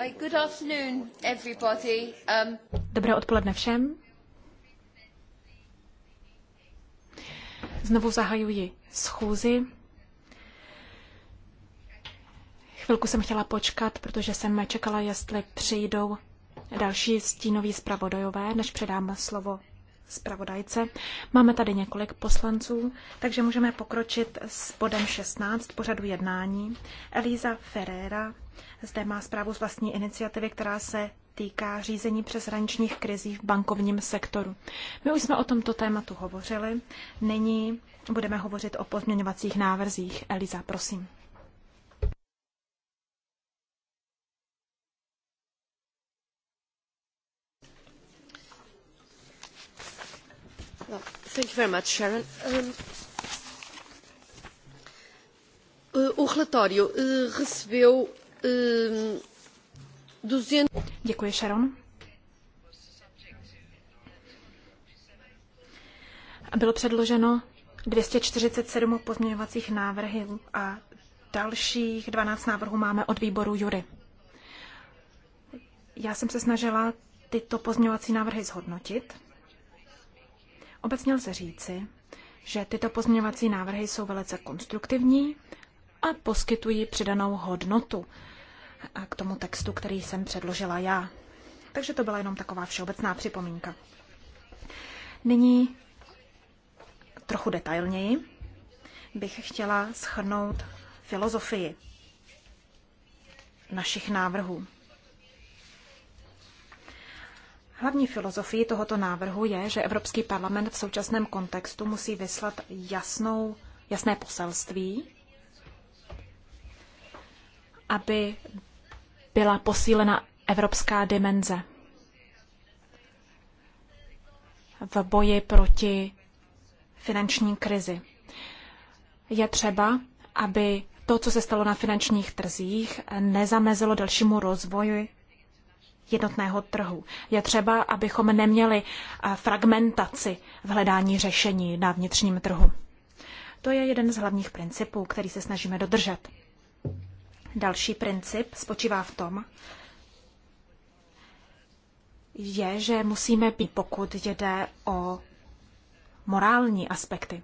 Good afternoon, everybody. Um... Dobré odpoledne všem. Znovu zahajuji schůzi. Chvilku jsem chtěla počkat, protože jsem čekala, jestli přijdou další stínoví zpravodajové, než předám slovo zpravodajce. Máme tady několik poslanců, takže můžeme pokročit s bodem 16 pořadu jednání. Elíza Ferreira zde má zprávu z vlastní iniciativy, která se týká řízení přeshraničních krizí v bankovním sektoru. My už jsme o tomto tématu hovořili. Nyní budeme hovořit o pozměňovacích návrzích. Eliza, prosím. Well, no, thank you very um, uh, o relatório uh, recebeu um, Děkuji, Sharon. Bylo předloženo 247 pozměňovacích návrhů a dalších 12 návrhů máme od výboru Jury. Já jsem se snažila tyto pozměňovací návrhy zhodnotit. Obecně lze říci, že tyto pozměňovací návrhy jsou velice konstruktivní a poskytují přidanou hodnotu k tomu textu, který jsem předložila já. Takže to byla jenom taková všeobecná připomínka. Nyní trochu detailněji bych chtěla schrnout filozofii našich návrhů. Hlavní filozofií tohoto návrhu je, že Evropský parlament v současném kontextu musí vyslat jasnou, jasné poselství, aby byla posílena evropská dimenze v boji proti finanční krizi. Je třeba, aby to, co se stalo na finančních trzích, nezamezilo dalšímu rozvoji jednotného trhu. Je třeba, abychom neměli eh, fragmentaci v hledání řešení na vnitřním trhu. To je jeden z hlavních principů, který se snažíme dodržet. Další princip spočívá v tom, je, že musíme být, pokud jde o morální aspekty.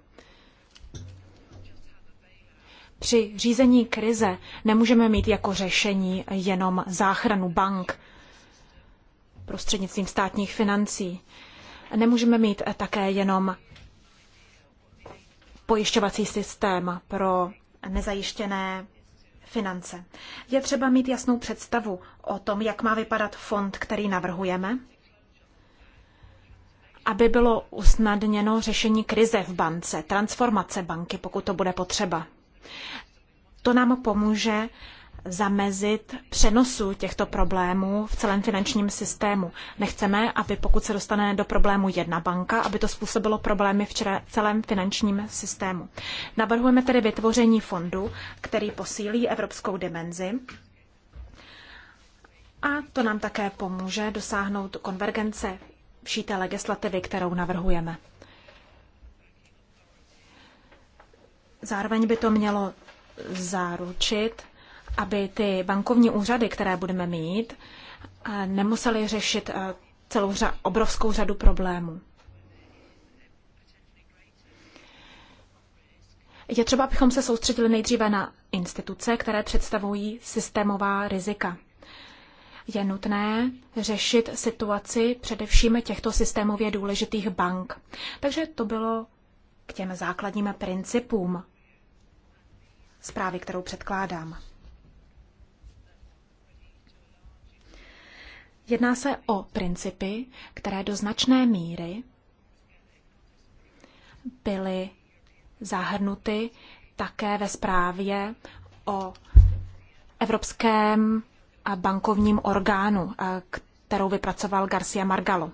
Při řízení krize nemůžeme mít jako řešení jenom záchranu bank prostřednictvím státních financí. Nemůžeme mít také jenom pojišťovací systém pro nezajištěné finance. Je třeba mít jasnou představu o tom, jak má vypadat fond, který navrhujeme, aby bylo usnadněno řešení krize v bance, transformace banky, pokud to bude potřeba. To nám pomůže zamezit přenosu těchto problémů v celém finančním systému. Nechceme, aby pokud se dostane do problému jedna banka, aby to způsobilo problémy v celém finančním systému. Navrhujeme tedy vytvoření fondu, který posílí evropskou dimenzi a to nám také pomůže dosáhnout konvergence vší té legislativy, kterou navrhujeme. Zároveň by to mělo zaručit, aby ty bankovní úřady, které budeme mít, eh, nemuseli řešit eh, celou řa- obrovskou řadu problémů. Je třeba, abychom se soustředili nejdříve na instituce, které představují systémová rizika. Je nutné řešit situaci především těchto systémově důležitých bank. Takže to bylo k těm základním principům zprávy, kterou předkládám. Jedná se o principy, které do značné míry byly zahrnuty také ve zprávě o Evropském bankovním orgánu, eh, kterou vypracoval Garcia Margalo.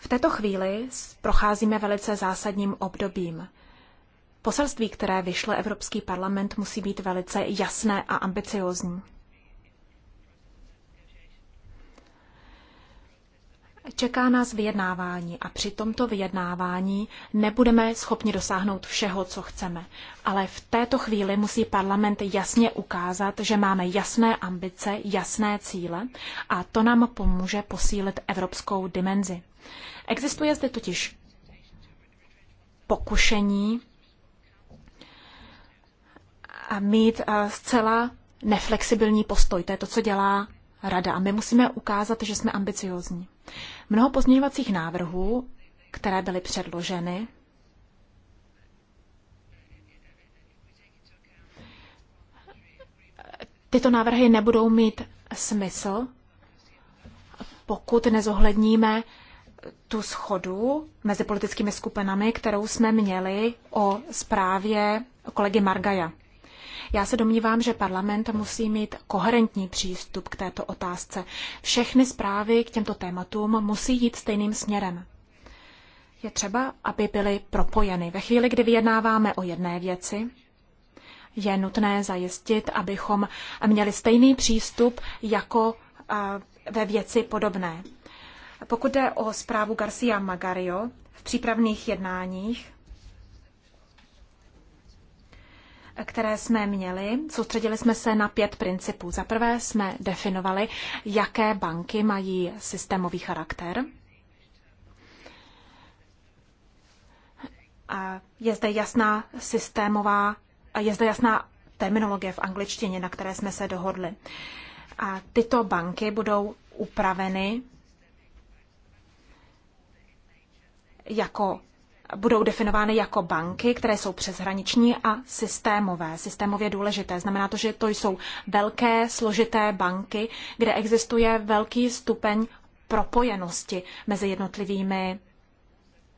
V této chvíli procházíme velice zásadním obdobím. Poselství, které vyšlo Evropský parlament, musí být velice jasné a ambiciozní. Čeká nás vyjednávání a při tomto vyjednávání nebudeme schopni dosáhnout všeho, co chceme. Ale v této chvíli musí parlament jasně ukázat, že máme jasné ambice, jasné cíle a to nám pomůže posílit evropskou dimenzi. Existuje zde totiž pokušení a mít zcela neflexibilní postoj. To je to, co dělá rada a my musíme ukázat, že jsme ambiciozní. Mnoho pozměňovacích návrhů, které byly předloženy, tyto návrhy nebudou mít smysl, pokud nezohledníme tu schodu mezi politickými skupinami, kterou jsme měli o zprávě kolegy Margaja. Já se domnívám, že parlament musí mít koherentní přístup k této otázce. Všechny zprávy k těmto tématům musí jít stejným směrem. Je třeba, aby byly propojeny. Ve chvíli, kdy vyjednáváme o jedné věci, je nutné zajistit, abychom měli stejný přístup jako ve věci podobné. Pokud jde o zprávu Garcia Magario, v přípravných jednáních které jsme měli, soustředili jsme se na pět principů. Za prvé jsme definovali, jaké banky mají systémový charakter. A je zde jasná systémová, je zde jasná terminologie v angličtině, na které jsme se dohodli. A tyto banky budou upraveny jako budou definovány jako banky, které jsou přeshraniční a systémové, systémově důležité. Znamená to, že to jsou velké, složité banky, kde existuje velký stupeň propojenosti mezi jednotlivými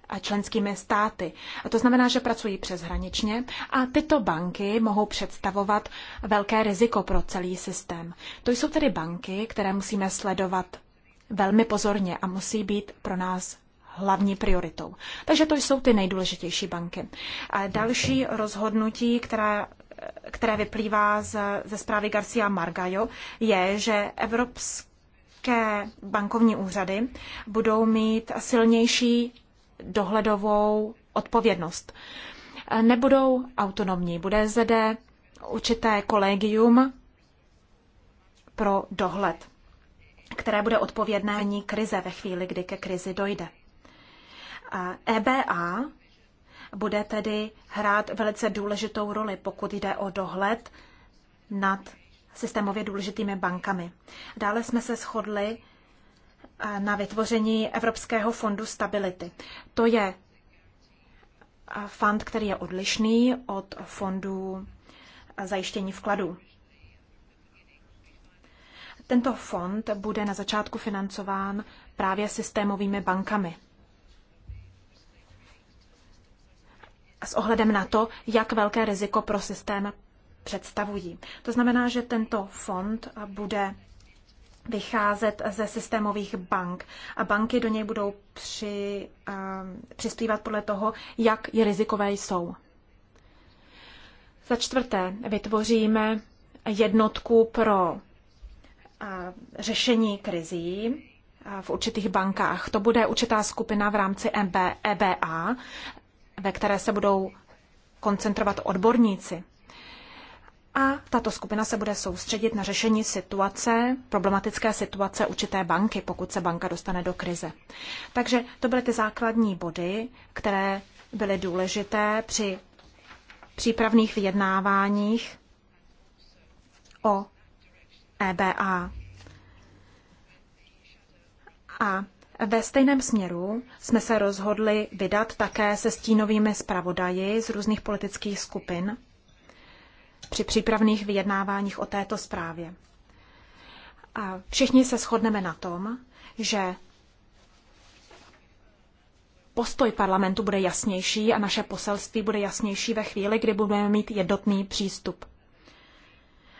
a členskými státy. A to znamená, že pracují přeshraničně a tyto banky mohou představovat velké riziko pro celý systém. To jsou tedy banky, které musíme sledovat velmi pozorně a musí být pro nás hlavní prioritou. Takže to jsou ty nejdůležitější banky. A další rozhodnutí, která které vyplývá z, ze zprávy Garcia Margallo, je, že evropské bankovní úřady budou mít silnější dohledovou odpovědnost. Nebudou autonomní, bude zde určité kolegium pro dohled, které bude odpovědné krize ve chvíli, kdy ke krizi dojde. EBA e bude tedy hrát velice důležitou roli, pokud jde o dohled nad systémově důležitými bankami. Dále jsme se shodli eh, na vytvoření Evropského fondu stability. To je eh, fond, který je odlišný od fondu eh, zajištění vkladů. Tento fond bude na začátku financován právě systémovými bankami. s ohledem na to, jak velké riziko pro systém představují. To znamená, že tento fond bude vycházet ze systémových bank a banky do něj budou při, uh, přispívat podle toho, jak je rizikové jsou. Za čtvrté, vytvoříme jednotku pro uh, řešení krizí ehm, v určitých bankách. To bude určitá skupina v rámci EBA, ve které se budou koncentrovat odborníci. A tato skupina se bude soustředit na řešení situace, problematické situace určité banky, pokud se banka dostane do krize. Takže to byly ty základní body, které byly důležité při přípravných vyjednáváních o EBA. A ve stejném směru jsme se rozhodli vydat také se stínovými zpravodaji z různých politických skupin při přípravných vyjednáváních o této zprávě. A všichni se shodneme na tom, že postoj parlamentu bude jasnější a naše poselství bude jasnější ve chvíli, kdy budeme mít jednotný přístup.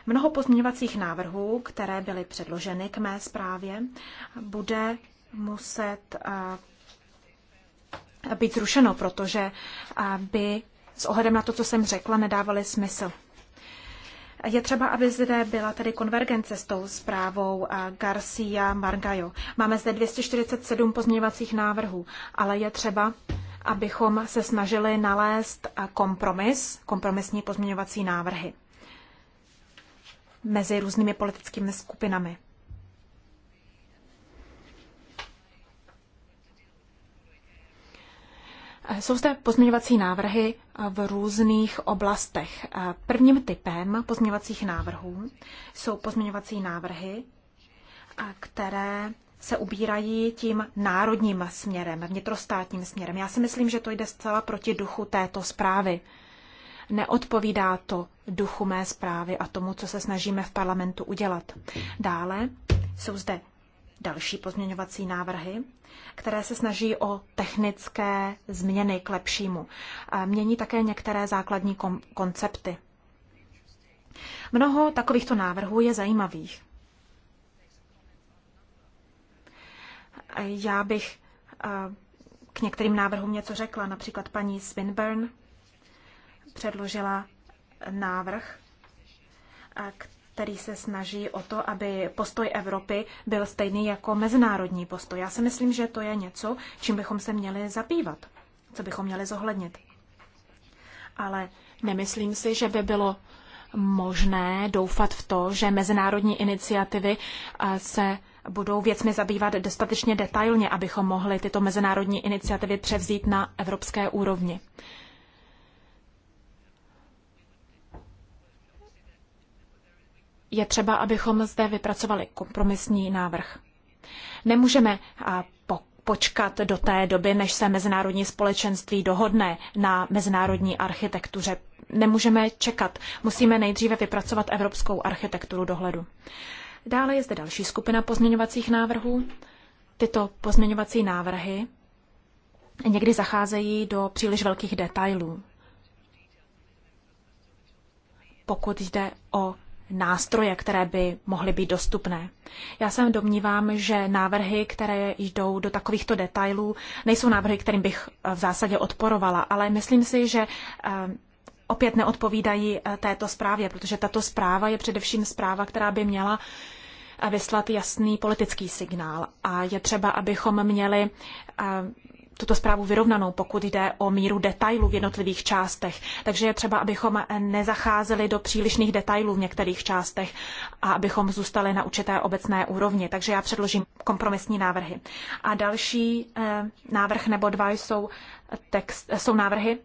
Mnoho pozměňovacích návrhů, které byly předloženy k mé zprávě, bude muset eh, být zrušeno, protože eh, by s ohledem na to, co jsem řekla, nedávaly smysl. Je třeba, aby zde byla tedy konvergence s tou zprávou eh, Garcia Margallo. Máme zde 247 pozměňovacích návrhů, ale je třeba, abychom se snažili nalézt kompromis, kompromisní pozměňovací návrhy mezi různými politickými skupinami. Jsou zde pozměňovací návrhy v různých oblastech. Prvním typem pozměňovacích návrhů jsou pozměňovací návrhy, které se ubírají tím národním směrem, vnitrostátním směrem. Já si myslím, že to jde zcela proti duchu této zprávy. Neodpovídá to duchu mé zprávy a tomu, co se snažíme v parlamentu udělat. Dále jsou zde další pozměňovací návrhy, které se snaží o technické změny k lepšímu. Mění také některé základní koncepty. Mnoho takovýchto návrhů je zajímavých. Já bych k některým návrhům něco řekla. Například paní Swinburne předložila návrh, který se snaží o to, aby postoj Evropy byl stejný jako mezinárodní postoj. Já si myslím, že to je něco, čím bychom se měli zabývat, co bychom měli zohlednit. Ale nemyslím si, že by bylo možné doufat v to, že mezinárodní iniciativy se budou věcmi zabývat dostatečně detailně, abychom mohli tyto mezinárodní iniciativy převzít na evropské úrovni. je třeba, abychom zde vypracovali kompromisní návrh. Nemůžeme počkat do té doby, než se mezinárodní společenství dohodne na mezinárodní architektuře. Nemůžeme čekat. Musíme nejdříve vypracovat evropskou architekturu dohledu. Dále je zde další skupina pozměňovacích návrhů. Tyto pozměňovací návrhy někdy zacházejí do příliš velkých detailů. Pokud jde o nástroje, které by mohly být dostupné. Já se domnívám, že návrhy, které jdou do takovýchto detailů, nejsou návrhy, kterým bych eh, v zásadě odporovala, ale myslím si, že eh, opět neodpovídají eh, této zprávě, protože tato zpráva je především zpráva, která by měla vyslat jasný politický signál. A je třeba, abychom měli tuto zprávu vyrovnanou, pokud jde o míru detailů v jednotlivých částech. Takže je třeba, abychom nezacházeli do přílišných detailů v některých částech a abychom zůstali na určité obecné úrovni. Takže já předložím kompromisní návrhy. A další eh, návrh nebo dva jsou, text, jsou návrhy,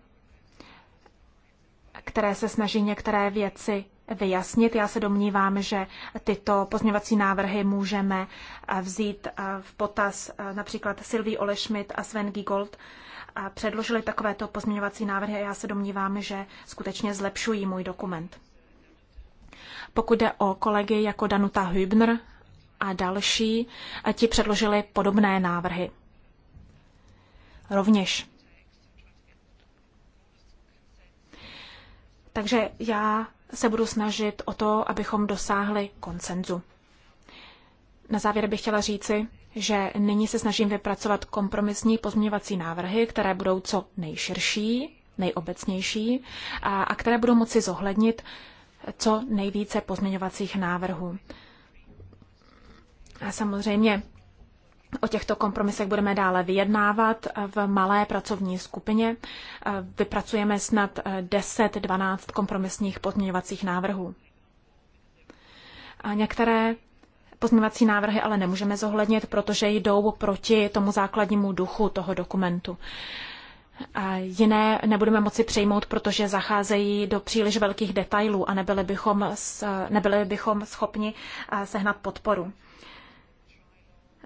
které se snaží některé věci vyjasnit. Já se domnívám, že tyto pozměvací návrhy můžeme eh, vzít eh, v potaz eh, například Sylvie Olešmit a Sven Giegold předložili takovéto pozměňovací návrhy a já se domnívám, že skutečně zlepšují můj dokument. Pokud jde o kolegy jako Danuta Hübner a další, ti předložili podobné návrhy. Rovněž. Takže já se budu snažit o to, abychom dosáhli koncenzu. Na závěr bych chtěla říci, že nyní se snažím vypracovat kompromisní pozměňovací návrhy, které budou co nejširší, nejobecnější a, a které budou moci zohlednit co nejvíce pozměňovacích návrhů. A samozřejmě O těchto kompromisech budeme dále vyjednávat v malé pracovní skupině. Vypracujeme snad 10-12 eh, kompromisních pozměňovacích návrhů. A některé pozměňovací návrhy ale nemůžeme zohlednit, protože jdou proti tomu základnímu duchu toho dokumentu. A jiné nebudeme moci přejmout, protože zacházejí do příliš velkých detailů a nebyli bychom, s, nebyli bychom schopni eh, sehnat podporu.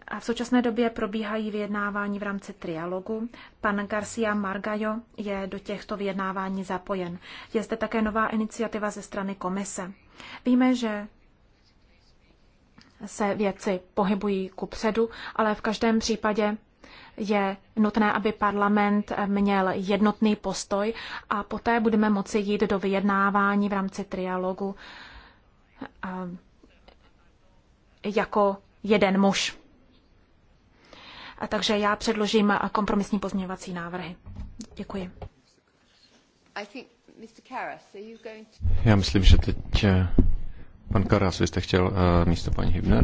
A v současné době probíhají vyjednávání v rámci trialogu. Pan Garcia Margallo je do těchto vyjednávání zapojen. Je zde také nová iniciativa ze strany komise. Víme, že se věci pohybují ku předu, ale v každém případě je nutné, aby parlament měl jednotný postoj a poté budeme moci jít do vyjednávání v rámci trialogu jako jeden muž. A takže já předložím kompromisní pozměňovací návrhy. Děkuji. Já myslím, že teď eh, pan Karas, vy jste chtěl uh, místo paní Hibner.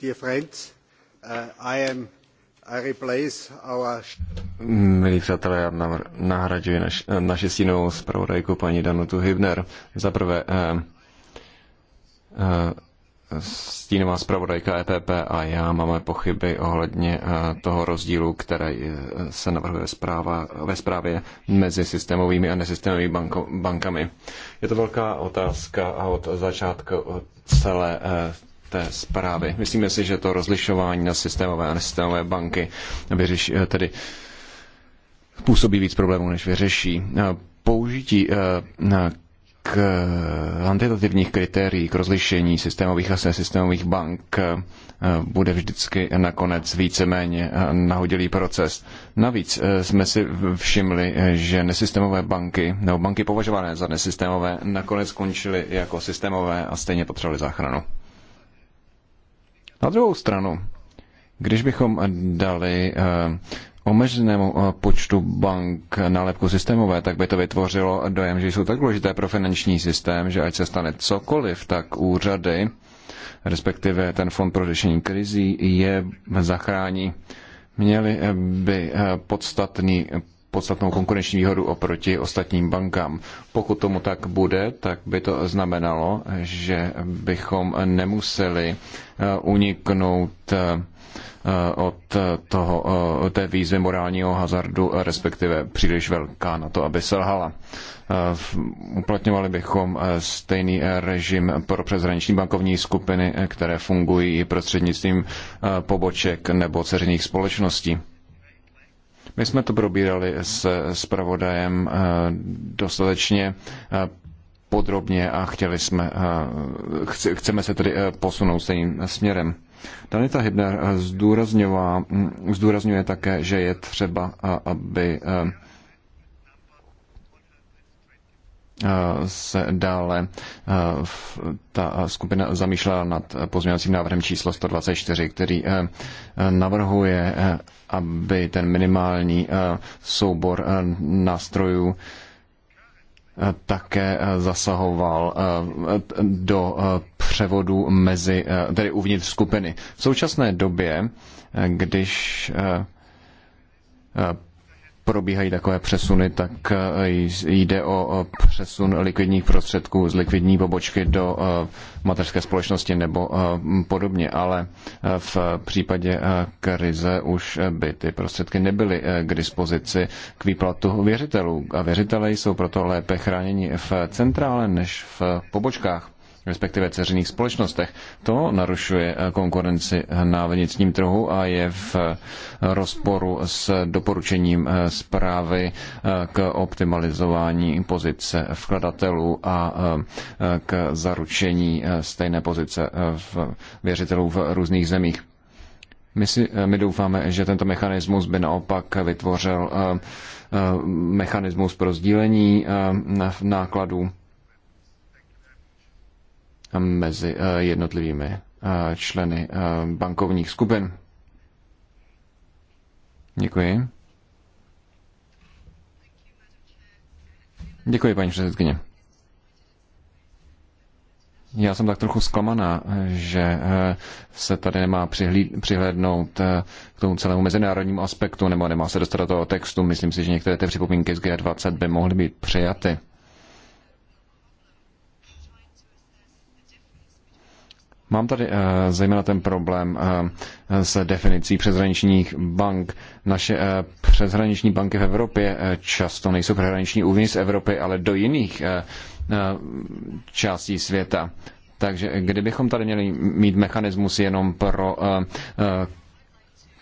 Uh, uh, I Our... Milí přátelé, já nahraduji naš, eh, naši stínovou zpravodajku paní Danutu Hibner. Za prvé, stínová zpravodajka EPP a já máme pochyby ohledně eh, toho rozdílu, který eh, se navrhuje zpráva, ve zprávě mezi systémovými a nesystémovými banko, bankami. Je to velká otázka a od začátku od celé eh, té zprávy. Myslíme si, že to rozlišování na systémové a nesystémové banky vyřeší, tedy působí víc problémů, než vyřeší použití k eh, kvantitativních kritérií k rozlišení systémových a ne-systémových bank eh, bude vždycky nakonec víceméně eh, nahodilý proces. Navíc jsme si všimli, že nesystémové banky, nebo banky považované za nesystémové, nakonec skončily jako systémové a stejně potřebovaly záchranu. Na druhou stranu, když bychom dali omezenému eh, počtu bank na lepku systémové, tak by to vytvořilo dojem, že jsou tak důležité pro finanční systém, že ať se stane cokoliv, tak úřady, respektive ten fond pro řešení krizí, je zachrání. Měli eh, by eh, podstatný podstatnou konkurenční výhodu oproti ostatním bankám. Pokud tomu tak bude, tak by to znamenalo, že bychom nemuseli uniknout Eh, od toho, eh, té výzvy morálního hazardu, respektive příliš velká na to, aby selhala. Eh, uplatňovali bychom stejný režim pro přeshraniční bankovní skupiny, které fungují prostřednictvím poboček nebo ceřených společností. My jsme to probírali s zpravodajem dostatečně podrobně a chtěli jsme, chceme se tedy posunout stejným směrem. Danita Hibner eh, mm, zdůrazňuje také, že je třeba, eh, aby eh, se dále ta skupina zamýšlela nad pozměňovacím návrhem číslo 124, který navrhuje, aby ten minimální soubor nástrojů Eh, také eh, zasahoval eh, do převodu mezi, tedy uvnitř skupiny. V současné době, když probíhají takové přesuny, tak eh, jde o přesun likvidních prostředků z likvidní pobočky do eh, mateřské společnosti nebo eh, podobně, ale v případě krize už by ty prostředky nebyly k dispozici k výplatu věřitelů a věřitelé jsou proto lépe chráněni v centrále než v pobočkách respektive ceřiných společnostech. To narušuje eh, konkurenci eh, na vnitřním trhu a je v eh, rozporu s doporučením zprávy k optimalizování pozice vkladatelů a k zaručení stejné pozice v věřitelů v různých zemích. My, si, my doufáme, že tento mechanismus by naopak vytvořil mechanismus pro sdílení nákladů mezi eh, jednotlivými eh, členy eh, bankovních skupin. Děkuji. Děkuji, paní předsedkyně. Já jsem tak trochu zklamaná, že se tady nemá přihlíd, přihlédnout k tomu celému mezinárodnímu aspektu, nebo nemá se dostat do toho textu. Myslím si, že některé ty připomínky z G20 by mohly být přijaty. Mám tady eh, zejména ten problém eh, s definicí přeshraničních bank. Naše eh, přeshraniční banky v Evropě často nejsou přeshraniční uvnitř Evropy, ale do jiných částí světa. Takže kdybychom tady měli mít mechanismus jenom pro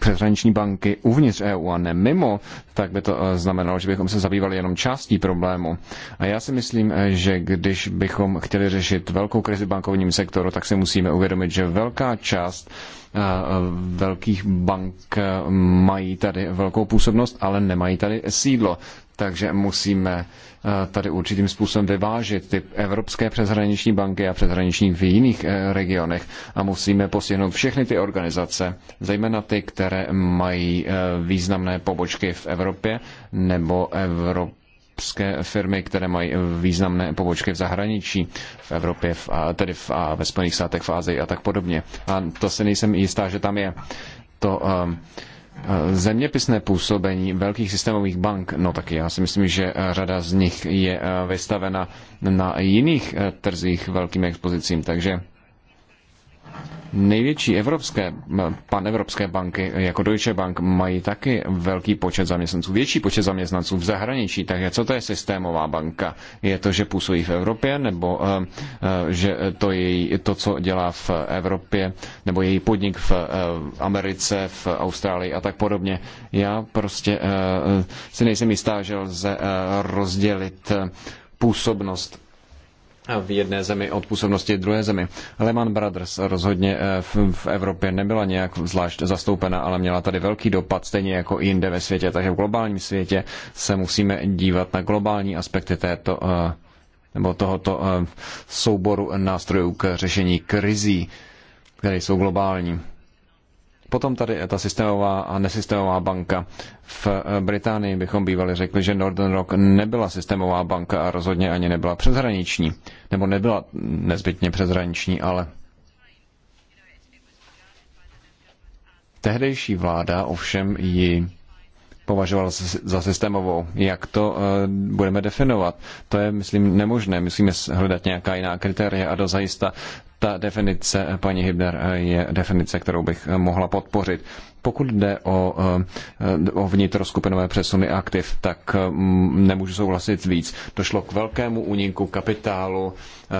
přeshraniční banky uvnitř EU a ne mimo, tak by to eh, znamenalo, že bychom se zabývali jenom částí problému. A já si myslím, eh, že když bychom chtěli řešit velkou krizi bankovním sektoru, tak si musíme uvědomit, že velká část eh, velkých bank mají tady velkou působnost, ale nemají tady sídlo. Takže musíme Eh, tady určitým způsobem vyvážit ty evropské přeshraniční banky a přeshraniční v jiných eh, regionech a musíme postihnout všechny ty organizace, zejména ty, které mají eh, významné pobočky v Evropě nebo Evropě evropské firmy, které mají významné pobočky v zahraničí, v Evropě, v, tedy v, a ve Spojených státech, v Ázii a tak podobně. A to se nejsem jistá, že tam je. To um, zeměpisné působení velkých systémových bank, no tak já si myslím, že řada z nich je eh, vystavena na jiných eh, trzích velkým expozicím, takže Největší evropské, panevropské banky, jako Deutsche Bank, mají taky velký počet zaměstnanců, větší počet zaměstnanců v zahraničí. Takže co to je systémová banka? Je to, že působí v Evropě, nebo eh, eh, že to, je to co dělá v Evropě, nebo její podnik v eh, Americe, v Austrálii a tak podobně? Já prostě si nejsem jistá, že lze rozdělit působnost v jedné zemi od působnosti druhé zemi. Lehman Brothers rozhodně eh, v, v Evropě nebyla nějak zvlášť zastoupena, ale měla tady velký dopad, stejně jako i jinde ve světě. Takže v globálním světě se musíme dívat na globální aspekty této eh, nebo tohoto eh, souboru nástrojů k řešení krizí, které jsou globální. Potom tady je ta systémová a nesystémová banka. V eh, Británii bychom bývali řekli, že Northern Rock nebyla systémová banka a rozhodně ani nebyla přeshraniční. Nebo nebyla nezbytně přeshraniční, ale tehdejší vláda ovšem ji považoval za systémovou. Jak to eh, budeme definovat? To je, myslím, nemožné. Musíme hledat nějaká jiná kritéria a dozajista ta definice eh, paní Hibner eh, je definice, kterou bych eh, mohla podpořit. Pokud jde o, o vnitroskupinové přesuny aktiv, tak mm, nemůžu souhlasit víc. Došlo k velkému úniku kapitálu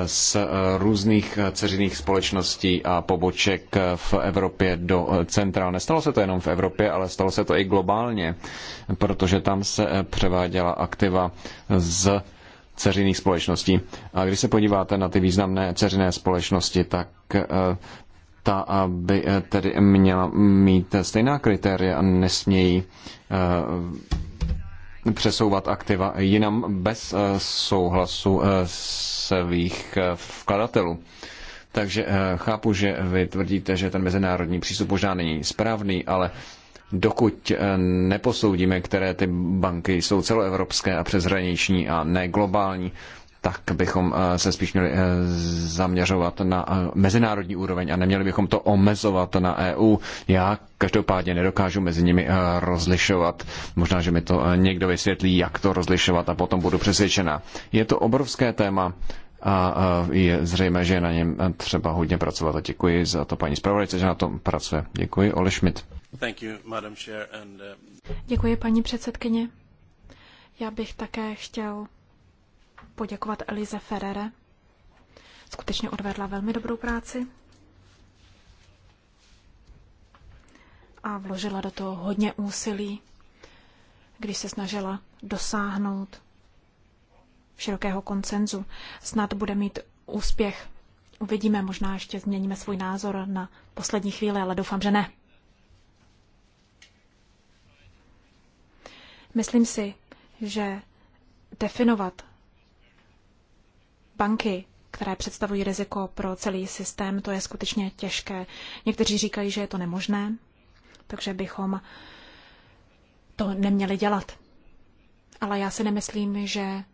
z různých ceřiných společností a poboček v Evropě do centrál. Nestalo se to jenom v Evropě, ale stalo se to i globálně, protože tam se převáděla aktiva z ceřiných společností. A když se podíváte na ty významné ceřiné společnosti, tak eh, ta by eh, tedy měla mít stejná kritéria a nesmějí eh, přesouvat aktiva jinam bez souhlasu svých vkladatelů. Takže chápu, že vy tvrdíte, že ten mezinárodní přístup možná není správný, ale dokud eh, neposoudíme, které ty banky jsou celoevropské a přeshraniční a ne globální, tak bychom eh, se spíš měli eh, zaměřovat na mezinárodní úroveň a neměli bychom to omezovat na EU. Já každopádně nedokážu mezi nimi rozlišovat. Možná, že mi to někdo vysvětlí, jak to rozlišovat a potom budu přesvědčena. Je to obrovské téma a je zřejmé, že je na něm třeba hodně pracovat a děkuji za to paní zpravodajce, že na tom pracuje. Děkuji, Ole Schmidt. Uh, Děkuji, paní předsedkyně. Já bych také chtěl poděkovat Elize Ferrere. Skutečně odvedla velmi dobrou práci a vložila do toho hodně úsilí, když se snažila dosáhnout širokého koncenzu. Snad bude mít úspěch. Uvidíme, možná ještě změníme svůj názor na poslední chvíli, ale doufám, že ne. Myslím si, že definovat banky, které představují riziko pro celý systém, to je skutečně těžké. Někteří říkají, že je to nemožné, takže bychom to neměli dělat. Ale já si nemyslím, že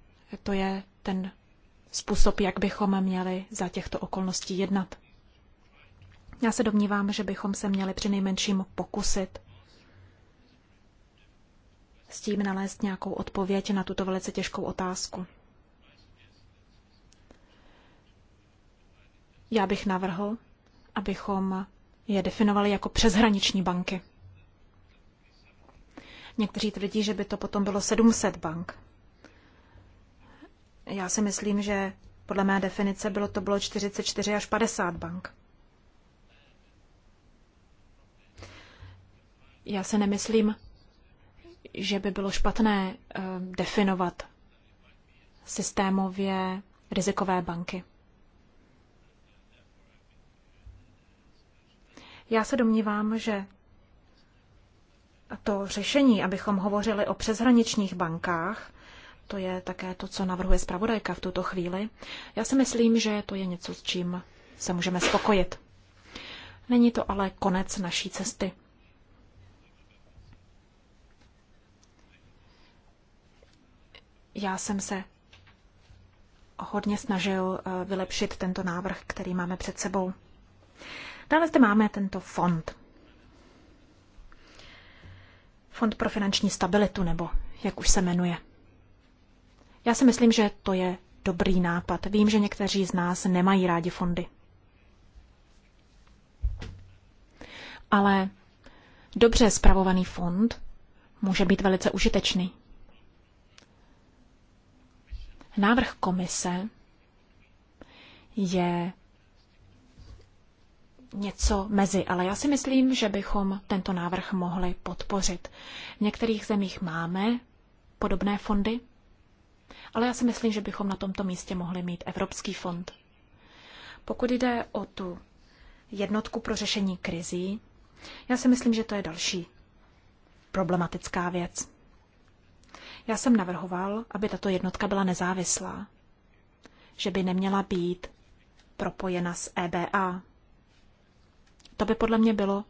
to je ten způsob, jak bychom měli za těchto okolností jednat. Já se domnívám, že bychom se měli při nejmenším pokusit s tím nalézt nějakou odpověď na tuto velice těžkou otázku. Já bych navrhl, abychom je definovali jako přeshraniční banky. Někteří tvrdí, že by to potom bylo 700 bank. Já si myslím, že podle mé definice bylo to bylo 44 až 50 bank. Já se nemyslím, že by bylo špatné eh, definovat systémově rizikové banky. Já se domnívám, že to řešení, abychom hovořili o přeshraničních bankách, to je také to, co navrhuje zpravodajka v tuto chvíli. Já si myslím, že to je něco, s čím se můžeme spokojit. Není to ale konec naší cesty. Já jsem se hodně snažil eh, vylepšit tento návrh, který máme před sebou. Dále zde máme tento fond. Fond pro finanční stabilitu, nebo jak už se jmenuje. Já si myslím, že to je dobrý nápad. Vím, že někteří z nás nemají rádi fondy. Ale dobře spravovaný fond může být velice užitečný. Návrh komise je něco mezi, ale já si myslím, že bychom tento návrh mohli podpořit. V některých zemích máme podobné fondy, ale já si myslím, že bychom na tomto místě mohli mít Evropský fond. Pokud jde o tu jednotku pro řešení krizí, já si myslím, že to je další problematická věc. Já jsem navrhoval, aby tato jednotka byla nezávislá, že by neměla být propojena s EBA. To by podle mě bylo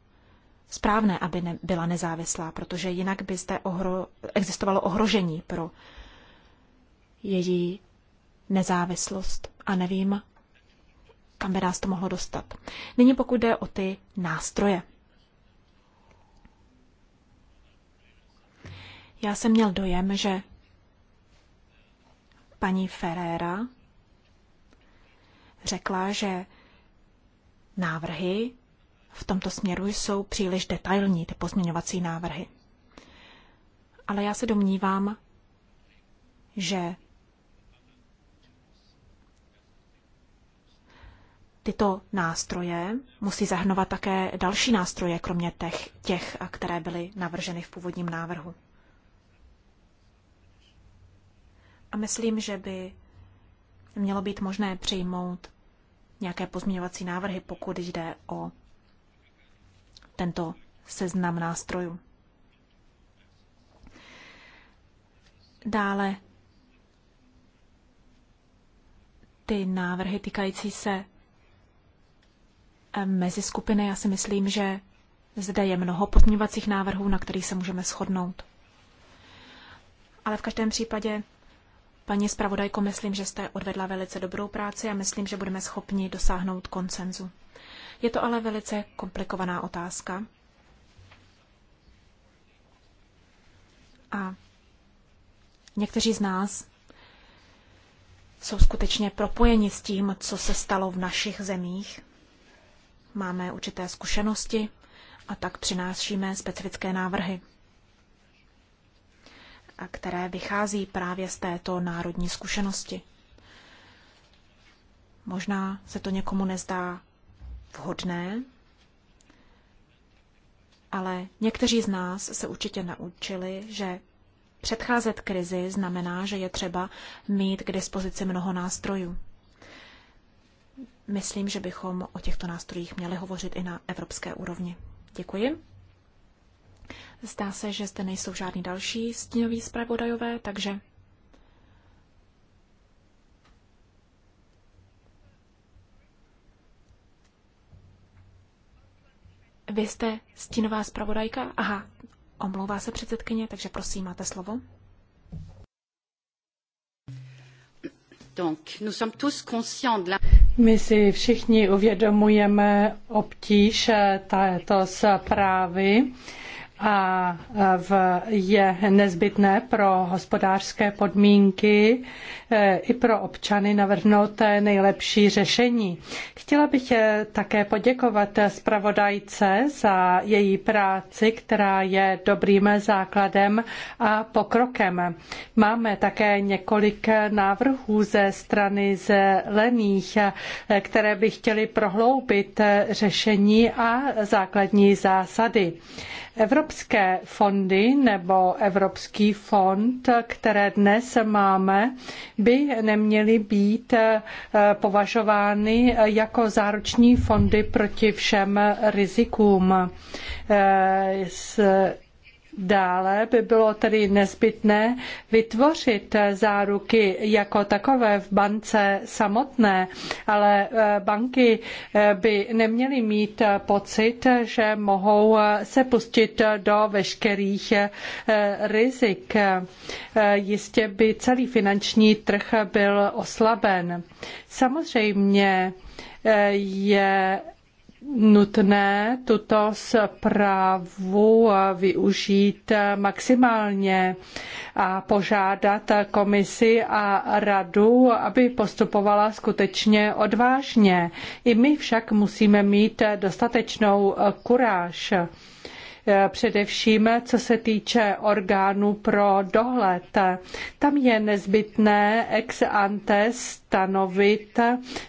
správné, aby ne, byla nezávislá, protože jinak by zde ohro, existovalo ohrožení pro její nezávislost a nevím, kam by nás to mohlo dostat. Nyní pokud jde o ty nástroje. Já jsem měl dojem, že paní Ferrera řekla, že návrhy v tomto směru jsou příliš detailní, ty pozměňovací návrhy. Ale já se domnívám, že tyto nástroje musí zahrnovat také další nástroje, kromě těch, těch které byly navrženy v původním návrhu. A myslím, že by mělo být možné přijmout nějaké pozměňovací návrhy, pokud jde o tento seznam nástrojů. Dále ty návrhy týkající se eh, mezi skupiny, já si myslím, že zde je mnoho pozměňovacích návrhů, na kterých se můžeme shodnout. Ale v každém případě Paní zpravodajko, myslím, že jste odvedla velice dobrou práci a myslím, že budeme schopni dosáhnout konsenzu. Je to ale velice komplikovaná otázka. A někteří z nás jsou skutečně propojeni s tím, co se stalo v našich zemích. Máme určité zkušenosti a tak přinášíme specifické návrhy které vychází právě z této národní zkušenosti. Možná se to někomu nezdá vhodné, ale někteří z nás se určitě naučili, že předcházet krizi znamená, že je třeba mít k dispozici mnoho nástrojů. Myslím, že bychom o těchto nástrojích měli hovořit i na evropské úrovni. Děkuji. Zdá se, že zde nejsou žádný další stínoví zpravodajové, takže Vy jste stínová zpravodajka? Aha, omlouvá se předsedkyně, takže prosím, máte slovo. My si všichni uvědomujeme obtíž této zprávy a je nezbytné pro hospodářské podmínky e, i pro občany navrhnout e, nejlepší řešení. Chtěla bych e, také poděkovat zpravodajce za její práci, která je dobrým základem a pokrokem. Máme také několik návrhů ze strany zelených, které by chtěly prohloubit řešení a základní zásady. Evropské fondy nebo Evropský fond, které dnes máme, by neměly být eh, považovány jako záruční fondy proti všem rizikům. Eh, Dále by bylo tedy nezbytné vytvořit záruky jako takové v bance samotné, ale eh, banky eh, by neměly mít pocit, že mohou eh, se pustit do veškerých rizik. Jistě by celý finanční trh byl oslaben. Samozřejmě je nutné tuto zprávu eh, využít eh, maximálně a požádat komisi a radu, aby postupovala skutečně odvážně. I my však musíme mít dostatečnou eh, kuráž. Eh, především co se týče orgánů pro dohled. Tam je nezbytné ex ante stanovit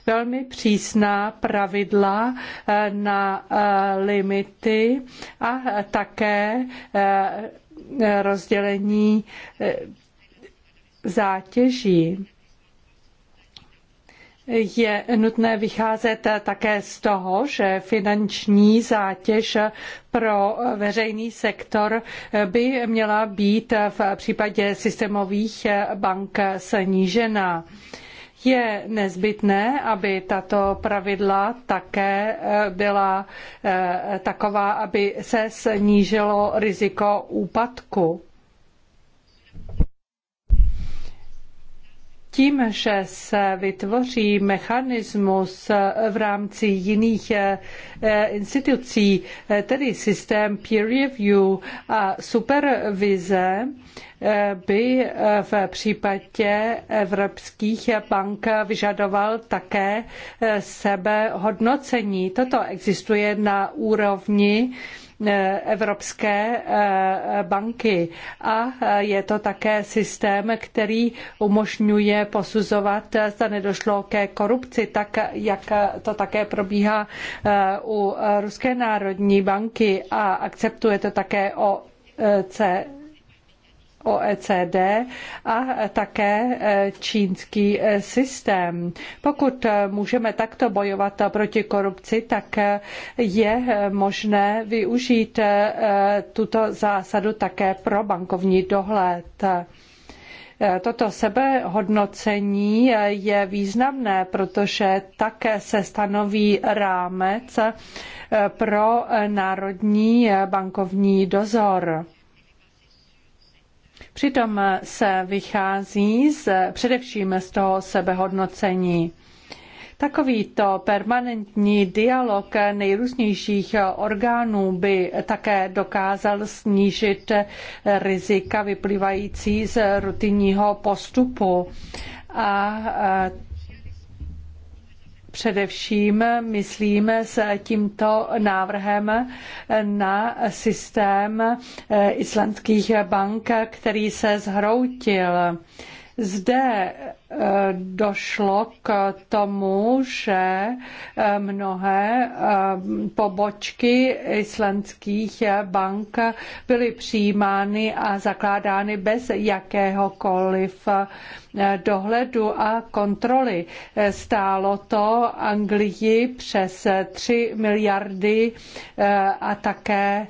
velmi přísná pravidla eh, na eh, limity a také rozdělení zátěží je nutné vycházet také z toho, že finanční zátěž pro veřejný sektor by měla být v případě systémových bank snížena. Je nezbytné, aby tato pravidla také byla eh, taková, aby se snížilo riziko úpadku tím, že se vytvoří mechanismus v rámci jiných eh, eh, institucí, eh, tedy systém peer review a supervize, by v případě evropských bank vyžadoval také sebehodnocení. Toto existuje na úrovni Eh, Evropské eh, banky. A eh, je to také systém, který umožňuje posuzovat, zda nedošlo ke korupci, tak jak to také probíhá u Ruské národní banky a akceptuje to také o C OECD a také e, čínský e, systém. Pokud e, můžeme takto bojovat proti korupci, tak je možné využít tuto zásadu také pro bankovní dohled. Toto sebehodnocení je významné, protože také se stanoví rámec pro národní bankovní dozor. Přitom se vychází z, především z toho sebehodnocení. Takovýto permanentní dialog nejrůznějších orgánů by také dokázal snížit rizika vyplývající z rutinního postupu a Především myslíme s tímto návrhem na systém eh, islandských bank, který se zhroutil. Zde eh, došlo k tomu, že eh, mnohé eh, pobočky islandských bank byly přijímány a zakládány bez jakéhokoliv dohledu a kontroly. Stálo to Anglii přes 3 miliardy a také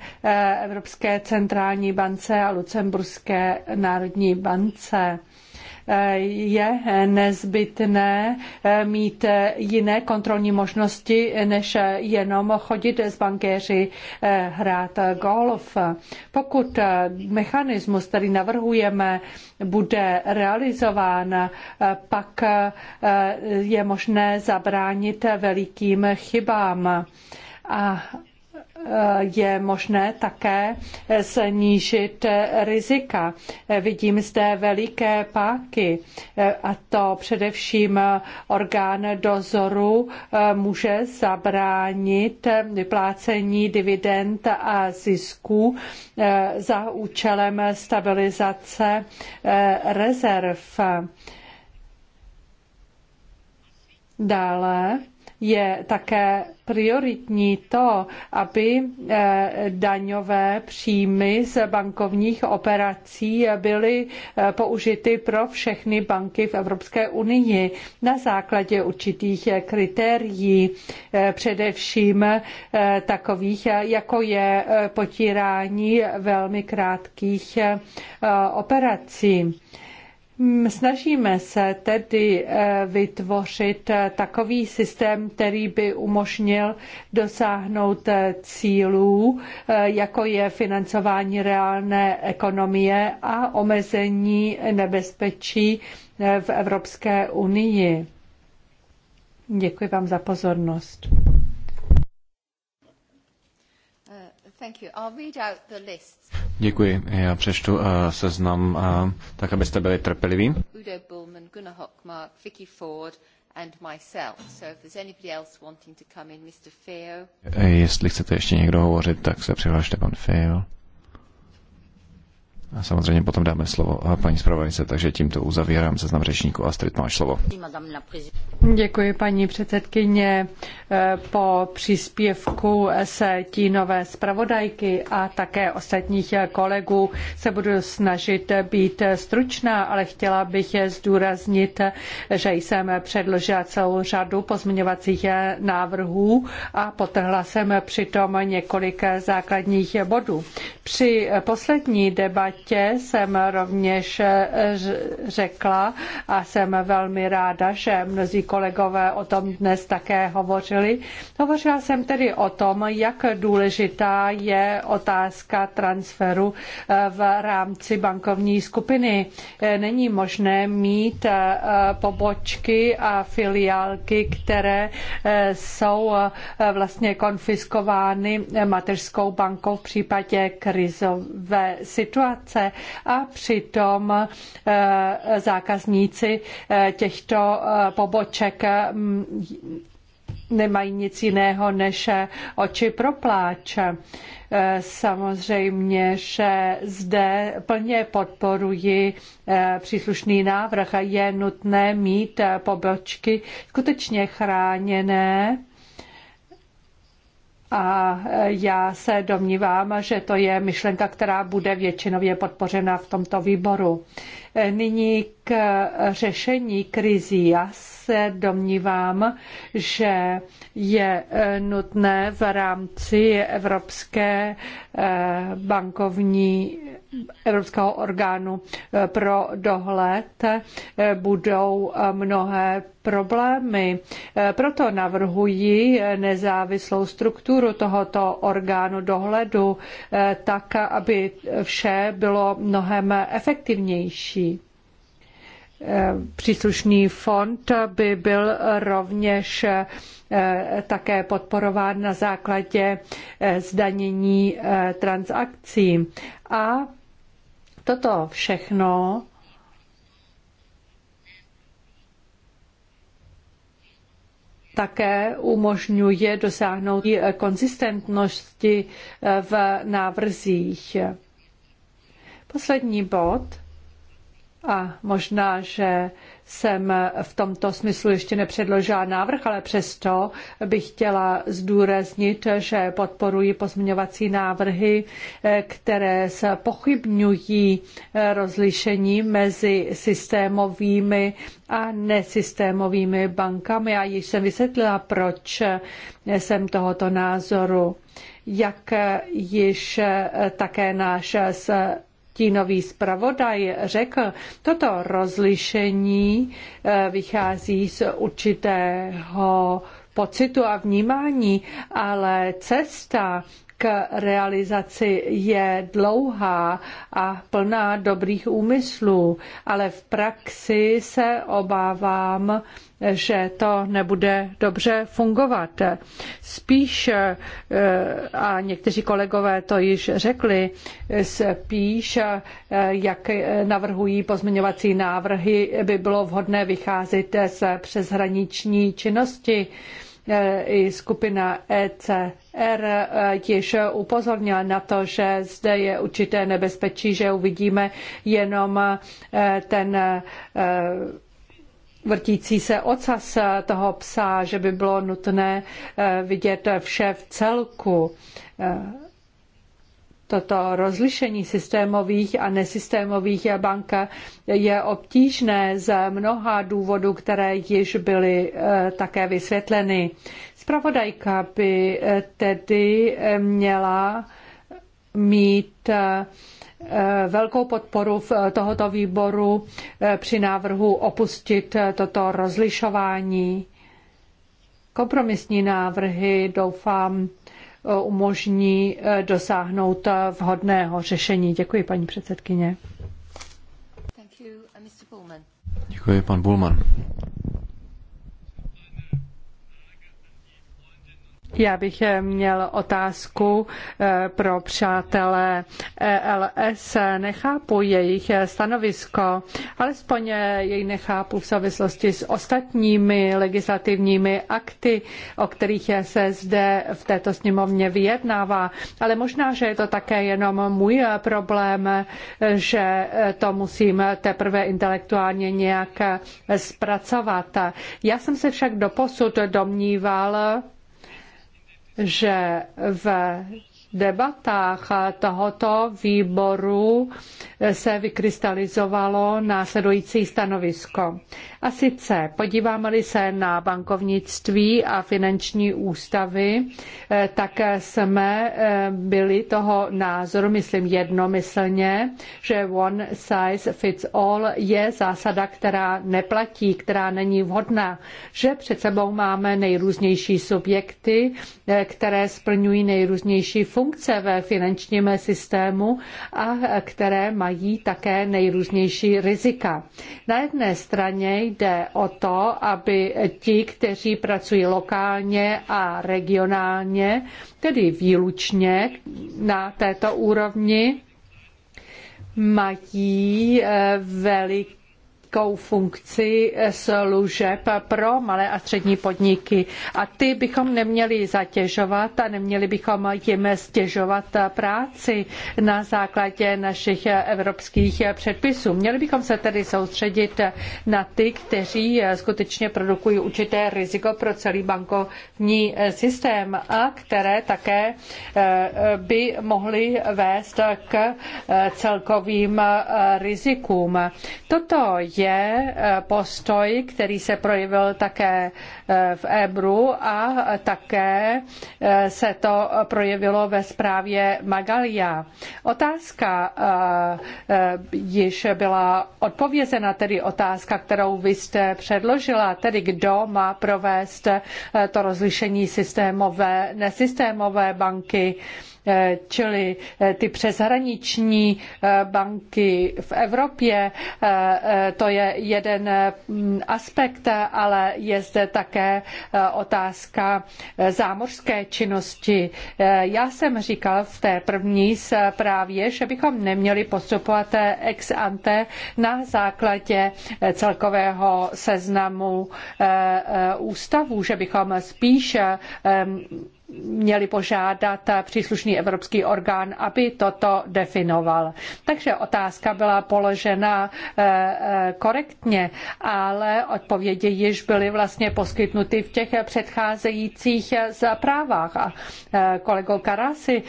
Evropské centrální bance a Lucemburské národní bance je nezbytné eh, mít jiné kontrolní možnosti, než jenom chodit s bankéři eh, hrát golf. Pokud eh, mechanismus, který navrhujeme, bude realizován, pak je možné zabránit velikým chybám. A je možné také snížit rizika. Vidím zde veliké páky a to především orgán dozoru může zabránit vyplácení dividend a zisků za účelem stabilizace rezerv. Dále je také prioritní to, aby eh, daňové příjmy z bankovních operací byly eh, použity pro všechny banky v Evropské unii na základě určitých kritérií, eh, především takových, jako je potírání velmi krátkých operací. Snažíme se tedy eh, vytvořit eh, takový systém, který by umožnil dosáhnout eh, cílů, jako je financování reálné ekonomie a omezení nebezpečí v Evropské unii. Děkuji vám za pozornost. Uh, Děkuji. Já přečtu uh, seznam, uh, tak abyste byli trpěliví. Udo Bullman, Gunnar Hockmark, Vicky Ford and myself. So if there's anybody else wanting to come in, Mr. Feo. Eh, jestli chcete ještě někdo hovořit, tak se přihlašte pan Feo. A samozřejmě potom dáme slovo a paní zpravodajce, takže tímto uzavírám seznam řečníků. Astrid, máš slovo. Děkuji, paní předsedkyně. Po příspěvku se nové zpravodajky a také ostatních kolegů se budu snažit být stručná, ale chtěla bych je zdůraznit, že jsem předložila celou řadu pozměňovacích návrhů a potrhla jsem přitom několik základních bodů. Při poslední debatě letě jsem rovněž eh, řekla a jsem velmi ráda, že mnozí kolegové o tom dnes také hovořili. Hovořila jsem tedy o tom, jak důležitá je otázka transferu eh, v rámci bankovní skupiny. Eh, není možné mít pobočky a filiálky, které jsou vlastně konfiskovány mateřskou bankou v případě krizové situace informace a přitom eh, zákazníci eh, těchto eh, poboček mm, nemají nic jiného než oči pro pláč. Samozřejmě, že zde plně podporuji příslušný návrh. Je nutné mít pobočky skutečně chráněné a e, já se domnívám, že to je myšlenka, která bude většinově podpořena v tomto výboru. Nyní k řešení krizí. Já se domnívám, že je eh, nutné v rámci Evropské eh, bankovní Evropského orgánu eh, pro dohled budou mnohé problémy. Proto navrhuji nezávislou strukturu tohoto orgánu dohledu tak, aby vše bylo mnohem efektivnější. Eh, příslušný fond by byl rovněž eh, také podporován na základě eh, zdanění transakcí. A toto všechno také umožňuje dosáhnout konzistentnosti v návrzích. Poslední bod a možná, že jsem v tomto smyslu ještě nepředložila návrh, ale přesto bych chtěla zdůraznit, že podporuji pozměňovací návrhy, eh, které se pochybňují eh, rozlišení mezi systémovými a nesystémovými bankami. A již jsem vysvětlila, proč eh, jsem tohoto názoru. Jak již také náš stínový zpravodaj řekl, toto rozlišení eh, vychází z určitého pocitu a vnímání, ale cesta k realizaci je dlouhá a plná dobrých úmyslů, ale v praxi se obávám, že to nebude dobře fungovat. Spíš, eh, a někteří kolegové to již řekli, spíš, eh, jak navrhují pozměňovací návrhy, by bylo vhodné vycházet z přeshraniční činnosti eh, i skupina ECR již upozornila na to, že zde je určité nebezpečí, že uvidíme jenom ten vrtící se ocas toho psa, že by bylo nutné eh, vidět vše v celku. Eh, toto rozlišení systémových a nesystémových bank je obtížné z mnoha důvodů, které již byly eh, také vysvětleny. Spravodajka by tedy měla mít Eh, velkou podporu v eh, tohoto výboru eh, při návrhu opustit toto rozlišování. Kompromisní návrhy, doufám, umožní dosáhnout vhodného řešení. Děkuji, paní předsedkyně. Uh, Děkuji, pan Bulman. Já bych eh, měl otázku eh, pro přátelé ELS. Eh, nechápu jejich stanovisko, alespoň jej nechápu v souvislosti s ostatními legislativními akty, o kterých se zde v této sněmovně vyjednává. Ale možná, že je to také jenom můj problém, že to musím teprve intelektuálně nějak zpracovat. Já jsem se však doposud domníval, že v debatách tohoto výboru se vykrystalizovalo následující stanovisko. A sice podíváme-li se na bankovnictví a finanční ústavy, eh, tak jsme eh, byli toho názoru, myslím jednomyslně, že one size fits all je zásada, která neplatí, která není vhodná, že před sebou máme nejrůznější subjekty, eh, které splňují nejrůznější funkce ve finančním systému a které mají také nejrůznější rizika. Na jedné straně jde o to, aby ti, kteří pracují lokálně a regionálně, tedy výlučně na této úrovni, mají eh, velik velkou funkci eh, služeb pro malé a střední podniky a ty bychom neměli zatěžovat a neměli bychom jim stěžovat práci na základě našich evropských předpisů. Měli bychom se tedy soustředit na ty, kteří eh, skutečně produkují určité riziko pro celý bankovní eh, systém a které také by mohly vést k celkovým rizikům. Toto je eh, postoj, který se projevil také eh, v Ebru a také eh, se to projevilo ve zprávě Magalia. Otázka již byla odpovězena, tedy otázka, kterou vy jste předložila, tedy kdo má provést to rozlišení systémové, nesystémové banky, Eh, čili eh, ty přeshraniční eh, banky v Evropě, to je jeden mm, aspekt, ale je zde také otázka zámořské činnosti. Já jsem říkal v té první zprávě, že bychom neměli postupovat ex ante na základě celkového seznamu ústavů, že bychom spíš měli požádat příslušný evropský orgán, aby toto definoval. Takže otázka byla položena eh, eh, korektně, ale odpovědi již byly vlastně poskytnuty v těch předcházejících eh, zprávách. A kolego Karasi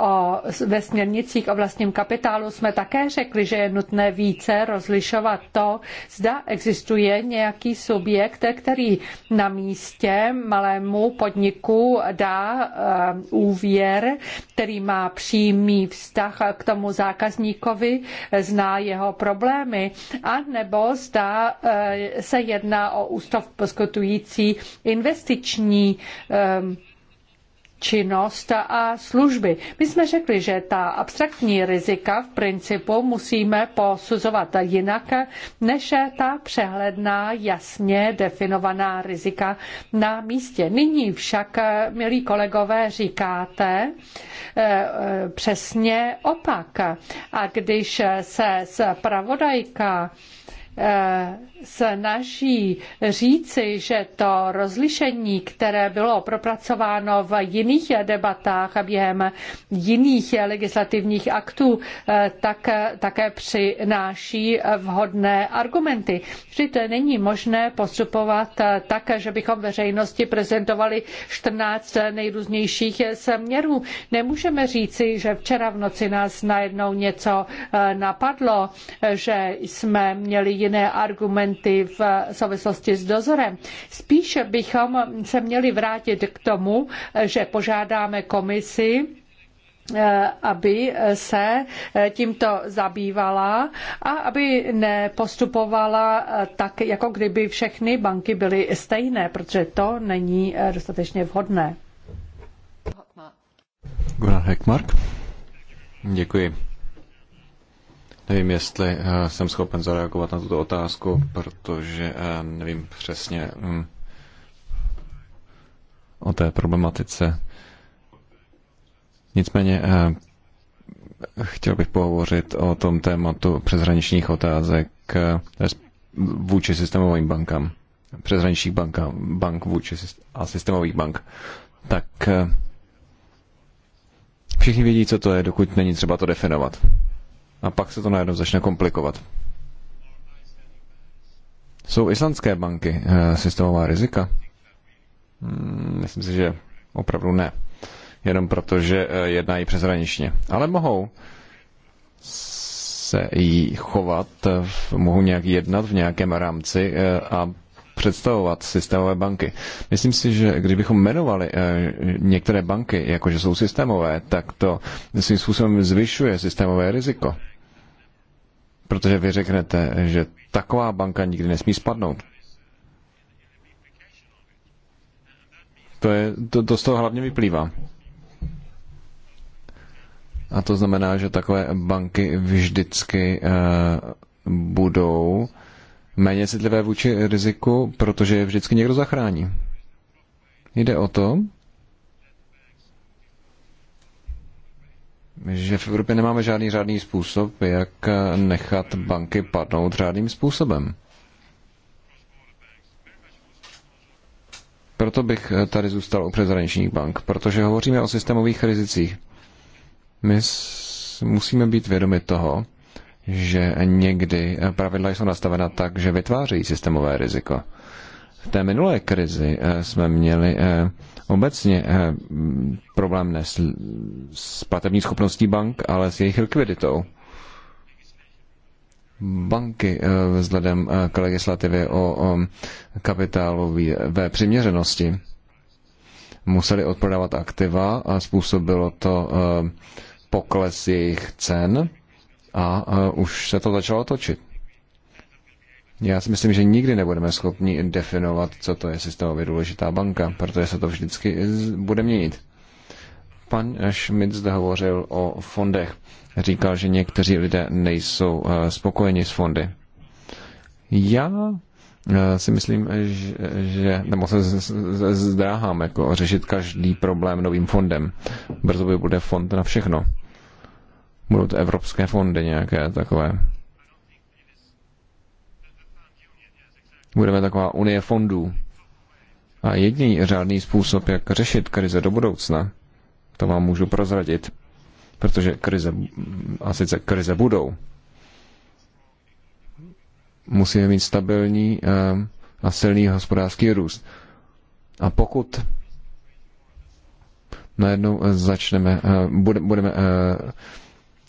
o, ve směrnicích o vlastním kapitálu jsme také řekli, že je nutné více rozlišovat to, zda existuje nějaký subjekt, který na místě malému podniku dá eh, úvěr, který má přímý vztah k tomu zákazníkovi, zná jeho problémy, a nebo zda eh, se jedná o ústav poskytující investiční um, činnost a služby. My jsme řekli, že ta abstraktní rizika v principu musíme posuzovat jinak, než ta přehledná, jasně definovaná rizika na místě. Nyní však, milí kolegové, říkáte eh, eh, přesně opak. A když se zpravodajka Eh, snaží říci, že to rozlišení, které bylo propracováno v jiných debatách a během jiných legislativních aktů, eh, tak také přináší vhodné argumenty. Vždy to není možné postupovat eh, tak, že bychom veřejnosti prezentovali 14 nejrůznějších směrů. Nemůžeme říci, že včera v noci nás najednou něco napadlo, že jsme měli jiné argumenty v souvislosti s dozorem. Spíše bychom se měli vrátit k tomu, že požádáme komisi, eh, aby se eh, tímto zabývala a aby nepostupovala eh, tak, jako kdyby všechny banky byly stejné, protože to není dostatečně vhodné. Gunnar Heckmark. Děkuji. Nevím, jestli eh, jsem schopen zareagovat na tuto otázku, protože eh, nevím přesně mm, o té problematice. Nicméně eh, chtěl bych pohovořit o tom tématu přeshraničních otázek vůči systémovým bankám, přeshraničních bankám, bank vůči a systémových bank. Tak všichni vědí, co to je, dokud není třeba to definovat. A pak se to najednou začne komplikovat. Jsou islandské banky eh, systémová rizika? Hmm, myslím si, že opravdu ne. Jenom proto, že eh, jednají přeshraničně. Ale mohou se jí chovat, eh, mohou nějak jednat v nějakém rámci a představovat systémové banky. Myslím si, že kdybychom jmenovali některé banky, jakože jsou systémové, tak to svým způsobem zvyšuje systémové riziko protože vy řeknete, že taková banka nikdy nesmí spadnout. To, je, to, to z toho hlavně vyplývá. A to znamená, že takové banky vždycky uh, budou méně citlivé vůči riziku, protože je vždycky někdo zachrání. Jde o to, že v Evropě nemáme žádný řádný způsob, jak nechat banky padnout řádným způsobem. Proto bych tady zůstal u přezraničních bank, protože hovoříme o systémových rizicích. My musíme být vědomi toho, že někdy pravidla jsou nastavena tak, že vytvářejí systémové riziko. V té minulé krizi eh, jsme měli eh, obecně eh, problém ne s platební schopností bank, ale s jejich likviditou. Banky eh, vzhledem eh, k legislativě o kapitálové přiměřenosti museli odprodávat aktiva a způsobilo to pokles jejich cen a už se to začalo točit. Já si myslím, že nikdy nebudeme schopni definovat, co to je systémově důležitá banka, protože se to vždycky bude měnit. Pan Schmidt zde hovořil o fondech. Říkal, že někteří lidé nejsou eh, spokojeni s fondy. Já eh, si myslím, že, že nebo se zdráhám jako řešit každý problém novým fondem. Brzo by bude fond na všechno. Budou to evropské fondy nějaké takové. Budeme taková unie fondů. A jediný řádný způsob, jak řešit krize do budoucna, to vám můžu prozradit, protože krize, a sice krize budou. Musíme mít stabilní eh, a silný hospodářský růst. A pokud najednou eh, začneme, eh, budeme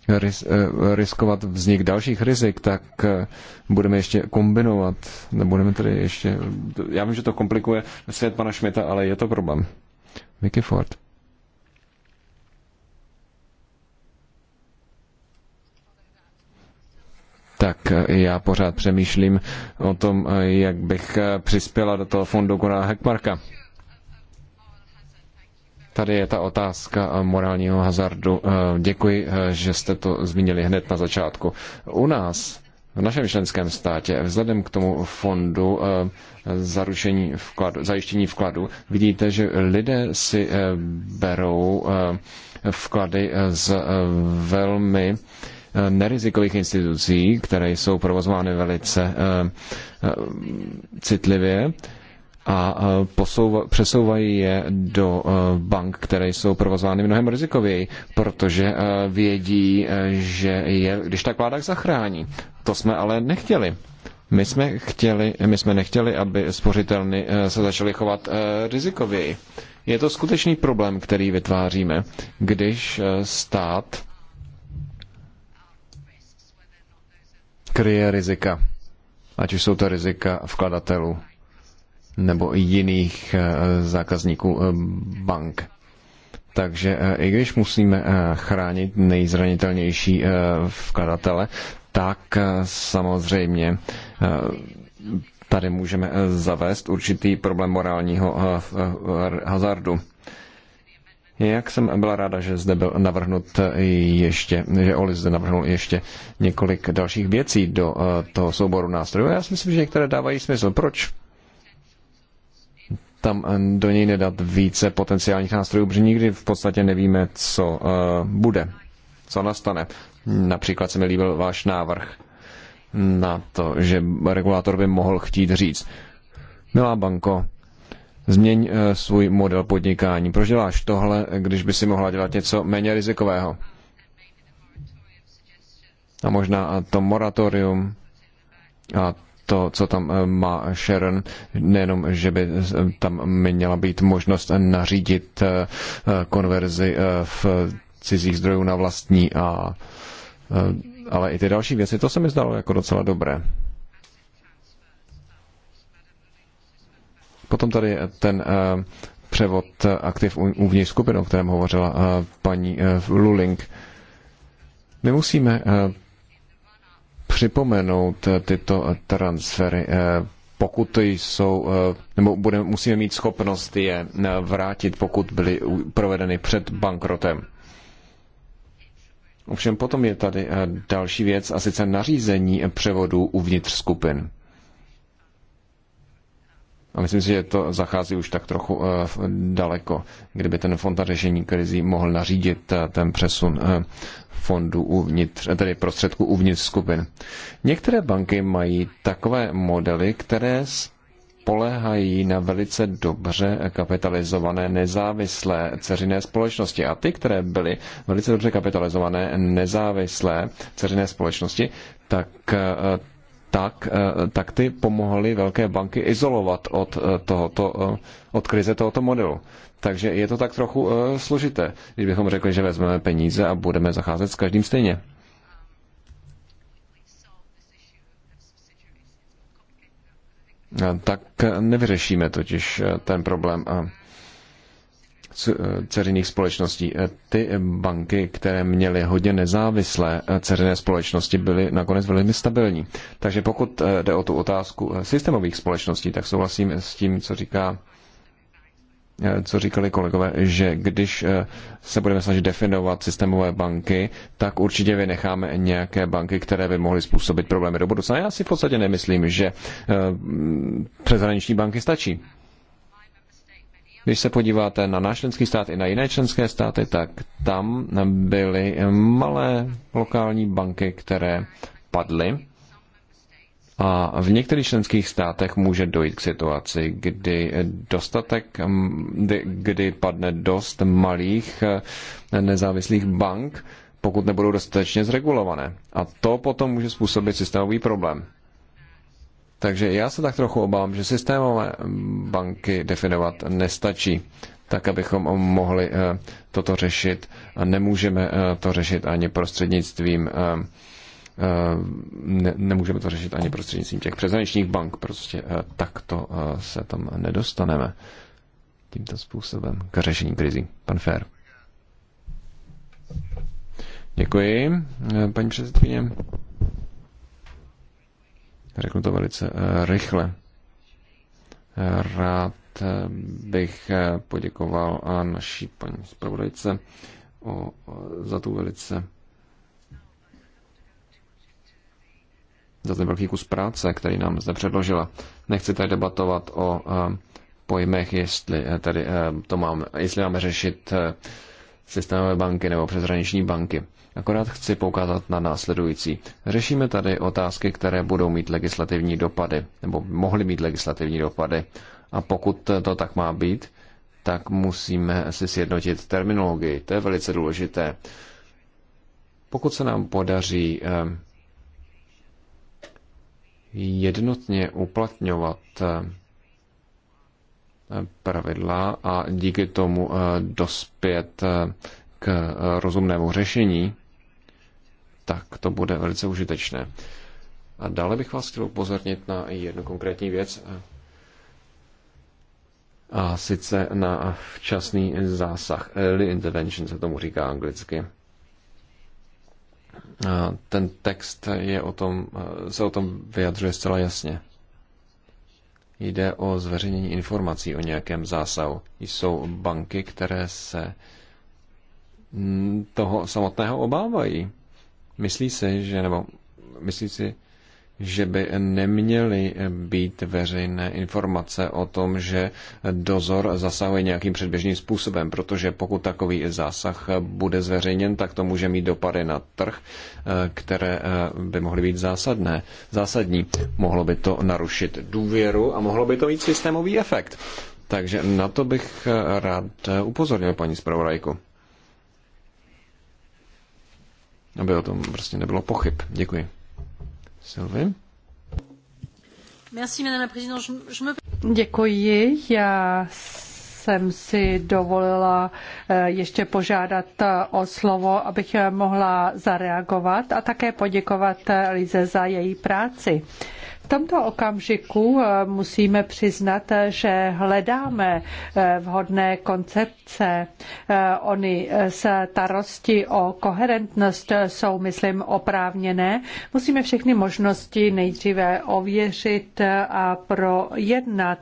ris- eh, riskovat vznik dalších rizik, tak eh, budeme ještě kombinovat, nebudeme tedy ještě, já vím, že to komplikuje svět pana Šmita, ale je to problém. Vicky Ford. tak eh, já pořád přemýšlím o tom, jak bych přispěla do toho fondu Gunnar Heckmarka. Tady je ta otázka morálního hazardu. Eh, děkuji, eh, že jste to zmínili hned na začátku. U nás v našem členském státě vzhledem k tomu fondu eh, zaručení vkladu, zajištění vkladu vidíte, že lidé si berou vklady z velmi nerizikových institucí, které jsou provozovány velice citlivě a posouva, přesouvají je do e, bank, které jsou provozovány mnohem rizikověji, protože e, vědí, e, že je, když tak vláda zachrání. To jsme ale nechtěli. My jsme, chtěli, my jsme nechtěli, aby spořitelny se začaly chovat rizikověji. Je to skutečný problém, který vytváříme, když stát kryje rizika, ať už jsou to rizika vkladatelů nebo jiných eh, zákazníků eh, bank. Takže eh, i když musíme chránit nejzranitelnější vkladatele, tak samozřejmě tady můžeme zavést určitý problém morálního hazardu. Jak jsem byla ráda, že zde byl navrhnut ještě, že Oli zde navrhnul ještě několik dalších věcí do toho souboru nástrojů. Já si myslím, že některé dávají smysl. Proč? tam eh, do něj nedat více potenciálních nástrojů, protože nikdy v podstatě nevíme, co eh, bude, co nastane. Například se mi líbil váš návrh na to, že regulátor by mohl chtít říct, milá banko, změň eh, svůj model podnikání. Proč děláš tohle, když by si mohla dělat něco méně rizikového? A možná to moratorium a to, co tam eh, má Sharon, nejenom, že by eh, tam měla být možnost nařídit eh, konverzi v cizích zdrojů na vlastní, a, ale i ty další věci, to se mi zdalo jako docela dobré. Potom tady ten převod aktiv uvnitř skupiny, o kterém hovořila paní Luling. My musíme připomenout eh, tyto eh, transfery, eh, pokud jsou, nebo budeme, musíme mít schopnost je vrátit, pokud byly provedeny před bankrotem. Ovšem potom je tady další věc, a sice nařízení převodu uvnitř skupin. A myslím si, že to zachází už tak trochu eh, daleko, kdyby ten fond na řešení krizí mohl nařídit eh, ten přesun eh, fondů uvnitř, tedy prostředku uvnitř skupin. Některé banky mají takové modely, které spolehají na velice dobře kapitalizované nezávislé ceřiné společnosti. A ty, které byly velice dobře kapitalizované nezávislé ceřiné společnosti, tak tak, eh, tak ty pomohly velké banky izolovat od, eh, tohoto, eh, od krize tohoto modelu. Takže je to tak trochu složité, když bychom řekli, že vezmeme peníze a budeme zacházet s každým stejně. Tak nevyřešíme totiž ten problém ceřiných společností. E, ty banky, které měly hodně nezávislé e, ceřiné společnosti, byly nakonec velmi stabilní. Takže pokud e, jde o tu otázku systémových společností, tak souhlasím s tím, co říká co říkali kolegové, že když se budeme snažit definovat systémové banky, tak určitě vynecháme nějaké banky, které by mohly způsobit problémy do budoucna. Já si v podstatě nemyslím, že přeshraniční banky stačí. Když se podíváte na náš členský stát i na jiné členské státy, tak tam byly malé lokální banky, které padly. A v některých členských státech může dojít k situaci, kdy dostatek, kdy padne dost malých eh, nezávislých bank, pokud nebudou dostatečně zregulované. A to potom může způsobit systémový problém. Takže já se tak trochu obávám, že systémové banky definovat nestačí tak, abychom mohli eh, toto řešit a nemůžeme eh, to řešit ani prostřednictvím eh, ne, nemůžeme to řešit ani prostřednictvím těch přeshraničních bank. Prostě takto se tam nedostaneme tímto způsobem k řešení krizí. Pan Fér. Děkuji, paní předsedkyně. Řeknu to velice eh, rychle. Rád eh, bych eh, poděkoval a naší paní zpravodajce za tu velice za ten velký kus práce, který nám zde předložila. Nechci tady debatovat o pojmech, jestli tady to máme, jestli máme řešit systémové banky nebo přeshraniční banky. Akorát chci poukázat na následující. Řešíme tady otázky, které budou mít legislativní dopady, nebo mohly mít legislativní dopady. A pokud to tak má být, tak musíme si sjednotit terminologii. To je velice důležité. Pokud se nám podaří eh, jednotně uplatňovat eh, pravidla a díky tomu eh, dospět k rozumnému řešení, tak to bude velice užitečné. A dále bych vás chtěl upozornit na jednu konkrétní věc, a sice na včasný zásah. Early intervention se tomu říká anglicky. A ten text je o tom, se o tom vyjadřuje zcela jasně. Jde o zveřejnění informací o nějakém zásahu. Jsou banky, které se toho samotného obávají Myslí si, že, nebo myslí si, že by neměly být veřejné informace o tom, že dozor zasahuje nějakým předběžným způsobem, protože pokud takový zásah bude zveřejněn, tak to může mít dopady na trh, které by mohly být zásadné, zásadní. Mohlo by to narušit důvěru a mohlo by to mít systémový efekt. Takže na to bych rád upozornil paní zpravodajku aby o tom prostě nebylo pochyb. Děkuji. Sylvie? Děkuji. Já jsem si dovolila eh, ještě požádat eh, o slovo, abych eh, mohla zareagovat a také poděkovat Lize za její práci. V tomto okamžiku eh, musíme přiznat, eh, že hledáme eh, vhodné koncepce. Oni starosti o koherentnost jsou, myslím, oprávněné. Musíme všechny možnosti nejdříve ověřit a projednat.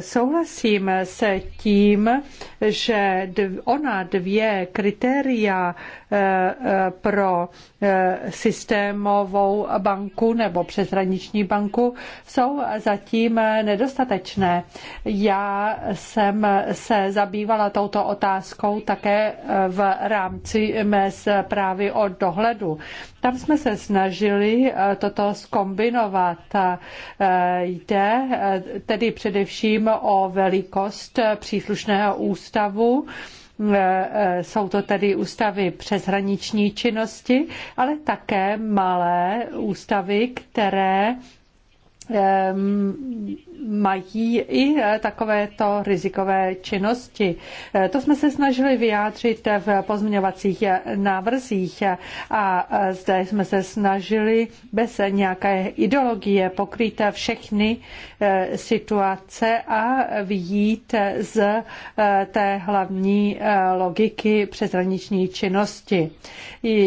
Souhlasím se tím, že ona dvě kritéria Eh, eh, pro eh, systémovou banku nebo přeshraniční banku jsou zatím nedostatečné. Já jsem se zabývala touto otázkou také v rámci mé zprávy o dohledu. Tam jsme se snažili toto skombinovat. Jde tedy především o velikost příslušného ústavu, E, e, jsou to tedy ústavy přeshraniční činnosti, ale také malé ústavy, které mají i eh, takovéto rizikové činnosti. Eh, to jsme se snažili vyjádřit v pozměňovacích eh, návrzích a zde jsme se snažili bez nějaké ideologie pokrýt všechny situace a vyjít z té hlavní logiky přeshraniční činnosti.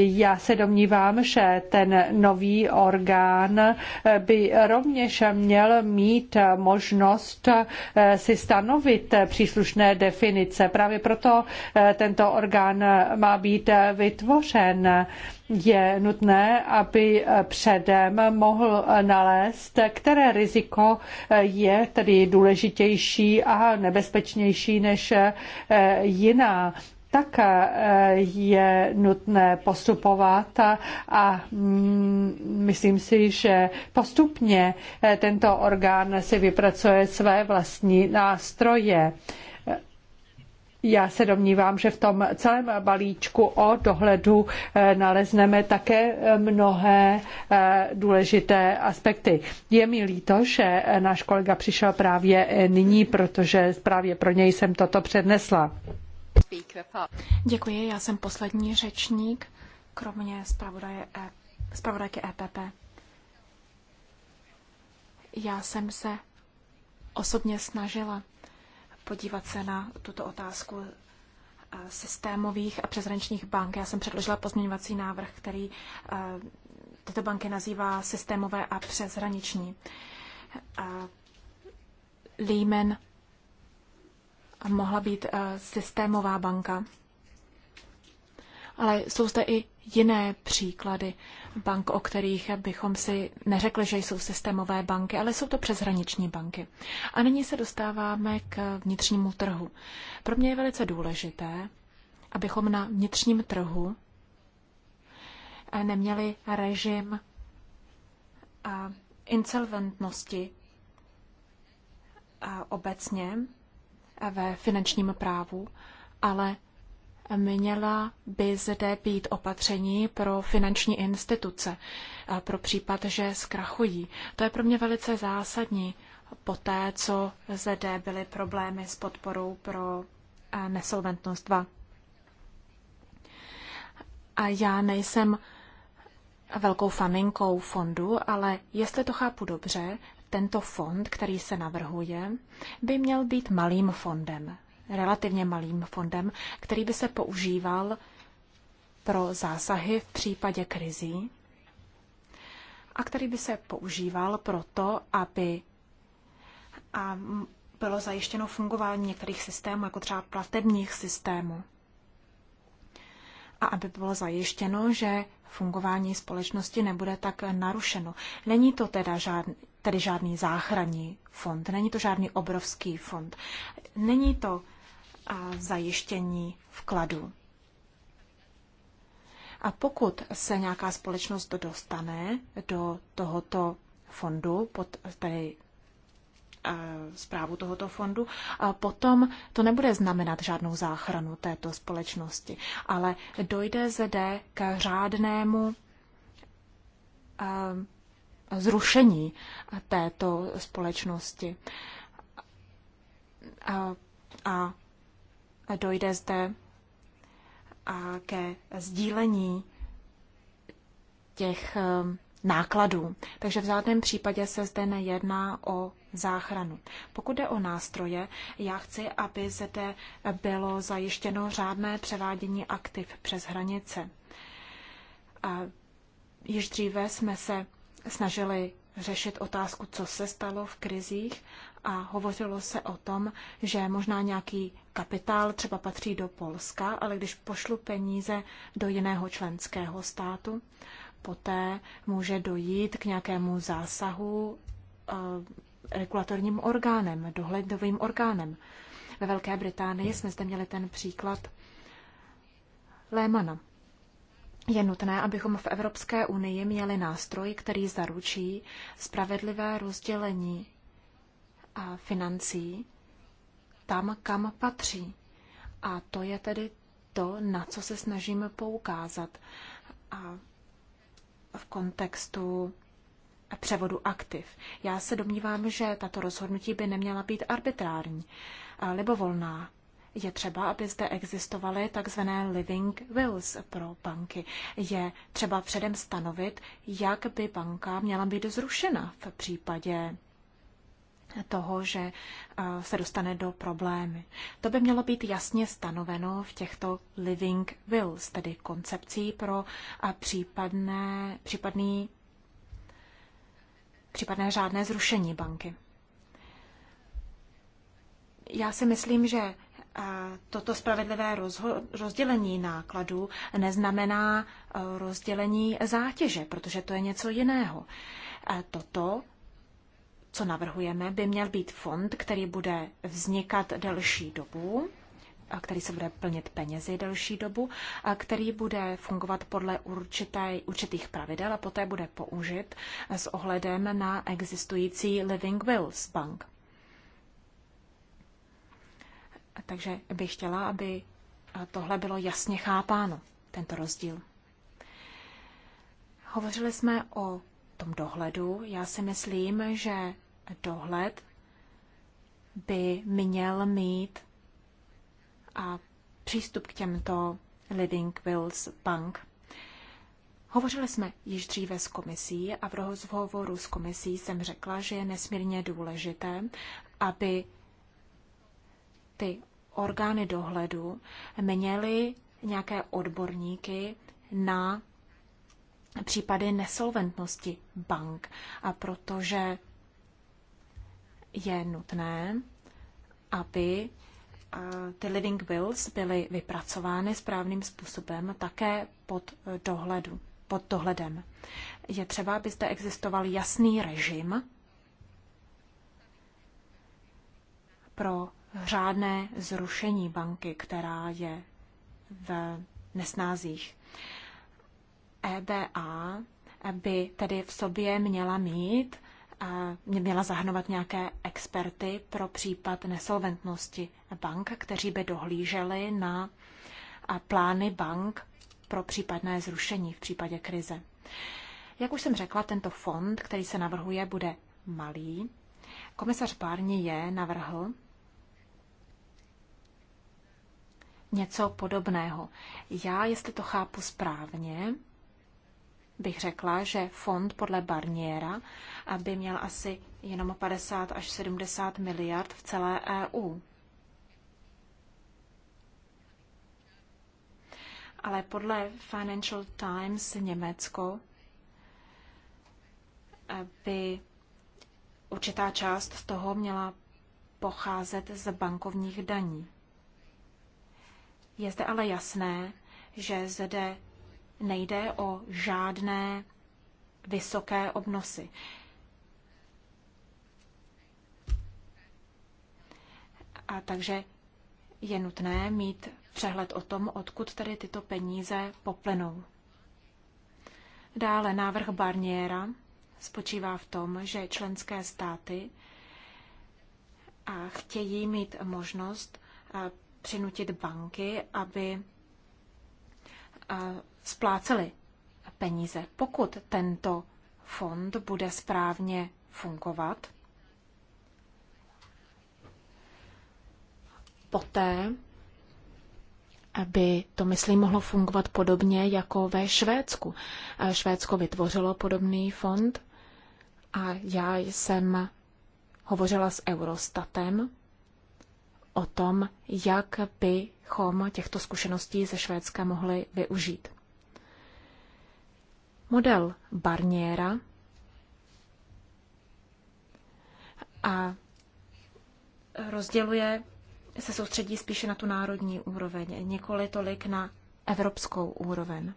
Já se domnívám, že ten nový orgán by rovněž měl mít možnost eh, si stanovit příslušné definice. Právě proto eh, tento orgán eh, má být vytvořen. Je nutné, aby předem mohl nalézt, které riziko je tedy důležitější a nebezpečnější než jiná tak eh, je nutné postupovat a mm, myslím si, že postupně eh, tento orgán si vypracuje své vlastní nástroje. Já se domnívám, že v tom celém balíčku o dohledu eh, nalezneme také mnohé důležité aspekty. Je mi líto, že náš kolega přišel právě nyní, protože právě pro něj jsem toto přednesla. Děkuji, já jsem poslední řečník, kromě zpravodaje e- zpravodajky EPP. Já jsem se osobně snažila podívat se na tuto otázku eh, systémových a přezrančních bank. Já jsem předložila pozměňovací návrh, který eh, tyto banky nazývá systémové a přeshraniční. Eh, Lehman mohla být eh, systémová banka. Ale jsou zde i jiné příklady bank, o kterých bychom si neřekli, že jsou systémové banky, ale jsou to přeshraniční banky. A nyní se dostáváme k vnitřnímu trhu. Pro mě je velice důležité, abychom na vnitřním trhu eh, neměli režim eh, insolventnosti obecně, ve finančním právu, ale měla by zde být opatření pro finanční instituce, pro případ, že zkrachují. To je pro mě velice zásadní poté, co zde byly problémy s podporou pro nesolventnost 2. A já nejsem velkou faninkou fondu, ale jestli to chápu dobře, tento fond, který se navrhuje, by měl být malým fondem, relativně malým fondem, který by se používal pro zásahy v případě krizí a který by se používal pro to, aby a bylo zajištěno fungování některých systémů, jako třeba platebních systémů. A aby bylo zajištěno, že fungování společnosti nebude tak narušeno. Není to teda žádný, tedy žádný záchranný fond, není to žádný obrovský fond. Není to zajištění vkladu. A pokud se nějaká společnost dostane do tohoto fondu, pod tedy zprávu tohoto fondu, a potom to nebude znamenat žádnou záchranu této společnosti, ale dojde zde k řádnému zrušení této společnosti. A, a dojde zde a ke sdílení těch um, nákladů. Takže v žádném případě se zde nejedná o záchranu. Pokud jde o nástroje, já chci, aby zde bylo zajištěno řádné převádění aktiv přes hranice. A již dříve jsme se snažili řešit otázku, co se stalo v krizích a hovořilo se o tom, že možná nějaký kapitál třeba patří do Polska, ale když pošlu peníze do jiného členského státu, poté může dojít k nějakému zásahu eh, regulatorním orgánem, dohledovým orgánem. Ve Velké Británii jsme zde měli ten příklad Lémana je nutné, abychom v Evropské unii měli nástroj, který zaručí spravedlivé rozdělení a financí tam, kam patří. A to je tedy to, na co se snažíme poukázat a v kontextu převodu aktiv. Já se domnívám, že tato rozhodnutí by neměla být arbitrární, libovolná. Je třeba, aby zde existovaly takzvané living wills pro banky. Je třeba předem stanovit, jak by banka měla být zrušena v případě toho, že eh, se dostane do problémy. To by mělo být jasně stanoveno v těchto living wills, tedy koncepcí pro eh, případné, případný, případné řádné zrušení banky. Já si myslím, že toto spravedlivé rozdělení nákladů neznamená e, rozdělení zátěže, protože to je něco jiného. E, toto, co navrhujeme, by měl být fond, který bude vznikat delší dobu, který se bude plnit penězi delší dobu, který bude fungovat podle určité, určitých pravidel a poté bude použit s ohledem na existující Living Wills Bank. Takže bych chtěla, aby eh, tohle bylo jasně chápáno, tento rozdíl. Hovořili jsme o tom dohledu. Já si myslím, že dohled by měl mít a přístup k těmto Living Wills Bank. Hovořili jsme již dříve s komisí a v rozhovoru s komisí jsem řekla, že je nesmírně důležité, aby ty orgány dohledu měly nějaké odborníky na případy nesolventnosti bank, a protože je nutné, aby ty living bills byly vypracovány správným způsobem také pod, dohledu, pod dohledem. Je třeba, aby zde existoval jasný režim pro řádné zrušení banky, která je v nesnázích. EBA by tedy v sobě měla mít, měla zahrnovat nějaké experty pro případ nesolventnosti bank, kteří by dohlíželi na plány bank pro případné zrušení v případě krize. Jak už jsem řekla, tento fond, který se navrhuje, bude malý. Komisař je navrhl, něco podobného. Já, jestli to chápu správně, bych řekla, že fond podle Barniera by měl asi jenom 50 až 70 miliard v celé EU. Ale podle Financial Times Německo by určitá část z toho měla pocházet z bankovních daní. Je zde ale jasné, že zde nejde o žádné vysoké obnosy. A takže je nutné mít přehled o tom, odkud tedy tyto peníze poplynou. Dále návrh Barniera spočívá v tom, že členské státy chtějí mít možnost přinutit banky, aby eh, splácely peníze. Pokud tento fond bude správně fungovat, poté aby to, myslím, mohlo fungovat podobně jako ve Švédsku. Eh, Švédsko vytvořilo podobný fond a já jsem hovořila s Eurostatem o tom, jak bychom těchto zkušeností ze Švédska mohli využít. Model Barniera a rozděluje, se soustředí spíše na tu národní úroveň, nikoli tolik na evropskou úroveň.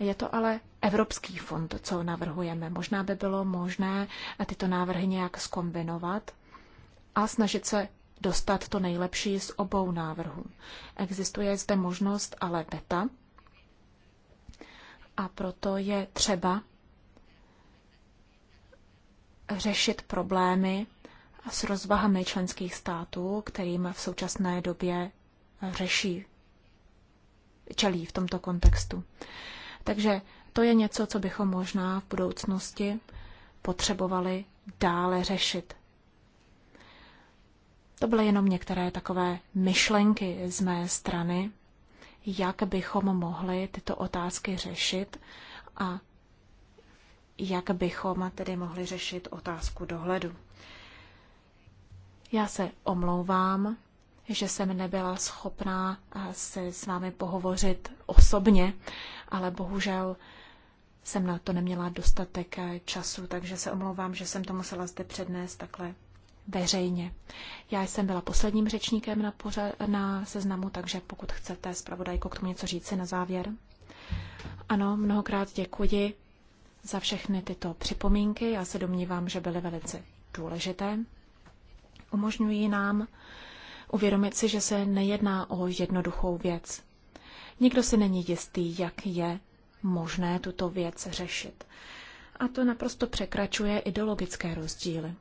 Je to ale Evropský fond, co navrhujeme. Možná by bylo možné tyto návrhy nějak skombinovat a snažit se dostat to nejlepší z obou návrhů. Existuje zde možnost ale beta a proto je třeba řešit problémy s rozvahami členských států, kterým v současné době řeší, čelí v tomto kontextu. Takže to je něco, co bychom možná v budoucnosti potřebovali dále řešit. To byly jenom některé takové myšlenky z mé strany, jak bychom mohli tyto otázky řešit a jak bychom tedy mohli řešit otázku dohledu. Já se omlouvám, že jsem nebyla schopná eh, se s vámi pohovořit osobně, ale bohužel jsem na to neměla dostatek eh, času, takže se omlouvám, že jsem to musela zde přednést takhle veřejně. Já jsem byla posledním řečníkem na, pořad, na seznamu, takže pokud chcete, zpravodajko, k tomu něco říci na závěr. Ano, mnohokrát děkuji za všechny tyto připomínky. Já se domnívám, že byly velice důležité. Umožňují nám uvědomit si, že se nejedná o jednoduchou věc. Nikdo si není jistý, jak je možné tuto věc řešit. A to naprosto překračuje ideologické rozdíly.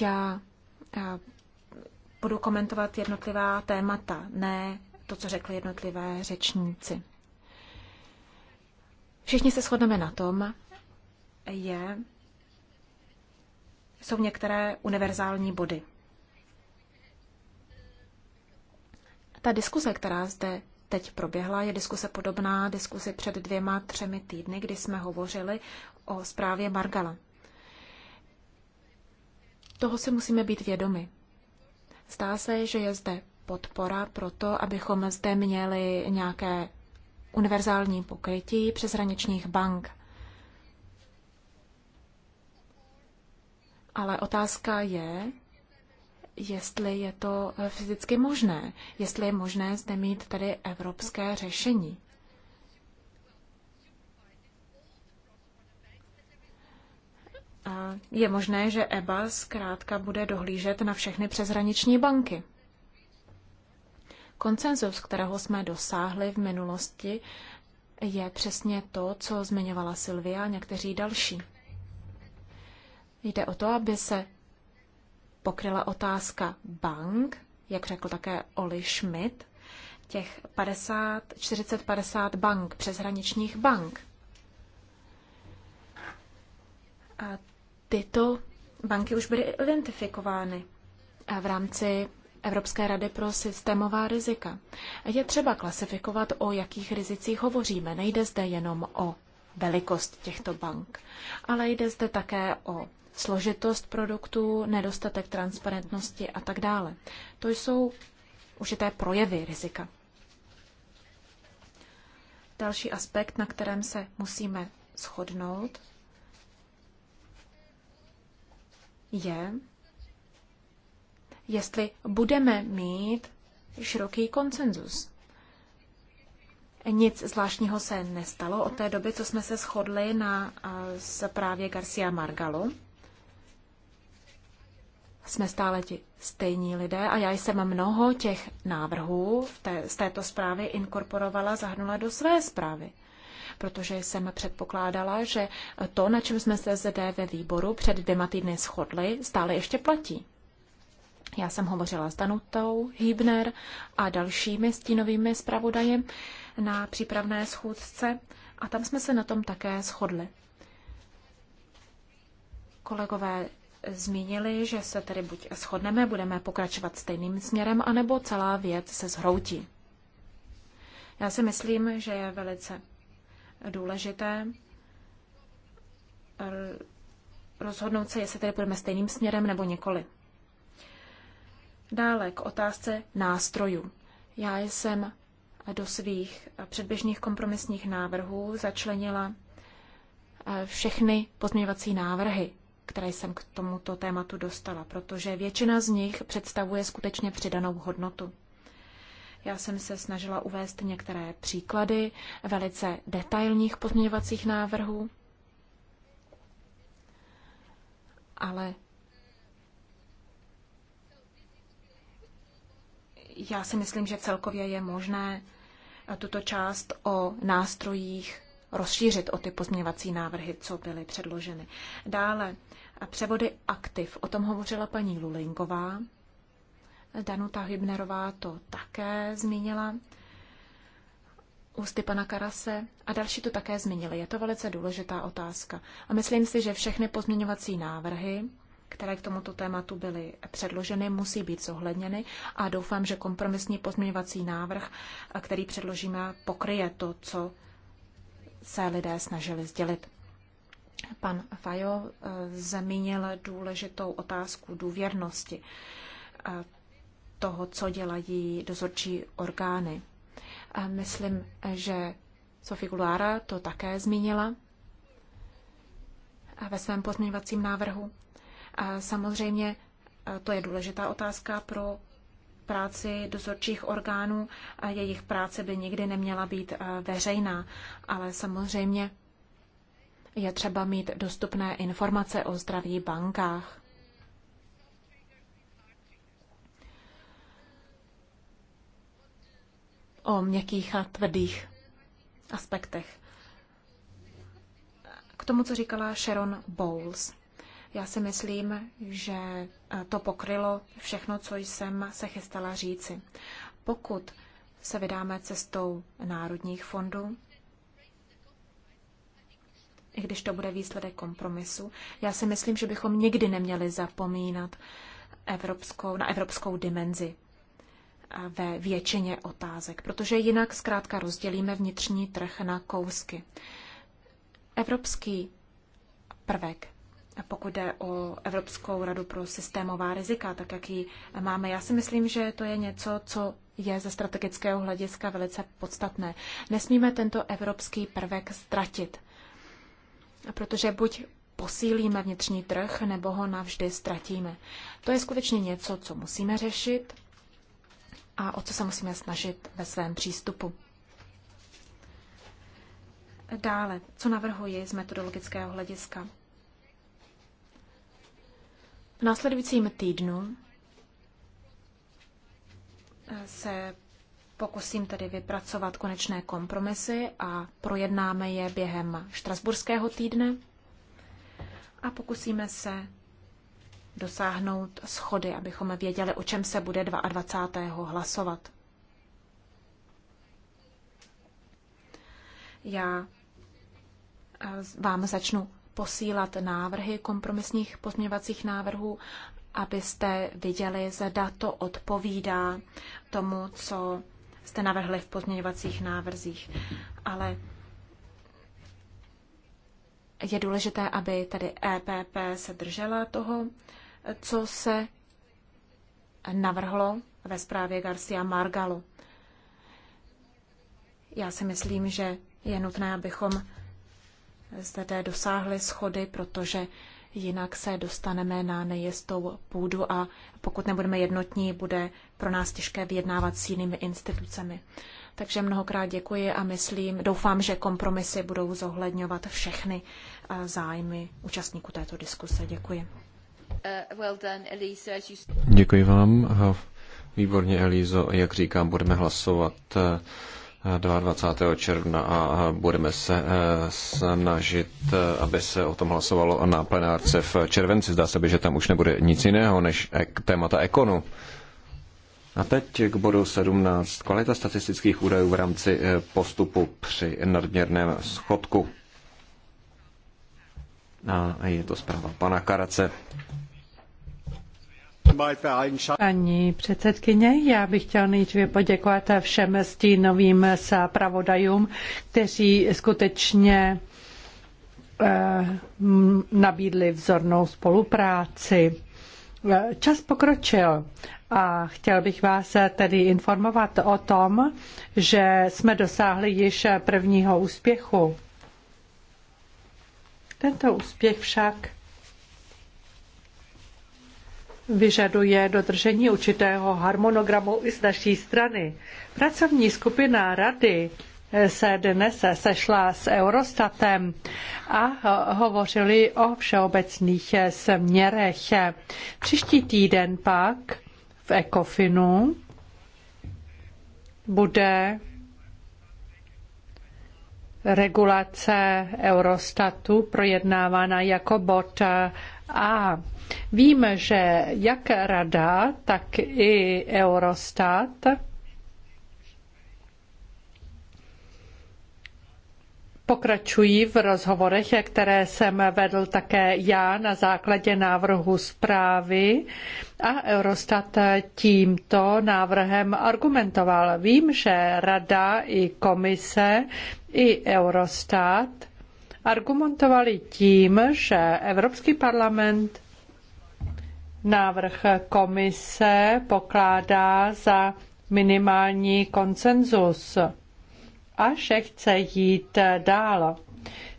Já budu komentovat jednotlivá témata, ne to, co řekli jednotlivé řečníci. Všichni se shodneme na tom, je, jsou některé univerzální body. Ta diskuse, která zde teď proběhla, je diskuse podobná diskusi před dvěma, třemi týdny, kdy jsme hovořili o zprávě Margala. Toho si musíme být vědomi. Zdá se, že je zde podpora pro to, abychom zde měli nějaké univerzální pokrytí přeshraničních bank. Ale otázka je, jestli je to eh, fyzicky možné, jestli je možné zde mít tady evropské řešení. je možné, že EBA zkrátka bude dohlížet na všechny přeshraniční banky. Koncenzus, kterého jsme dosáhli v minulosti, je přesně to, co zmiňovala Silvia a někteří další. Jde o to, aby se pokryla otázka bank, jak řekl také Oli Schmidt, těch 40-50 bank, přeshraničních bank. A tyto banky už byly identifikovány v rámci Evropské rady pro systémová rizika. Je třeba klasifikovat, o jakých rizicích hovoříme. Nejde zde jenom o velikost těchto bank, ale jde zde také o složitost produktů, nedostatek transparentnosti a tak dále. To jsou užité projevy rizika. Další aspekt, na kterém se musíme shodnout, je, jestli budeme mít široký konsenzus. Nic zvláštního se nestalo od té doby, co jsme se shodli na zprávě Garcia Margalo. Jsme stále ti stejní lidé a já jsem mnoho těch návrhů v té, z této zprávy inkorporovala, zahrnula do své zprávy protože jsem předpokládala, že to, na čem jsme se zde ve výboru před dvěma týdny shodli, stále ještě platí. Já jsem hovořila s Danutou Hibner a dalšími stínovými zpravodaji na přípravné schůzce a tam jsme se na tom také shodli. Kolegové zmínili, že se tedy buď shodneme, budeme pokračovat stejným směrem, anebo celá věc se zhroutí. Já si myslím, že je velice důležité rozhodnout se, jestli tedy půjdeme stejným směrem nebo nikoli. Dále k otázce nástrojů. Já jsem do svých předběžných kompromisních návrhů začlenila e, všechny pozměňovací návrhy, které jsem k tomuto tématu dostala, protože většina z nich představuje skutečně přidanou hodnotu. Já jsem se snažila uvést některé příklady velice detailních pozměňovacích návrhů, ale já si myslím, že celkově je možné tuto část o nástrojích rozšířit o ty pozměňovací návrhy, co byly předloženy. Dále převody aktiv, o tom hovořila paní Lulinková. Danuta Hybnerová to také zmínila, ústy pana Karase a další to také zmínili. Je to velice důležitá otázka. A myslím si, že všechny pozměňovací návrhy, které k tomuto tématu byly předloženy, musí být zohledněny a doufám, že kompromisní pozměňovací návrh, který předložíme, pokryje to, co se lidé snažili sdělit. Pan Fajo eh, zmínil důležitou otázku důvěrnosti. Eh, toho, co dělají dozorčí orgány. A myslím, že Sophie Gulára to také zmínila ve svém pozměňovacím návrhu. A samozřejmě to je důležitá otázka pro práci dozorčích orgánů. A jejich práce by nikdy neměla být veřejná, ale samozřejmě je třeba mít dostupné informace o zdraví bankách. o měkkých a tvrdých aspektech. K tomu, co říkala Sharon Bowles. Já si myslím, že eh, to pokrylo všechno, co jsem se chystala říci. Pokud se vydáme cestou národních fondů, i když to bude výsledek kompromisu, já si myslím, že bychom nikdy neměli zapomínat evropskou, na evropskou dimenzi ve většině otázek, protože jinak zkrátka rozdělíme vnitřní trh na kousky. Evropský prvek, pokud jde o Evropskou radu pro systémová rizika, tak jak ji máme, já si myslím, že to je něco, co je ze strategického hlediska velice podstatné. Nesmíme tento evropský prvek ztratit, protože buď posílíme vnitřní trh, nebo ho navždy ztratíme. To je skutečně něco, co musíme řešit a o co se musíme snažit ve svém přístupu. Dále, co navrhuji z metodologického hlediska? V následujícím týdnu se pokusím tedy vypracovat konečné kompromisy a projednáme je během štrasburského týdne a pokusíme se dosáhnout schody, abychom věděli, o čem se bude 22. hlasovat. Já eh, vám začnu posílat návrhy kompromisních pozměňovacích návrhů, abyste viděli, zda to odpovídá tomu, co jste navrhli v pozměňovacích návrzích. Ale je důležité, aby tady EPP se držela toho co se navrhlo ve zprávě Garcia Margalo. Já si myslím, že je nutné, abychom zde dosáhli schody, protože jinak se dostaneme na nejistou půdu a pokud nebudeme jednotní, bude pro nás těžké vyjednávat s jinými institucemi. Takže mnohokrát děkuji a myslím, doufám, že kompromisy budou zohledňovat všechny eh, zájmy účastníků této diskuse. Děkuji. Uh, Děkuji vám. Výborně, Elízo. Jak říkám, budeme hlasovat 22. Eh, června a budeme se eh, snažit, eh, aby se o tom hlasovalo na plenárce v červenci. Zdá se by, že tam už nebude nic jiného než témata ekonu. A teď k bodu 17. Kvalita statistických údajů v rámci postupu při nadměrném schodku. A je to zpráva pana Karace. Paní předsedkyně, já bych chtěl nejdříve poděkovat všem stínovým zpravodajům, kteří skutečně eh, nabídli vzornou spolupráci. Čas pokročil a chtěl bych vás tedy informovat o tom, že jsme dosáhli již prvního úspěchu. Tento úspěch však vyžaduje dodržení určitého harmonogramu i z naší strany. Pracovní skupina Rady se dnes sešla s Eurostatem a hovořili o všeobecných směrech. Příští týden pak v Ekofinu bude regulace Eurostatu projednávána jako bod A. víme že jak Rada, tak i Eurostat Pokračují v rozhovorech, které jsem vedl také já na základě návrhu zprávy a Eurostat tímto návrhem argumentoval. Vím, že Rada i komise i Eurostat argumentovali tím, že Evropský parlament návrh komise pokládá za minimální konsenzus a že chce jít dál.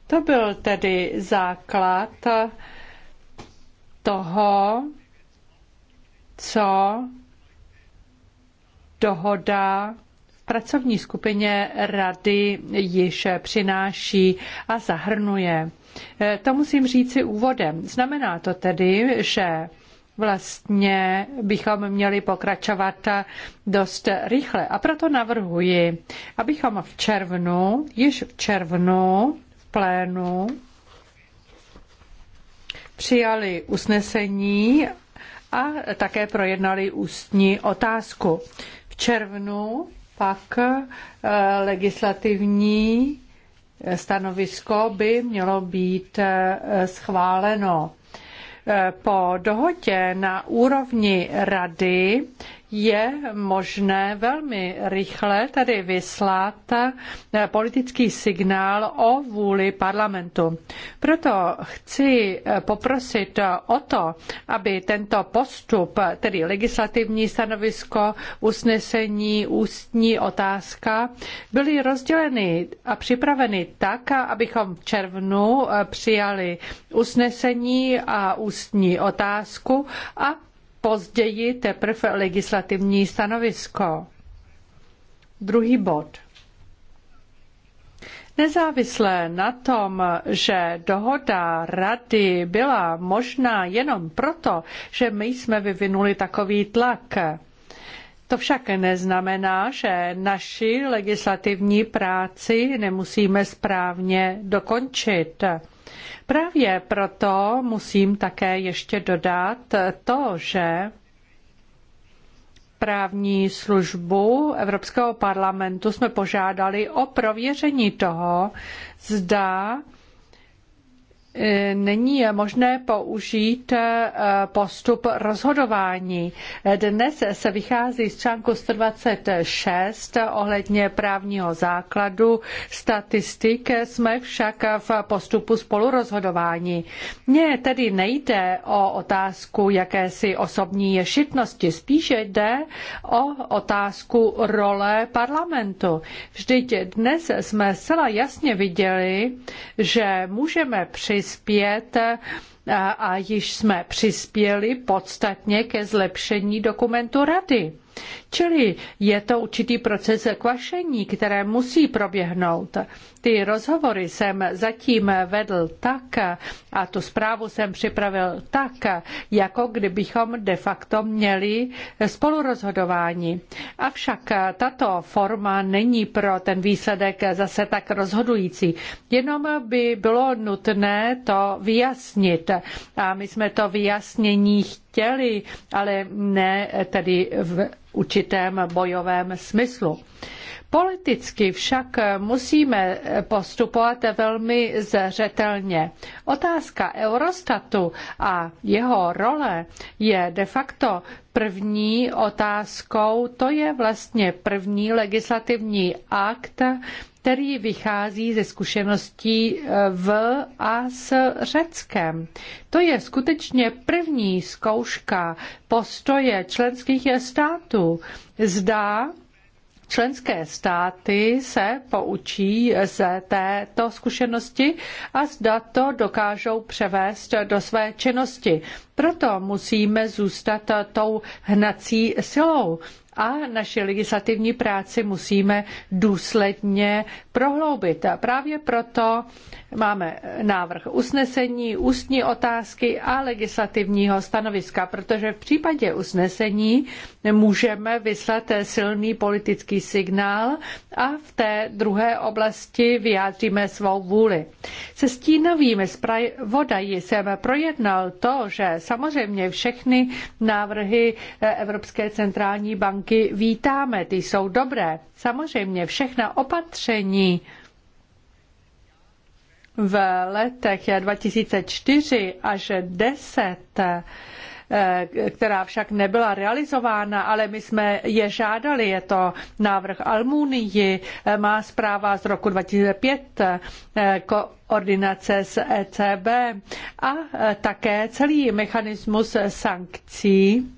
To byl tedy základ toho, co dohoda v pracovní skupině rady již přináší a zahrnuje. To musím říci úvodem. Znamená to tedy, že vlastně bychom měli pokračovat dost rychle. A proto navrhuji, abychom v červnu, již v červnu v plénu přijali usnesení a také projednali ústní otázku. V červnu pak eh, legislativní stanovisko by mělo být eh, schváleno. Po dohodě na úrovni rady je možné velmi rychle tady vyslat eh, politický signál o vůli parlamentu. Proto chci eh, poprosit eh, o to, aby tento postup, tedy legislativní stanovisko, usnesení, ústní otázka, byly rozděleny a připraveny tak, abychom v červnu přijali usnesení a ústní otázku a později teprve legislativní stanovisko. Druhý bod. Nezávisle na tom, že dohoda rady byla možná jenom proto, že my jsme vyvinuli takový tlak, to však neznamená, že naši legislativní práci nemusíme správně dokončit. Právě proto musím také ještě dodat to, že právní službu Evropského parlamentu jsme požádali o prověření toho, zda E, není možné použít e, postup rozhodování. E, dnes se vychází z článku 126 ohledně právního základu statistik, jsme však v postupu spolurozhodování. Mně tedy nejde o otázku jakési osobní ješitnosti, spíše jde o otázku role parlamentu. Vždyť dnes jsme zcela jasně viděli, že můžeme při přispět a již jsme přispěli podstatně ke zlepšení dokumentu Rady. Čili je to určitý proces kvašení, které musí proběhnout. Ty rozhovory jsem zatím vedl tak a tu zprávu jsem připravil tak, jako kdybychom de facto měli spolurozhodování. Avšak tato forma není pro ten výsledek zase tak rozhodující. Jenom by bylo nutné to vyjasnit. A my jsme to vyjasnění chtěli chtěli, ale ne tedy v určitém bojovém smyslu. Politicky však musíme postupovat velmi zřetelně. Otázka Eurostatu a jeho role je de facto první otázkou, to je vlastně první legislativní akt, který vychází ze zkušeností eh, v a s Řeckem. To je skutečně první zkouška postoje členských států. Zdá, Členské státy se poučí z této zkušenosti a zda to dokážou převést do své činnosti. Proto musíme zůstat tou hnací silou a naši legislativní práci musíme důsledně prohloubit. A právě proto máme návrh usnesení, ústní otázky a legislativního stanoviska, protože v případě usnesení můžeme vyslat silný politický signál a v té druhé oblasti vyjádříme svou vůli. Se stínovými zpravodaji jsem projednal to, že samozřejmě všechny návrhy Evropské centrální banky banky vítáme, ty jsou dobré. Samozřejmě všechna opatření v letech 2004 až 10 eh, která však nebyla realizována, ale my jsme je žádali. Je to návrh Almunii, eh, má zpráva z roku 2005, eh, koordinace s ECB a také celý mechanismus sankcí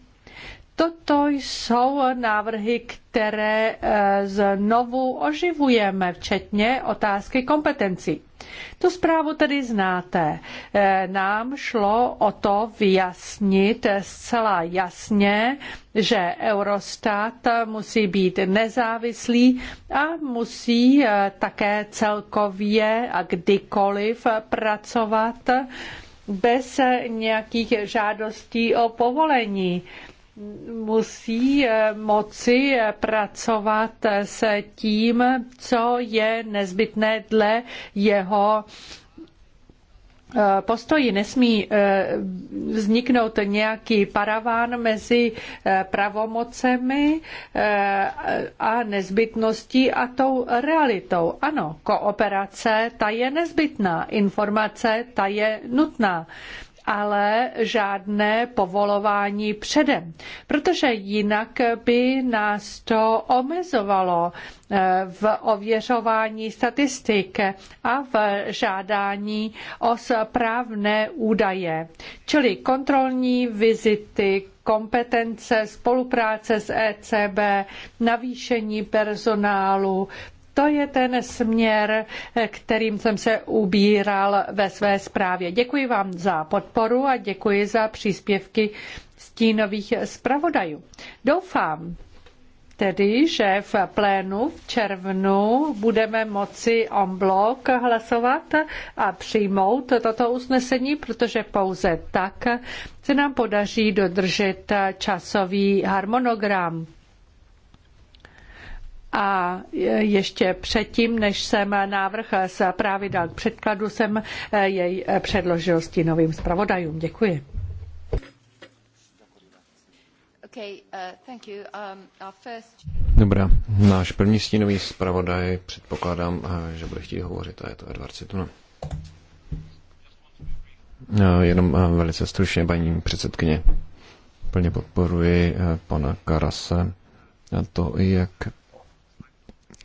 Toto jsou návrhy, které eh, znovu oživujeme, včetně otázky kompetencí. Tu zprávu tedy znáte. Eh, nám šlo o to vyjasnit zcela jasně, že Eurostat musí být nezávislý a musí eh, také celkově a kdykoliv pracovat bez nějakých žádostí o povolení musí eh, moci eh, pracovat eh, s tím, co je nezbytné dle jeho postoji nesmí vzniknout nějaký paraván mezi pravomocemi a nezbytností a tou realitou. Ano, kooperace, ta je nezbytná, informace, ta je nutná ale žádné povolování předem, protože jinak by nás to omezovalo eh, v ověřování statistik a v žádání o správné údaje, čili kontrolní vizity, kompetence, spolupráce s ECB, navýšení personálu, to je ten směr, kterým jsem se ubíral ve své zprávě. Děkuji vám za podporu a děkuji za příspěvky stínových zpravodajů. Doufám, tedy, že v plénu v červnu budeme moci en bloc hlasovat a přijmout toto usnesení, protože pouze tak se nám podaří dodržet časový harmonogram. A ještě předtím, než jsem návrh zprávy dal k předkladu, jsem jej předložil s novým zpravodajům. Děkuji. Uh, um, Dobrá, náš první stínový zpravodaj, předpokládám, eh, že bude chtít hovořit, a je to Edward Cituna. No, jenom eh, velice stručně, paní předsedkyně. Plně podporuji eh, pana Karase a to, jak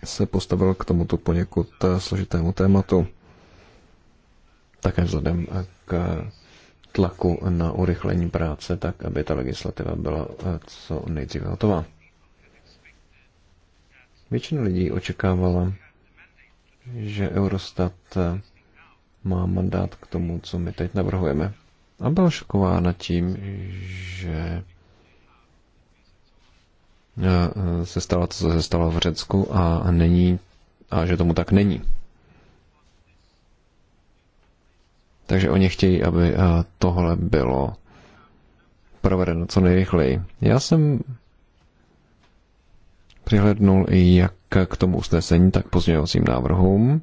se postavil k tomuto poněkud eh, složitému tématu. Také vzhledem eh, k tlaku na urychlení práce, tak aby ta legislativa byla eh, co nejdříve hotová. Většina lidí očekávala, že Eurostat má mandát k tomu, co my teď navrhujeme. A byla šokována tím, že Eh, eh, se stalo to, co se stalo v Řecku a není a že tomu tak není. Takže oni chtějí, aby eh, tohle bylo provedeno co nejrychleji. Já jsem přihlednul jak k tomu usnesení, tak pozměňovacím návrhům.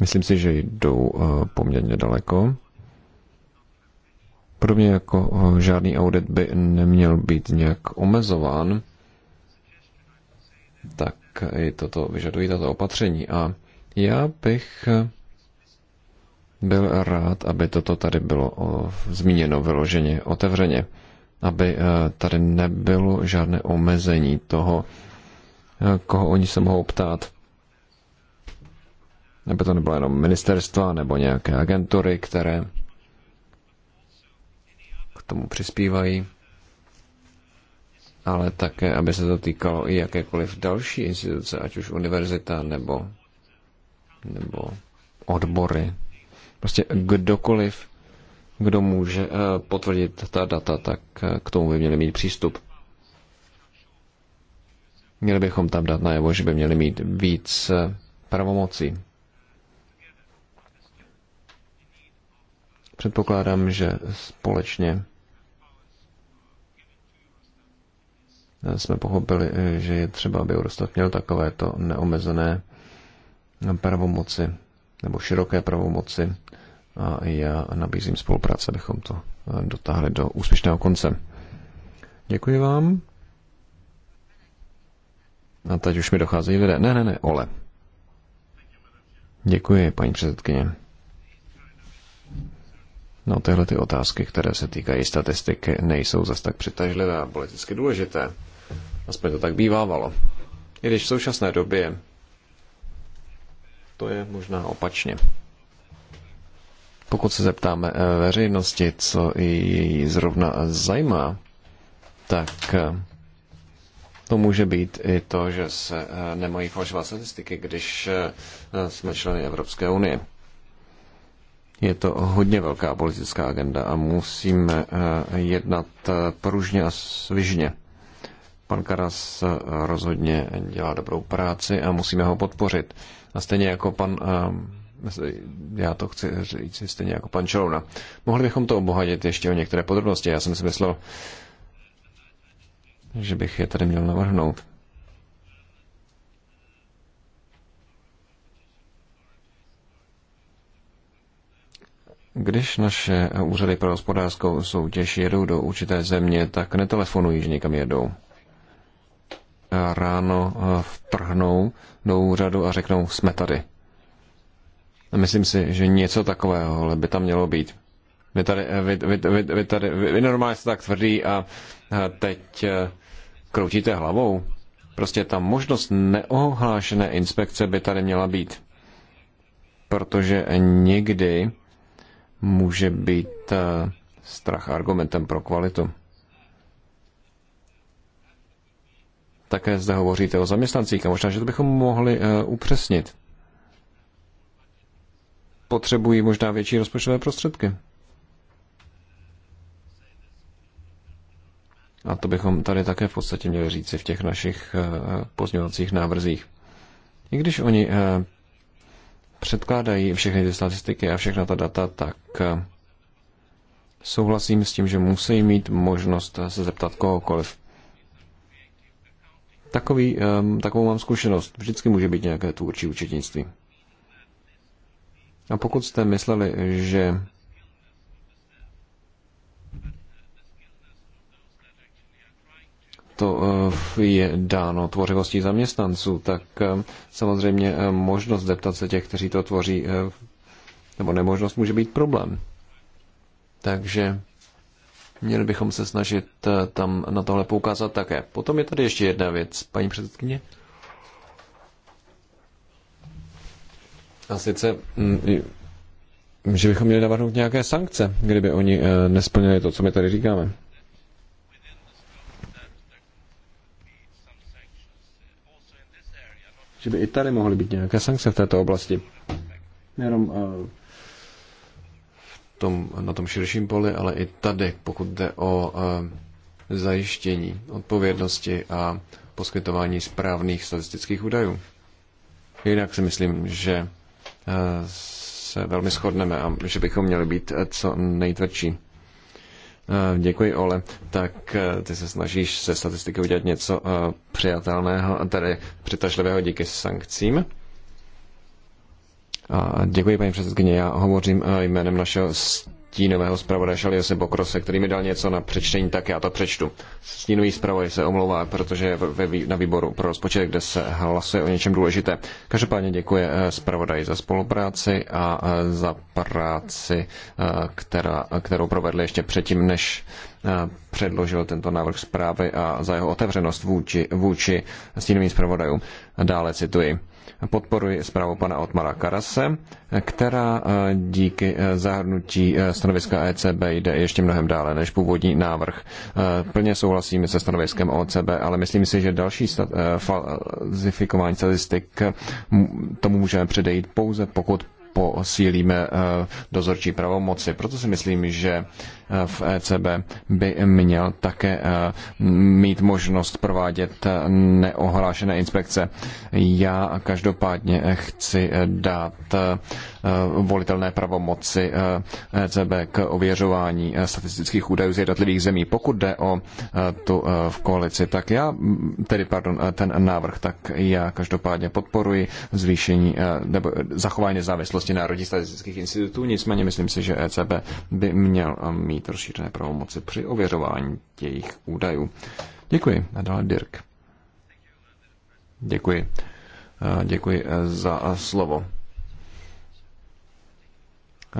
Myslím si, že jdou poměrně daleko. Podobně jako žádný audit by neměl být nějak omezován, tak i toto vyžadují tato opatření. A já bych byl rád, aby toto tady bylo zmíněno vyloženě otevřeně, aby e, tady nebylo žádné omezení toho, e, koho oni se mohou ptát. Aby to nebylo jenom ministerstva nebo nějaké agentury, které k tomu přispívají ale také, aby se to týkalo i jakékoliv další instituce, ať už univerzita nebo, nebo odbory. Prostě kdokoliv, kdo může eh, potvrdit ta data, tak eh, k tomu by měli mít přístup. Měli bychom tam dát najevo, že by měli mít víc eh, pravomocí. Předpokládám, že společně jsme pochopili, eh, že je třeba, aby Eurostat měl takovéto neomezené pravomoci nebo široké pravomoci a já nabízím spolupráce, abychom to eh, dotáhli do úspěšného konce. Děkuji vám. A teď už mi docházejí lidé. Ne, ne, ne, Ole. Děkuji, paní předsedkyně. No, tyhle ty otázky, které se týkají statistiky, nejsou zas tak přitažlivé a politicky důležité. Aspoň to tak bývávalo. I když v současné době to je možná opačně. Pokud se zeptáme eh, veřejnosti, co ji zrovna zajímá, tak eh, to může být i to, že se eh, nemají falšovat statistiky, když jsme členy Evropské unie. Je to hodně velká politická agenda a musíme jednat pružně a svižně. Pan Karas rozhodně dělá dobrou práci a musíme ho podpořit. A stejně jako pan, ehm, já to chci říct stejně jako pan Čelouna. Mohli bychom to obohatit ještě o některé podrobnosti. Já jsem si myslel, že bych je tady měl navrhnout. Když naše úřady pro hospodářskou soutěž jedou do určité země, tak netelefonují, že někam jedou ráno eh, vtrhnou do úřadu a řeknou, jsme tady. Myslím si, že něco takového by tam mělo být. Vy tady, eh, vy, vy, vy, vy tady, vy, vy normálně jste tak tvrdí a eh, teď kroutíte hlavou. Prostě ta možnost neohlášené inspekce by tady měla být. Protože někdy může být strach argumentem pro kvalitu. Také zde hovoříte o zaměstnancích a možná, že to bychom mohli eh, upřesnit. Potřebují možná větší rozpočtové prostředky. A to bychom tady také v podstatě měli říci v těch našich eh, pozměňovacích návrzích. I když oni eh, předkládají všechny ty statistiky a všechna ta data, tak souhlasím s tím, že musí mít možnost se zeptat kohokoliv. Takový, takovou mám zkušenost. Vždycky může být nějaké tvůrčí učetnictví. A pokud jste mysleli, že to eh, je dáno tvořivostí zaměstnanců, tak samozřejmě eh, možnost zeptat se těch, kteří to tvoří, eh, nebo nemožnost může být problém. Takže Měli bychom se snažit eh, tam na tohle poukázat také. Potom je tady ještě jedna věc, paní předsedkyně. A sice, mm, že bychom měli navrhnout nějaké sankce, kdyby oni eh, nesplnili to, co my tady říkáme. Že by i tady mohly být nějaké sankce v této oblasti. Jenom eh, tom, na tom širším poli, ale i tady, pokud jde o eh, zajištění odpovědnosti a poskytování správných statistických údajů. Jinak si myslím, že eh, se velmi shodneme a že bychom měli být eh, co nejtvrdší. Děkuji, Ole. Tak ty se snažíš se statistikou udělat něco přijatelného, tedy přitažlivého díky sankcím děkuji, paní předsedkyně. Já hovořím eh, jménem našeho stínového zpravodaje Šaliose Bokrose, který mi dal něco na přečtení, tak já to přečtu. Stínový zpravodaj se omlouvá, protože je ve, na výboru pro rozpočet, kde se hlasuje o něčem důležité. Každopádně děkuji eh, zpravodaji za spolupráci a eh, za práci, která, kterou provedli ještě předtím, než předložil tento návrh zprávy a za jeho otevřenost vůči, vůči stínovým zpravodajům. Dále cituji podporuji zprávu pana Otmara Karase, která eh, díky eh, zahrnutí eh, stanoviska ECB jde ještě mnohem dále než původní návrh. Plně souhlasím se stanoviskem OCB, ale myslím si, že další falzifikování statistik tomu můžeme předejít pouze pokud posílíme eh, dozorčí pravomoci. Proto si myslím, že eh, v ECB by měl také eh, mít možnost provádět neohlášené inspekce. Já každopádně chci dát Eh, volitelné pravomoci ECB eh, e k ověřování eh, statistických údajů z jednotlivých zemí. Pokud jde o tu v koalici, tak já, tedy pardon, ten návrh, tak já každopádně podporuji zvýšení nebo zachování nezávislosti národních statistických institutů, nicméně myslím si, že ECB by měl mít rozšířené pravomoci při ověřování těch údajů. Děkuji. A dále Dirk. Děkuji. Děkuji za slovo.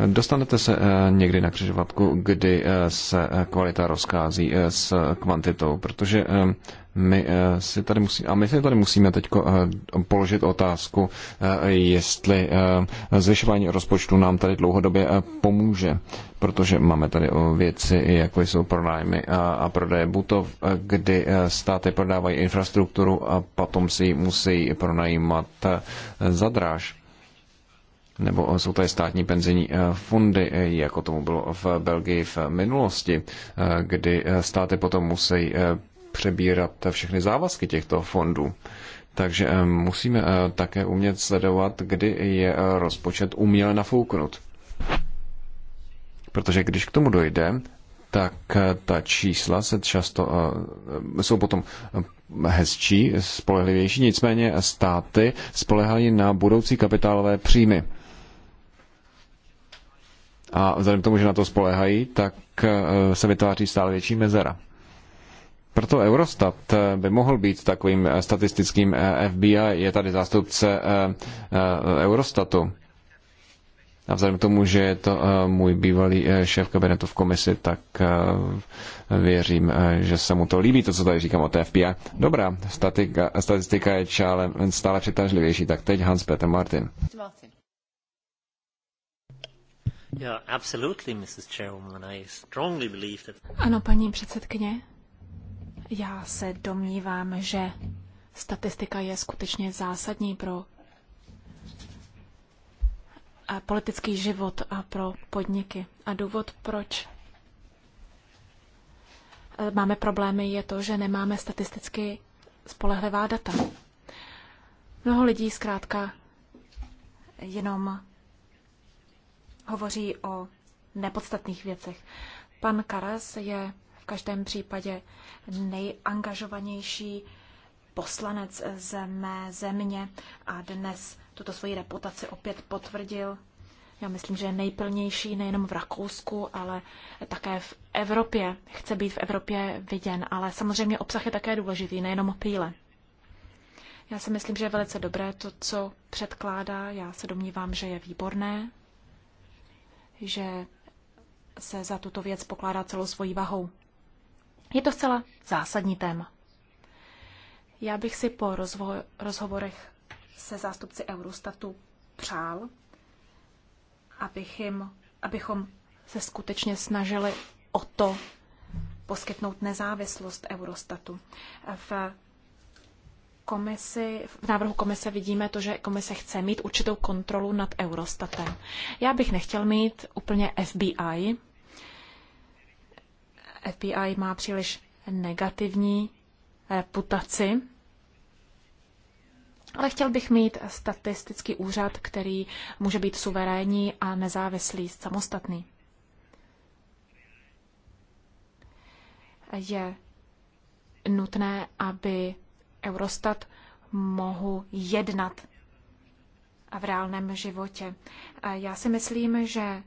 Dostanete se eh, někdy na křižovatku, kdy eh, se eh, kvalita rozkází s kvantitou, protože my si tady musíme a my si tady musíme teď položit otázku, jestli zvyšování rozpočtu nám tady dlouhodobě pomůže, protože máme tady o věci, jako jsou pronájmy a prodeje butov, kdy státy prodávají infrastrukturu a potom si ji musí pronajímat za dráž nebo jsou tady státní penzijní eh, fondy, eh, jako tomu bylo v Belgii v minulosti, eh, kdy státy potom musí přebírat všechny závazky těchto fondů. Takže musíme také umět sledovat, kdy je rozpočet uměle nafouknut. Protože když k tomu dojde, tak ta čísla se často jsou potom hezčí, spolehlivější, nicméně státy spolehají na budoucí kapitálové příjmy a vzhledem k tomu, že na to spolehají, tak eh, se vytváří stále větší mezera. Proto Eurostat eh, by mohl být takovým eh, statistickým FBI. Je tady zástupce Eurostatu. A vzhledem k tomu, že je to můj bývalý šéf kabinetu v komisi, tak věřím, že se mu to líbí, to, co tady říkám o té FBI. Dobrá, statika, statistika je čále, stále přitažlivější, tak teď Hans-Peter Martin. Martin. Ano, paní předsedkyně, já se domnívám, že statistika je skutečně zásadní pro politický život a pro podniky. A důvod, proč e, máme problémy, je to, že nemáme statisticky spolehlivá data. Mnoho lidí zkrátka jenom hovoří o nepodstatných věcech. Pan Karas je v každém případě nejangažovanější poslanec z mé země a dnes tuto svoji reputaci opět potvrdil. Já myslím, že je nejplnější nejenom v Rakousku, ale také v Evropě. Chce být v Evropě viděn, ale samozřejmě obsah je také důležitý, nejenom píle. Já si myslím, že je velice dobré to, co předkládá. Já se domnívám, že je výborné že se za tuto věc pokládá celou svojí vahou. Je to zcela zásadní téma. Já bych si po rozvo- rozhovorech se zástupci Eurostatu přál, abych jim, abychom se skutečně snažili o to poskytnout nezávislost Eurostatu. V komisi, v návrhu komise vidíme to, že komise chce mít určitou kontrolu nad Eurostatem. Já bych nechtěl mít úplně FBI. FBI má příliš negativní reputaci, ale chtěl bych mít statistický úřad, který může být suverénní a nezávislý, samostatný. Je nutné, aby Eurostat mohu jednat a v reálném životě. Já si myslím, že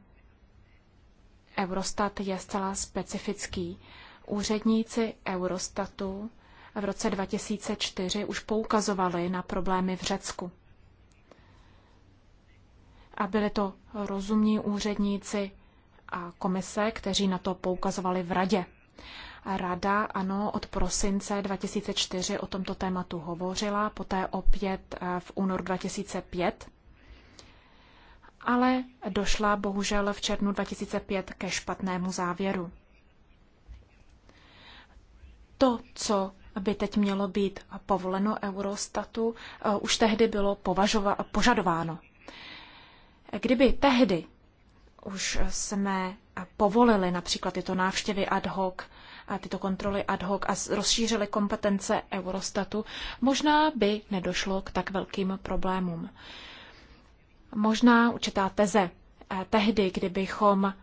Eurostat je zcela specifický. Úředníci Eurostatu v roce 2004 už poukazovali na problémy v Řecku. A byli to rozumní úředníci a komise, kteří na to poukazovali v radě. Rada, ano, od prosince 2004 o tomto tématu hovořila, poté opět eh, v únoru 2005 ale došla bohužel v červnu 2005 ke špatnému závěru. To, co by teď mělo být povoleno Eurostatu, eh, už tehdy bylo požadováno. Kdyby tehdy už jsme povolili například tyto návštěvy ad hoc, tyto kontroly ad hoc a rozšířili kompetence Eurostatu, možná by nedošlo k tak velkým problémům. Možná určitá teze eh, tehdy, kdybychom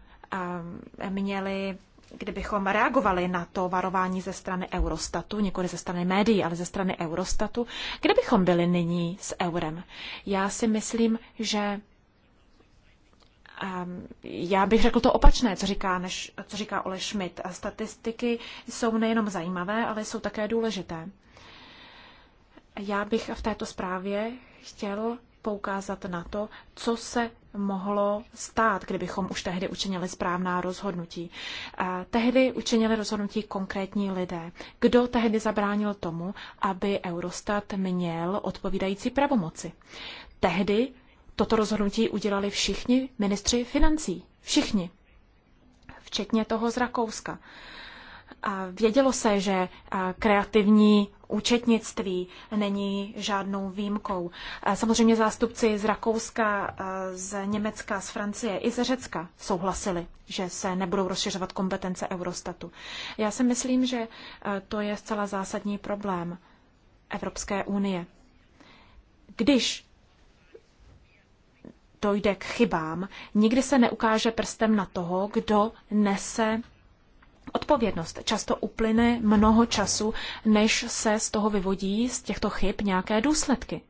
eh, měli kdybychom reagovali na to varování ze strany Eurostatu, nikoli ze strany médií, ale ze strany Eurostatu, kde bychom byli nyní s eurem? Já si myslím, že Ehm, já bych řekl to opačné, co říká, než, co říká Ole Schmidt. A statistiky jsou nejenom zajímavé, ale jsou také důležité. Já bych v této zprávě chtěl poukázat na to, co se mohlo stát, kdybychom už tehdy učinili správná rozhodnutí. Tehdy učinili rozhodnutí konkrétní lidé. Kdo tehdy zabránil tomu, aby Eurostat měl odpovídající pravomoci? Tehdy Toto rozhodnutí udělali všichni ministři financí. Všichni. Včetně toho z Rakouska. A vědělo se, že kreativní účetnictví není žádnou výjimkou. Samozřejmě zástupci z Rakouska, z Německa, z Francie i ze Řecka souhlasili, že se nebudou rozšiřovat kompetence Eurostatu. Já si myslím, že to je zcela zásadní problém Evropské unie. Když dojde k chybám, nikdy se neukáže prstem na toho, kdo nese odpovědnost. Často uplyne mnoho času, než se z toho vyvodí z těchto chyb nějaké důsledky.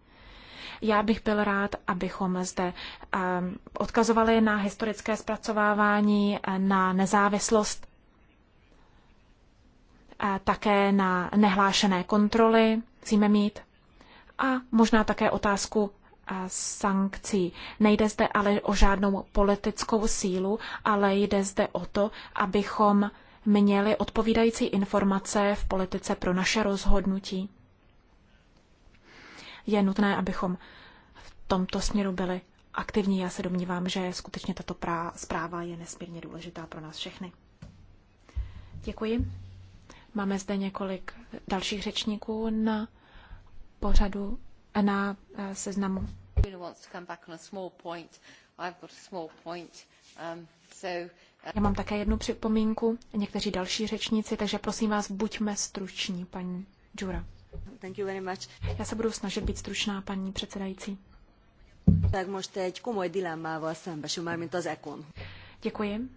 Já bych byl rád, abychom zde ehm, odkazovali na historické zpracovávání, eh, na nezávislost, eh, také na nehlášené kontroly, musíme mít, a možná také otázku sankcí. Nejde zde ale o žádnou politickou sílu, ale jde zde o to, abychom měli odpovídající informace v politice pro naše rozhodnutí. Je nutné, abychom v tomto směru byli aktivní. Já se domnívám, že skutečně tato prá- zpráva je nesmírně důležitá pro nás všechny. Děkuji. Máme zde několik dalších řečníků na pořadu na eh, seznamu já mám také jednu připomínku, někteří další řečníci, takže prosím vás, buďme struční, paní Jura. Thank you very much. Já se budu snažit být stručná, paní předsedající. Tak most egy komoly dilemmával szembesül, már mám to zákon. Děkuji.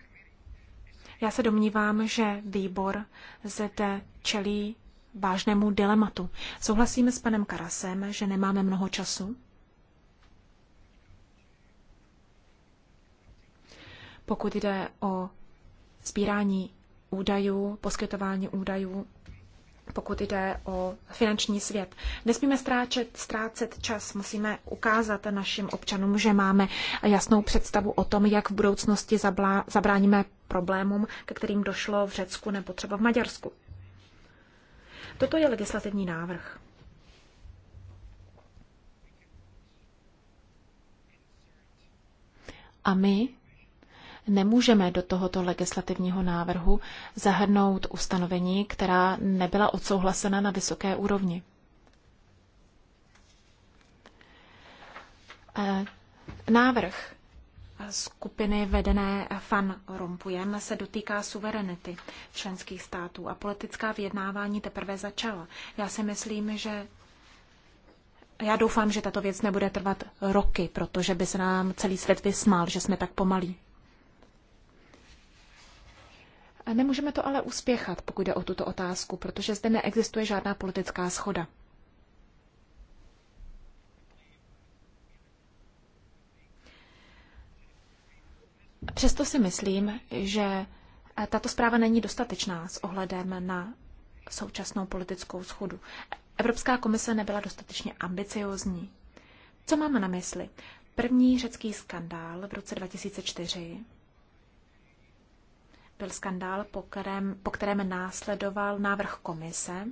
Já se domnívám, že výbor zde čelí vážnému dilematu. Souhlasíme s panem Karasem, že nemáme mnoho času, pokud jde o sbírání údajů, poskytování údajů, pokud jde o finanční svět. Nesmíme ztrácet, ztrácet čas, musíme ukázat našim občanům, že máme jasnou představu o tom, jak v budoucnosti zablá, zabráníme problémům, ke kterým došlo v Řecku nebo třeba v Maďarsku. Toto je legislativní návrh. A my nemůžeme do tohoto legislativního návrhu zahrnout ustanovení, která nebyla odsouhlasena na vysoké úrovni. Eh, návrh skupiny vedené Fan Rompujem se dotýká suverenity členských států a politická vyjednávání teprve začala. Já si myslím, že já doufám, že tato věc nebude trvat roky, protože by se nám celý svět vysmál, že jsme tak pomalí. Nemůžeme to ale uspěchat, pokud jde o tuto otázku, protože zde neexistuje žádná politická schoda. Přesto si myslím, že tato zpráva není dostatečná s ohledem na současnou politickou schodu. Evropská komise nebyla dostatečně ambiciozní. Co máme na mysli? První řecký skandál v roce 2004 byl skandál, po kterém, po kterém následoval návrh komise,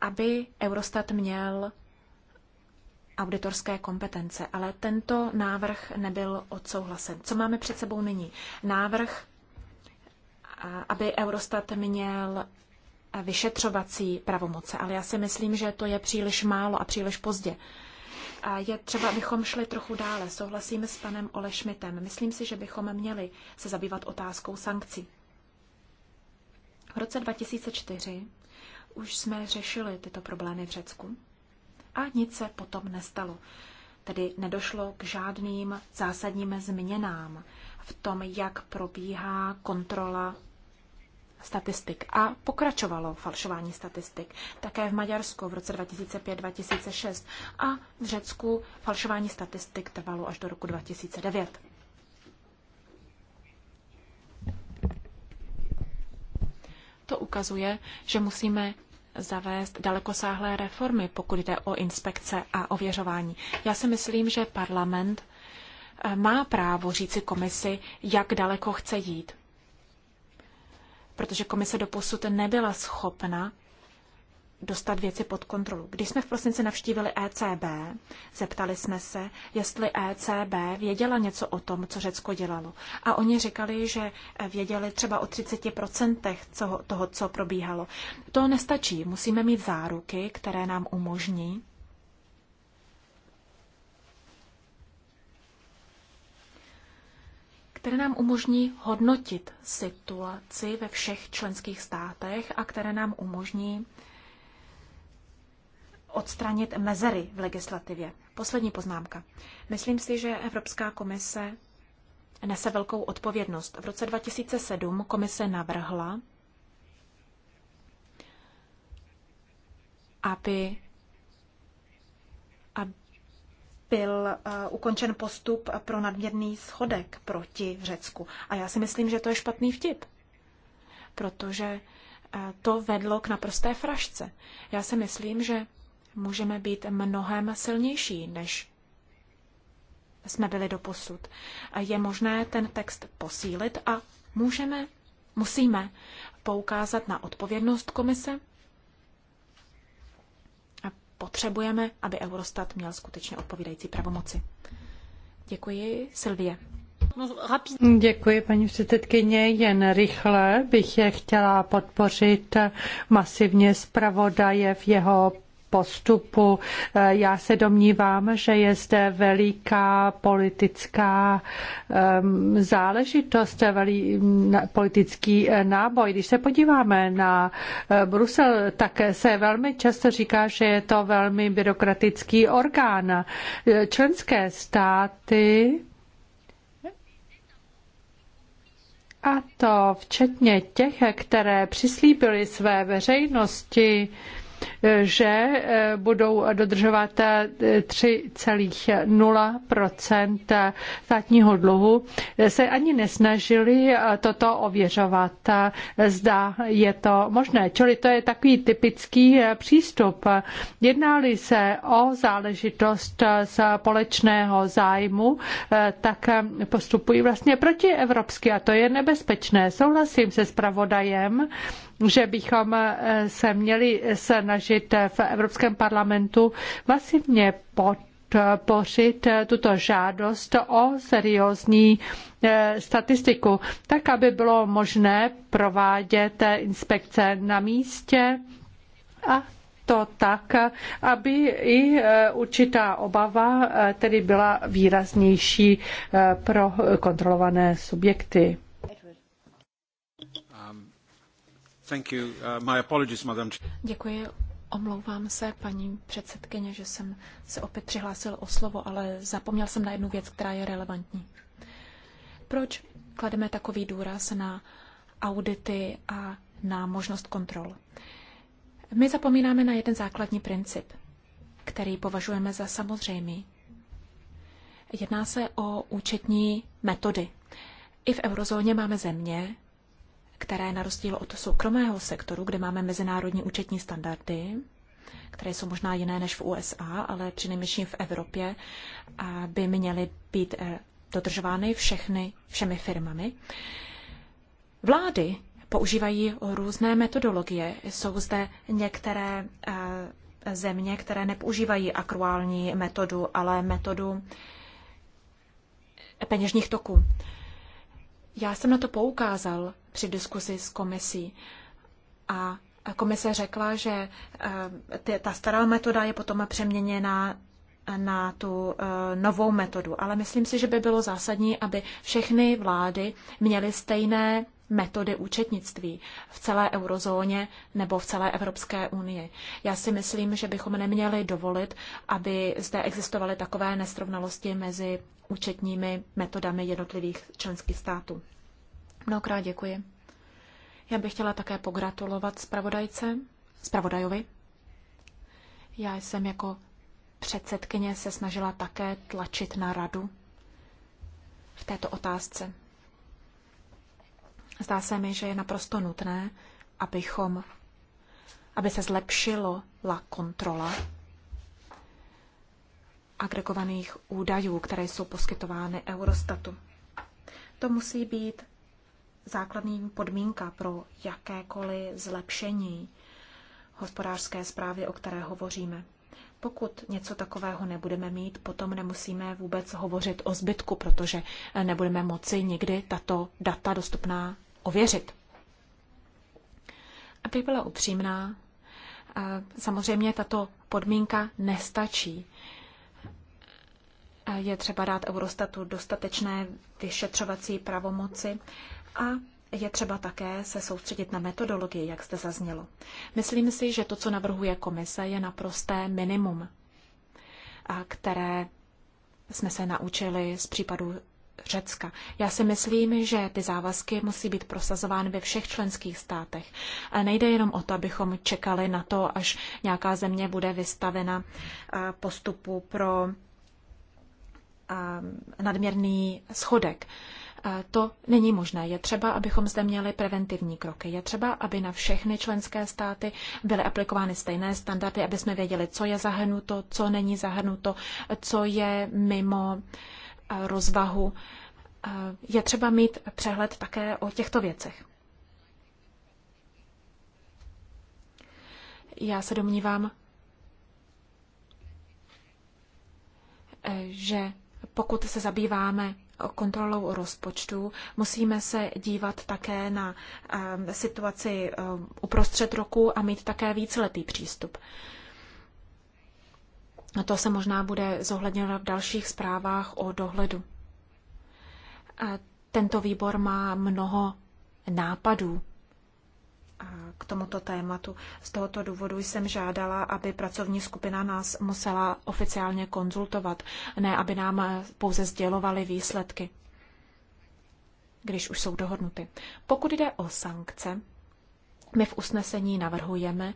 aby Eurostat měl auditorské kompetence, ale tento návrh nebyl odsouhlasen. Co máme před sebou nyní? Návrh, aby Eurostat měl vyšetřovací pravomoce, ale já si myslím, že to je příliš málo a příliš pozdě je třeba, abychom šli trochu dále. Souhlasíme s panem Ole Myslím si, že bychom měli se zabývat otázkou sankcí. V roce 2004 už jsme řešili tyto problémy v Řecku a nic se potom nestalo. Tedy nedošlo k žádným zásadním změnám v tom, jak probíhá kontrola statistik a pokračovalo falšování statistik. Také v Maďarsku v roce 2005-2006 a v Řecku falšování statistik trvalo až do roku 2009. To ukazuje, že musíme zavést dalekosáhlé reformy, pokud jde o inspekce a ověřování. Já si myslím, že parlament eh, má právo říci komisi, jak daleko chce jít protože komise doposud nebyla schopna dostat věci pod kontrolu. Když jsme v prosinci navštívili ECB, zeptali jsme se, jestli ECB věděla něco o tom, co Řecko dělalo. A oni říkali, že věděli třeba o 30% toho, toho, co probíhalo. To nestačí. Musíme mít záruky, které nám umožní které nám umožní hodnotit situaci ve všech členských státech a které nám umožní odstranit mezery v legislativě. Poslední poznámka. Myslím si, že Evropská komise nese velkou odpovědnost. V roce 2007 komise navrhla, aby byl eh, ukončen postup pro nadměrný schodek proti Řecku. A já si myslím, že to je špatný vtip, protože eh, to vedlo k naprosté frašce. Já si myslím, že můžeme být mnohem silnější, než jsme byli do posud. Je možné ten text posílit a můžeme, musíme poukázat na odpovědnost komise, potřebujeme, aby Eurostat měl skutečně odpovídající pravomoci. Děkuji, Silvie. Děkuji, paní předsedkyně. Jen rychle bych je chtěla podpořit masivně zpravodaje v jeho postupu. Eh, já se domnívám, že je zde veliká politická ehm, záležitost, velký politický eh, náboj. Když se podíváme na eh, Brusel, tak se velmi často říká, že je to velmi byrokratický orgán. Členské státy a to včetně těch, které přislíbily své veřejnosti, že eh, budou dodržovat 3,0 eh, eh, státního dluhu, se ani nesnažili toto ověřovat. Zda je to možné. Čili to je takový typický přístup. Jednáli se o záležitost společného zájmu, tak postupují vlastně proti evropsky a to je nebezpečné. Souhlasím se zpravodajem, že bychom se měli snažit snažit v Evropském parlamentu masivně pod podpořit tuto žádost o seriózní eh, statistiku, tak aby bylo možné provádět inspekce na místě a to tak, aby i eh, určitá obava eh, tedy byla výraznější pro kontrolované subjekty. Um, uh, Děkuji, Omlouvám se, paní předsedkyně, že jsem se opět přihlásil o slovo, ale zapomněl jsem na jednu věc, která je relevantní. Proč klademe takový důraz na audity a na možnost kontrol? My zapomínáme na jeden základní princip, který považujeme za samozřejmý. Jedná se o účetní metody. I v eurozóně máme země, které na rozdíl od soukromého sektoru, kde máme mezinárodní účetní standardy, které jsou možná jiné než v USA, ale přinejmenším v Evropě, by měly být eh, dodržovány všechny, všemi firmami. Vlády používají různé metodologie. Jsou zde některé eh, země, které nepoužívají akruální metodu, ale metodu peněžních toků. Já jsem na to poukázal při diskusi s komisí a komise řekla, že eh, ta stará metoda je potom přeměněna na tu eh, novou metodu. Ale myslím si, že by bylo zásadní, aby všechny vlády měly stejné metody účetnictví v celé eurozóně nebo v celé Evropské unii. Já si myslím, že bychom neměli dovolit, aby zde existovaly takové nestrovnalosti mezi účetními metodami jednotlivých členských států. Mnohokrát děkuji. Já bych chtěla také pogratulovat zpravodajce, zpravodajovi. Já jsem jako předsedkyně se snažila také tlačit na radu v této otázce. Zdá se mi, že je naprosto nutné, abychom, aby se zlepšilo la kontrola agregovaných údajů, které jsou poskytovány Eurostatu. To musí být základní podmínka pro jakékoliv zlepšení hospodářské zprávy, o které hovoříme. Pokud něco takového nebudeme mít, potom nemusíme vůbec hovořit o zbytku, protože nebudeme moci nikdy tato data dostupná ověřit. Abych byla upřímná, eh, samozřejmě tato podmínka nestačí. Eh, je třeba dát Eurostatu dostatečné vyšetřovací pravomoci a je třeba také se soustředit na metodologii, jak zde zaznělo. Myslím si, že to, co navrhuje komise, je naprosté minimum, eh, které jsme se naučili z případu Řecka. Já si myslím, že ty závazky musí být prosazovány ve všech členských státech. A nejde jenom o to, abychom čekali na to, až nějaká země bude vystavena postupu pro nadměrný schodek. To není možné. Je třeba, abychom zde měli preventivní kroky. Je třeba, aby na všechny členské státy byly aplikovány stejné standardy, aby jsme věděli, co je zahrnuto, co není zahrnuto, co je mimo uh, rozvahu, je třeba mít přehled také o těchto věcech. Já se domnívám, že pokud se zabýváme kontrolou rozpočtu, musíme se dívat také na situaci uprostřed roku a mít také víceletý přístup. A to se možná bude zohledněno v dalších zprávách o dohledu. A tento výbor má mnoho nápadů k tomuto tématu. Z tohoto důvodu jsem žádala, aby pracovní skupina nás musela oficiálně konzultovat, ne aby nám pouze sdělovali výsledky, když už jsou dohodnuty. Pokud jde o sankce, my v usnesení navrhujeme,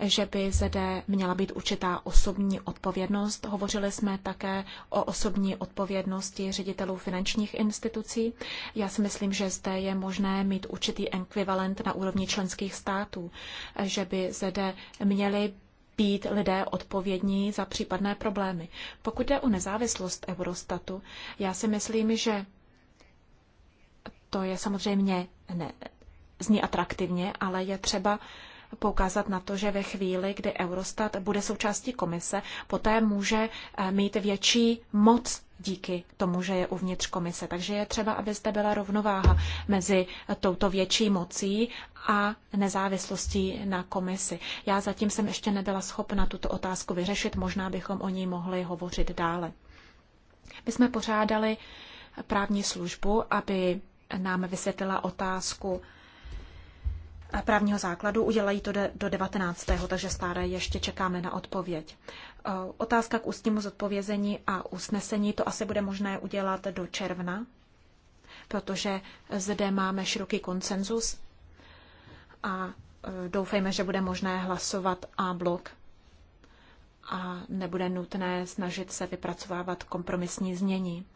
že by zde měla být určitá osobní odpovědnost. Hovořili jsme také o osobní odpovědnosti ředitelů finančních institucí. Já si myslím, že zde je možné mít určitý ekvivalent na úrovni členských států, že by zde měli být lidé odpovědní za případné problémy. Pokud jde o nezávislost Eurostatu, já si myslím, že to je samozřejmě ne, zní atraktivně, ale je třeba poukázat na to, že ve chvíli, kdy Eurostat bude součástí komise, poté může eh, mít větší moc díky tomu, že je uvnitř komise. Takže je třeba, aby zde byla rovnováha mezi touto větší mocí a nezávislostí na komisi. Já zatím jsem ještě nebyla schopna tuto otázku vyřešit, možná bychom o ní mohli hovořit dále. My jsme pořádali právní službu, aby nám vysvětlila otázku právního základu, udělají to do 19. takže stále ještě čekáme na odpověď. Eh, otázka k ústnímu zodpovězení a usnesení, to asi bude možné udělat do června, protože zde máme široký konsenzus a eh, doufejme, že bude možné hlasovat a blok a nebude nutné snažit se vypracovávat kompromisní znění.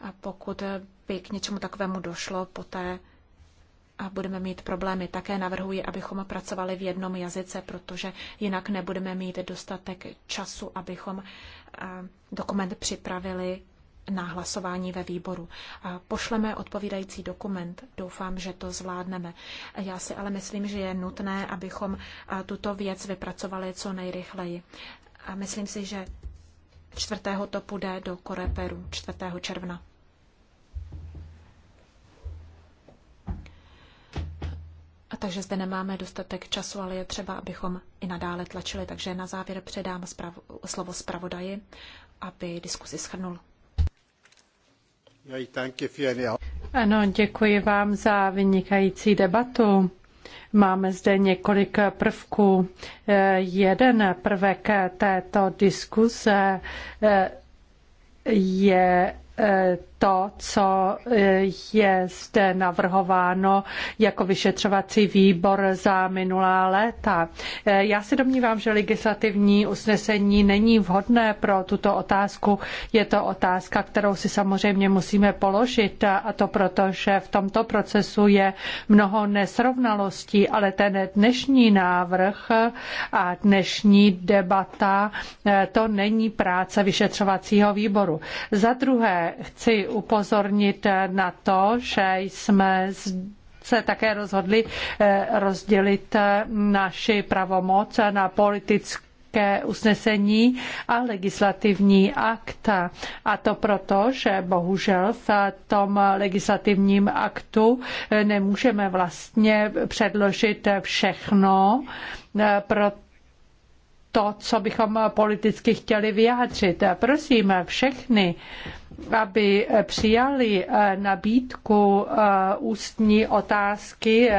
A pokud by k něčemu takovému došlo, poté a budeme mít problémy. Také navrhuji, abychom pracovali v jednom jazyce, protože jinak nebudeme mít dostatek času, abychom dokument připravili na hlasování ve výboru. Pošleme odpovídající dokument. Doufám, že to zvládneme. Já si ale myslím, že je nutné, abychom tuto věc vypracovali co nejrychleji. A myslím si, že čtvrtého to půjde do Koreperu 4. června. takže zde nemáme dostatek času, ale je třeba, abychom i nadále tlačili. Takže na závěr předám zpravo, slovo zpravodaji, aby diskusi schrnul. Ano, děkuji vám za vynikající debatu. Máme zde několik prvků. Jeden prvek této diskuse je eh, to, co e, je zde navrhováno jako vyšetřovací výbor za minulá léta. E, já se domnívám, že legislativní usnesení není vhodné pro tuto otázku. Je to otázka, kterou si samozřejmě musíme položit a to proto, že v tomto procesu je mnoho nesrovnalostí, ale ten dnešní návrh a dnešní debata e, to není práce vyšetřovacího výboru. Za druhé chci upozornit na to, že jsme se také rozhodli eh, rozdělit eh, naši pravomoc na politické usnesení a legislativní akt. A to proto, že bohužel v tom legislativním aktu eh, nemůžeme vlastně předložit všechno, pro to, co bychom politicky chtěli vyjádřit. Prosím všechny aby eh, přijali eh, nabídku eh, ústní otázky,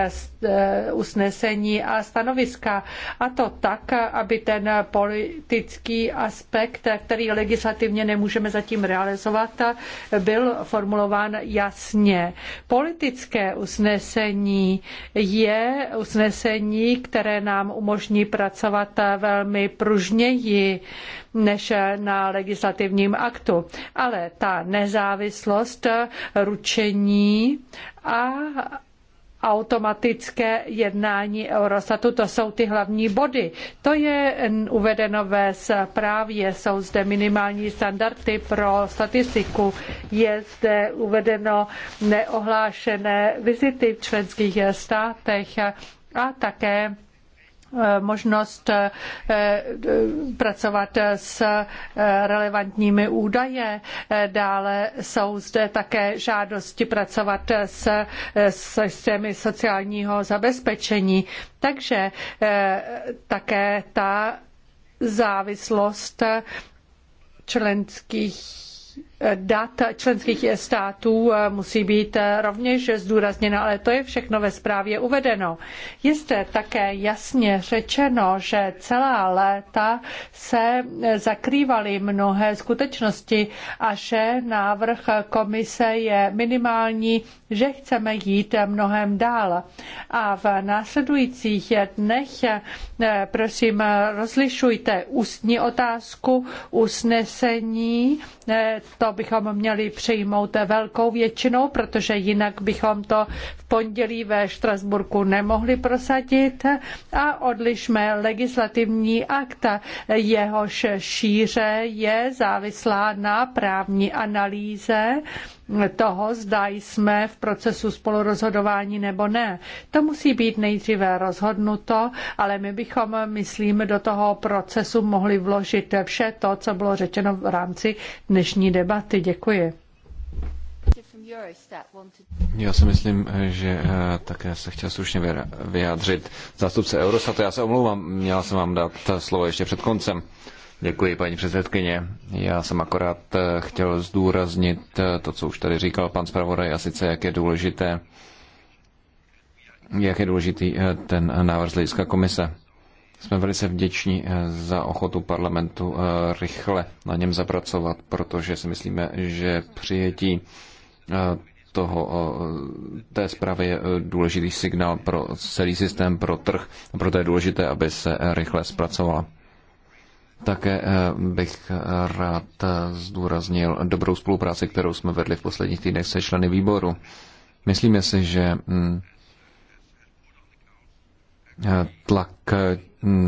usnesení a stanoviska. A to tak, aby ten politický aspekt, který legislativně nemůžeme zatím realizovat, byl formulován jasně. Politické usnesení je usnesení, které nám umožní pracovat velmi pružněji než na legislativním aktu. Ale ta nezávislost ručení a automatické jednání Eurostatu, to jsou ty hlavní body. To je uvedeno ve zprávě, jsou zde minimální standardy pro statistiku, je zde uvedeno neohlášené vizity v členských státech a také možnost eh, eh, pracovat s eh, relevantními údaji. Dále jsou zde také žádosti pracovat s systémy sociálního zabezpečení. Takže také ta závislost členských dat členských států eh, musí být eh, rovněž zdůrazněna, ale to je všechno ve zprávě uvedeno. Je zde také jasně řečeno, že celá léta se eh, zakrývaly mnohé skutečnosti a že návrh komise je minimální, že chceme jít mnohem dál. A v následujících dnech, prosím, rozlišujte ústní otázku, usnesení, to to bychom měli přijmout velkou většinou, protože jinak bychom to v pondělí ve Štrasburku nemohli prosadit a odlišme legislativní akt, jehož šíře je závislá na právní analýze toho, zda jsme v procesu spolurozhodování nebo ne. To musí být nejdříve rozhodnuto, ale my bychom, myslím, do toho procesu mohli vložit vše to, co bylo řečeno v rámci dnešní debaty. Děkuji. Já si myslím, že eh, také se chtěl slušně vyjádřit zástupce Eurostatu. Já se omlouvám, měla jsem vám dát slovo ještě před koncem. Děkuji, paní předsedkyně. Já jsem akorát eh, chtěl zdůraznit eh, to, co už tady říkal pan zpravodaj, a sice jak je důležité, jak je důležitý eh, ten návrh z hlediska komise. Jsme velice vděční za ochotu parlamentu rychle na něm zapracovat, protože si myslíme, že přijetí toho, té zprávy je důležitý signál pro celý systém, pro trh, proto je důležité, aby se rychle zpracovala. Také eh, bych eh, rád eh, zdůraznil dobrou spolupráci, kterou jsme vedli v posledních týdnech se členy výboru. Myslíme si, že mm, tlak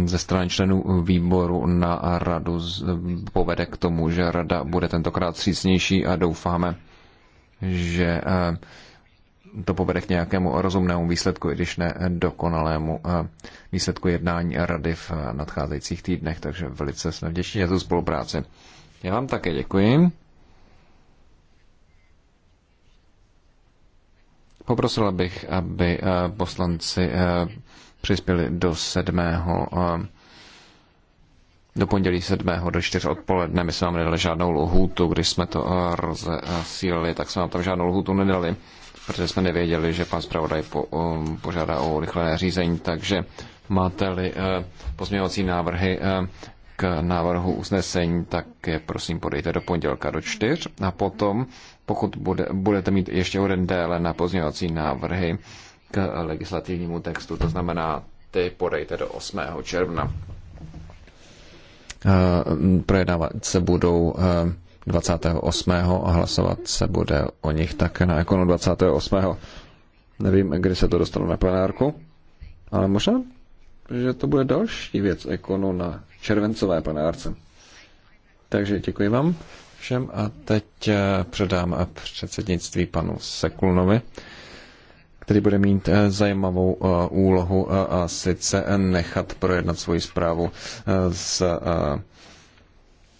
ze strany členů výboru na radu povede k tomu, že rada bude tentokrát přísnější a doufáme, že to povede k nějakému rozumnému výsledku, i když ne dokonalému eh, výsledku jednání rady v eh, nadcházejících týdnech, takže velice jsme vděční za tu spolupráci. Já vám také děkuji. Poprosila bych, aby eh, poslanci přispěli do sedmého do pondělí 7. do 4 odpoledne. My jsme vám nedali žádnou lhůtu, když jsme to rozesílili, tak jsme vám tam žádnou lhůtu nedali protože jsme nevěděli, že pan zpravodaj po, um, požádá o urychlené řízení, takže máte-li uh, pozměňovací návrhy uh, k návrhu usnesení, tak je prosím podejte do pondělka do čtyř a potom, pokud bude, budete mít ještě jeden déle na pozměňovací návrhy k legislativnímu textu, to znamená, ty podejte do 8. června. Uh, projednávat se budou uh, 28. a hlasovat se bude o nich také na ekonu 28. Nevím, kdy se to dostalo na plenárku, ale možná, že to bude další věc ekonu na červencové plenárce. Takže děkuji vám všem a teď eh, předám předsednictví panu Sekulnovi který bude mít eh, zajímavou eh, úlohu a sice nechat projednat svoji zprávu s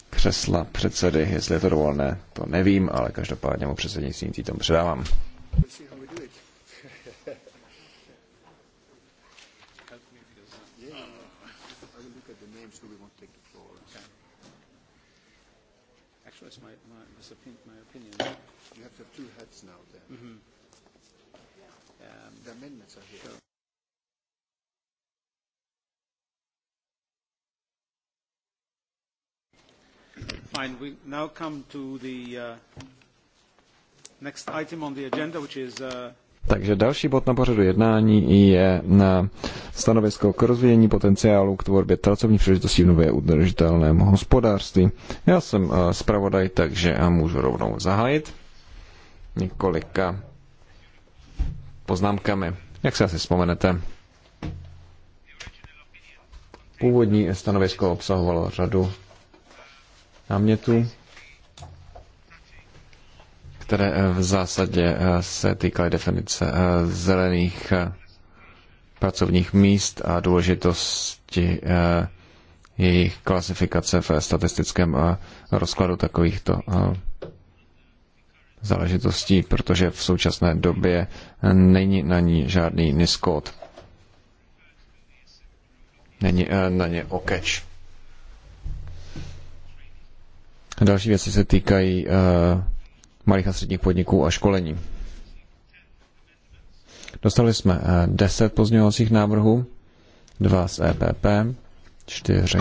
křesla předsedy, jestli je to dovolné, to nevím, ale každopádně mu předsednictví tým předávám. Fine. We now come to the uh, next item on the agenda, which is uh... Takže další bod na pořadu jednání je na stanovisko k rozvíjení potenciálu k tvorbě pracovních příležitostí v nově udržitelném hospodářství. Já jsem uh, zpravodaj, takže uh, můžu rovnou zahájit několika poznámkami. Jak se asi vzpomenete, původní stanovisko obsahovalo řadu námětů, které eh, v zásadě eh, se týkaly definice eh, zelených pracovních míst a důležitosti jejich klasifikace ve statistickém rozkladu takovýchto záležitostí, protože v současné době není na ní žádný niskot. Není na ně okeć. Další věci se týkají eh, malých a středních podniků a školení. Dostali jsme 10 eh, pozměňovacích návrhů, dva z EPP, čtyři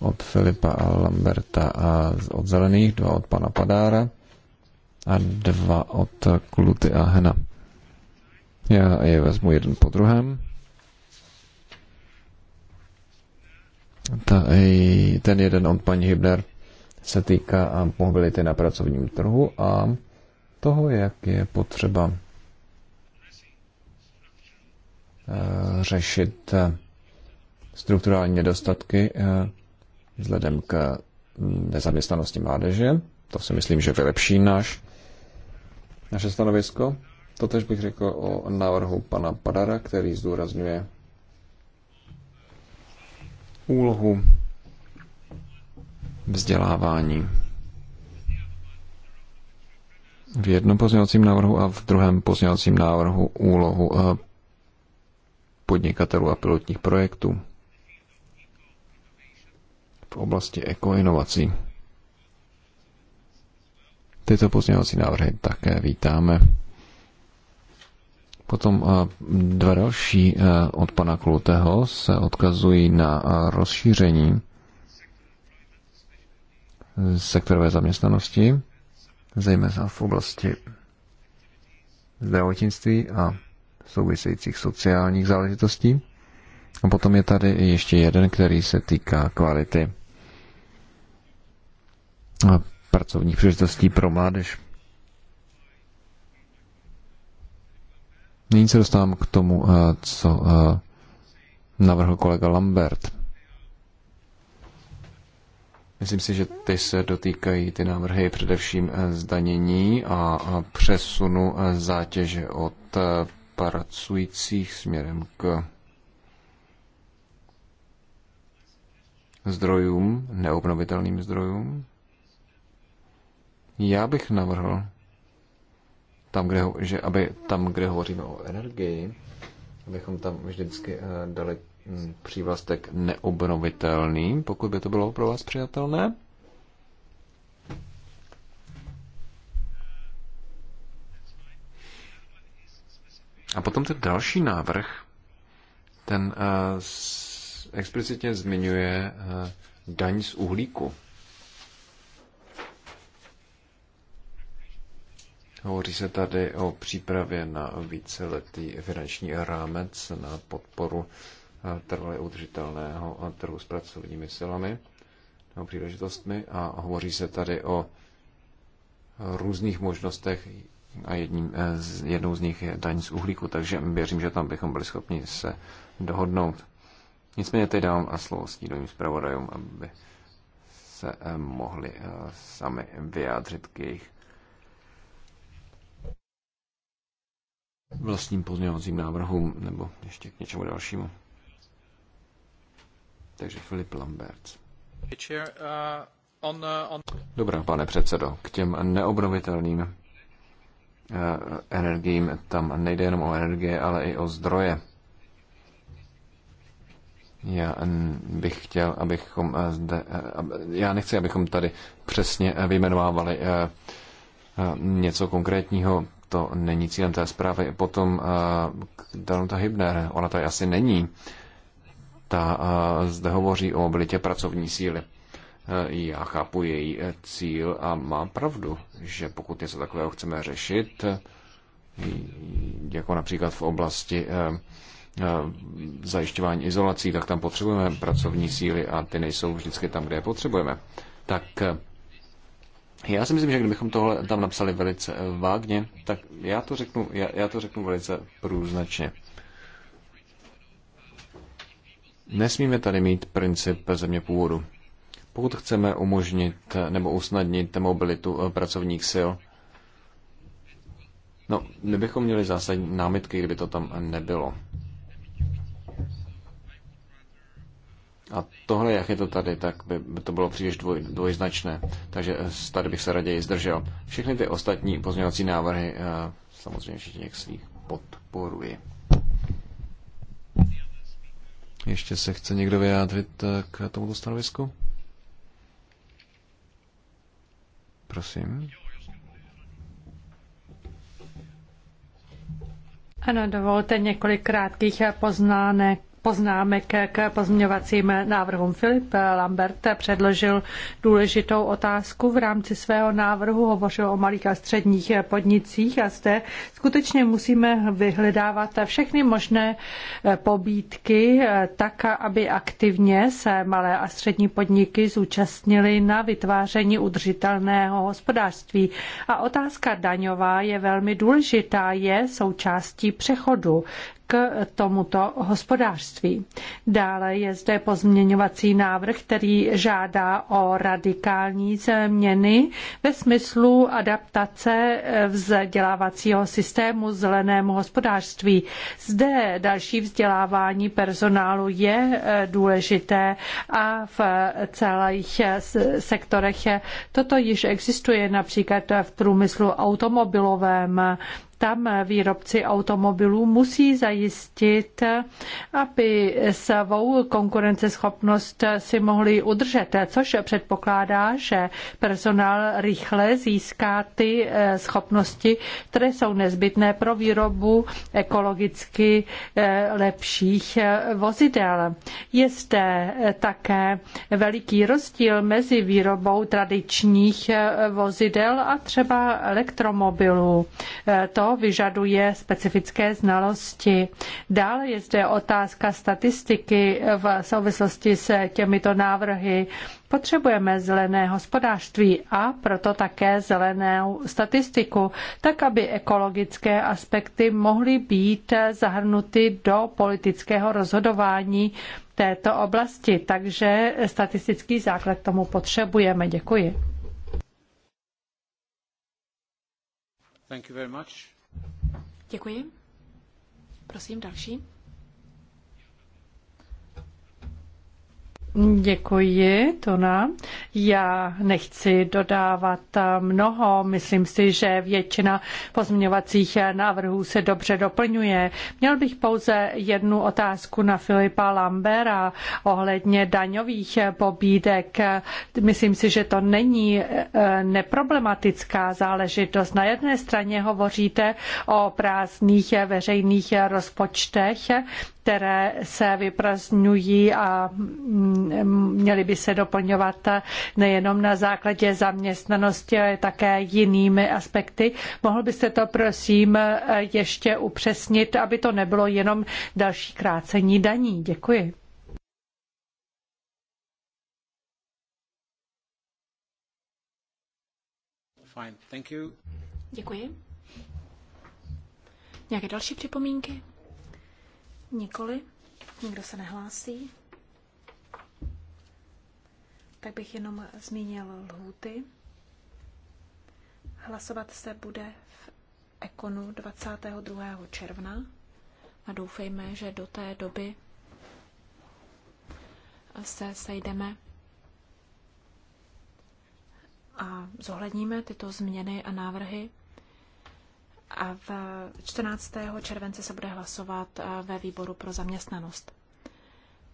od Filipa a Lamberta a od Zelených, dva od pana Padára a dva od Kluty a Hena. Já je vezmu jeden po druhém. Ta, ten jeden od paní Hibner se týká mobility na pracovním trhu a toho, jak je potřeba e, řešit e, strukturální nedostatky e, vzhledem k mm, nezaměstnanosti mládeže. To si myslím, že vylepší náš, naše stanovisko. Totež bych řekl o návrhu pana Padara, který zdůrazňuje úlohu vzdělávání. V jednom pozměňovacím návrhu a v druhém pozměňovacím návrhu úlohu eh, podnikatelů a pilotních projektů v oblasti ekoinovací. Tyto pozměňovací návrhy také vítáme. Potom eh, dva další eh, od pana Kluteho se odkazují na rozšíření sektorové zaměstnanosti, zejména v oblasti zdravotnictví a souvisejících sociálních záležitostí. A potom je tady ještě jeden, který se týká kvality a pracovních příležitostí pro mládež. Nyní se dostávám k tomu, eh, co eh, navrhl kolega Lambert. Myslím si, že ty se dotýkají ty návrhy především eh, zdanění a přesunu eh, zátěže od eh, pracujících směrem k zdrojům, neobnovitelným zdrojům. Já bych navrhl, tam, kde, že aby tam, kde hovoříme o energii, abychom tam vždycky dali přívlastek neobnovitelný, pokud by to bylo pro vás přijatelné. A potom ten další návrh, ten uh, explicitně zmiňuje uh, daň z uhlíku. Hovoří se tady o přípravě na víceletý finanční rámec na podporu trvalé udržitelného trhu s pracovními silami nebo příležitostmi a hovoří se tady o různých možnostech a jedním, eh, jednou z nich je daň z uhlíku, takže věřím, že tam bychom byli schopni se dohodnout. Nicméně teď dám a slovo stínovým zpravodajům, aby se eh, mohli eh, sami vyjádřit k jejich vlastním pozměňovacím návrhům nebo ještě k něčemu dalšímu. Takže Filip Lambert. Uh, uh, Dobrá, pane předsedo, k těm neobnovitelným uh, energiím tam nejde jenom o energie, ale i o zdroje. Já bych chtěl, abychom zde, já nechci, abychom tady přesně vyjmenovávali něco konkrétního, to není cílem té zprávy. Potom Danuta Hybner, ona tady asi není, ta zde hovoří o mobilitě pracovní síly. E, já chápu její e, cíl a má pravdu, že pokud něco takového chceme řešit, e, jako například v oblasti zajišťování izolací, tak tam potřebujeme pracovní síly a ty nejsou vždycky tam, kde je potřebujeme. Tak já si myslím, že kdybychom tohle tam napsali velice vágně, tak já to řeknu, já, já to řeknu velice průznačně. Nesmíme tady mít princip země původu. Pokud chceme umožnit nebo usnadnit mobilitu eh, pracovních sil, no, my bychom měli zásadní námitky, kdyby to tam nebylo. A tohle, jak je to tady, tak by to bylo příliš dvoj, dvojznačné. Takže eh, tady bych se raději zdržel. Všechny ty ostatní pozměňovací návrhy eh, samozřejmě všichni jak svých podporuji. Ještě se chce někdo vyjádřit eh, k tomuto stanovisku? Prosím. Ano, dovolte několik krátkých eh, poznánek poznámek k pozměňovacím návrhům. Filip Lambert předložil důležitou otázku v rámci svého návrhu, hovořil o malých a středních podnicích a zde skutečně musíme vyhledávat všechny možné pobídky tak, aby aktivně se malé a střední podniky zúčastnily na vytváření udržitelného hospodářství. A otázka daňová je velmi důležitá, je součástí přechodu k tomuto hospodářství. Dále je zde pozměňovací návrh, který žádá o radikální změny ve smyslu adaptace vzdělávacího systému zelenému hospodářství. Zde další vzdělávání personálu je eh, důležité a v celých eh, sektorech toto již existuje například v průmyslu automobilovém tam výrobci automobilů musí zajistit, aby svou konkurenceschopnost si mohli udržet, což předpokládá, že personál rychle získá ty eh, schopnosti, které jsou nezbytné pro výrobu ekologicky eh, lepších eh, vozidel. Je zde také veliký rozdíl mezi výrobou tradičních vozidel a třeba elektromobilů. To vyžaduje specifické znalosti. Dále je zde otázka statistiky v souvislosti s těmito návrhy. Potřebujeme zelené hospodářství a proto také zelenou statistiku, tak aby ekologické aspekty mohly být zahrnuty do politického rozhodování této oblasti. Takže statistický základ tomu potřebujeme. Děkuji. Thank you very much. Děkuji. Prosím, další. Děkuji, Tona. Já nechci dodávat eh, mnoho. Myslím si, že většina pozměňovacích eh, návrhů se dobře doplňuje. Měl bych pouze jednu otázku na Filipa Lambera ohledně daňových eh, pobídek. Myslím si, že to není neproblematická záležitost. Na jedné straně hovoříte o prázdných veřejných rozpočtech, které se vyprazňují a mm, měly by se doplňovat nejenom na základě zaměstnanosti, ale také jinými aspekty. Mohl byste to prosím ještě upřesnit, aby to nebylo jenom další krácení daní? Děkuji. Fine, Děkuji. Nějaké další připomínky? Nikoli, nikdo se nehlásí. Tak bych jenom zmínil lhůty. Hlasovat se bude v Ekonu 22. června a doufejme, že do té doby se sejdeme a zohledníme tyto změny a návrhy a v 14. července se bude hlasovat eh, ve výboru pro zaměstnanost,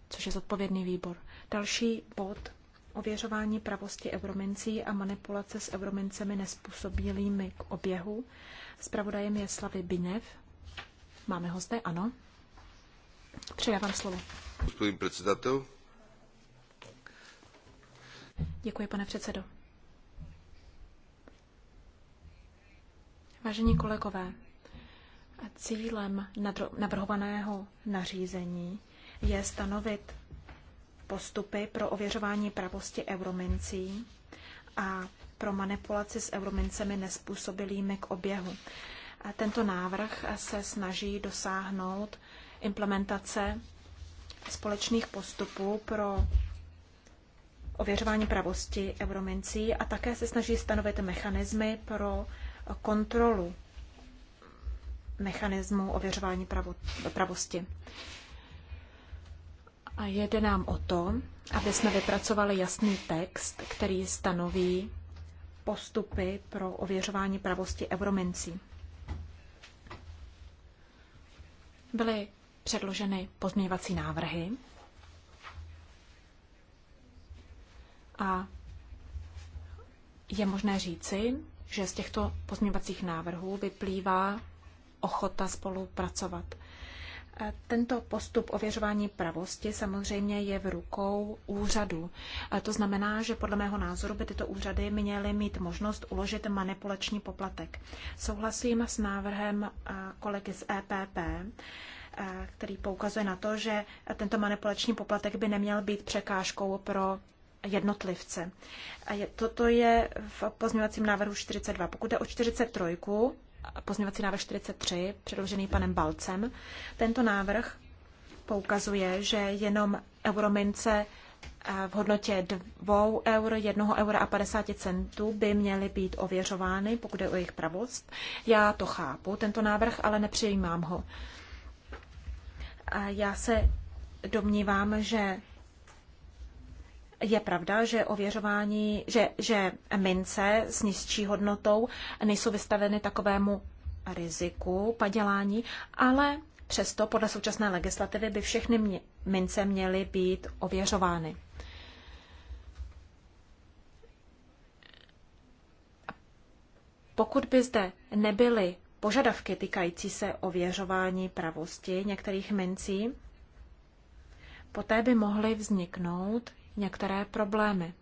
což je zodpovědný výbor. Další bod ověřování pravosti euromincí a manipulace s euromincemi nespůsobilými k oběhu. Spravodajem je Slavy Binev. Máme ho zde, ano. Předávám slovo. Děkuji, Děkuji, pane předsedo. Vážení kolegové, cílem navrhovaného nařízení je stanovit postupy pro ověřování pravosti euromincí a pro manipulaci s euromincemi nespůsobilými k oběhu. Tento návrh se snaží dosáhnout implementace společných postupů pro ověřování pravosti euromincí a také se snaží stanovit mechanismy pro kontrolu mechanismu ověřování pravo, pravosti. A jede nám o to, aby jsme vypracovali jasný text, který stanoví postupy pro ověřování pravosti euromincí. Byly předloženy pozměňovací návrhy a je možné říci, že z těchto pozměňovacích návrhů vyplývá ochota spolupracovat. E, tento postup ověřování pravosti samozřejmě je v rukou úřadu. E, to znamená, že podle mého názoru by tyto úřady měly mít možnost uložit manipulační poplatek. Souhlasím s návrhem e, kolegy z EPP, který poukazuje na to, že tento manipulační poplatek by neměl být překážkou pro jednotlivce. A je, toto je v pozměňovacím návrhu 42. Pokud je o 43, pozměňovací návrh 43, předložený panem Balcem, tento návrh poukazuje, že jenom euromince eh, v hodnotě 2 eur, 1 eura a 50 centů by měly být ověřovány, pokud je o jejich pravost. Já to chápu, tento návrh, ale nepřijímám ho. A já se domnívám, že je pravda, že ověřování, že, že mince s nižší hodnotou nejsou vystaveny takovému riziku padělání, ale přesto podle současné legislativy by všechny mince měly být ověřovány. Pokud by zde nebyly požadavky týkající se ověřování pravosti některých mincí, poté by mohly vzniknout některé problémy.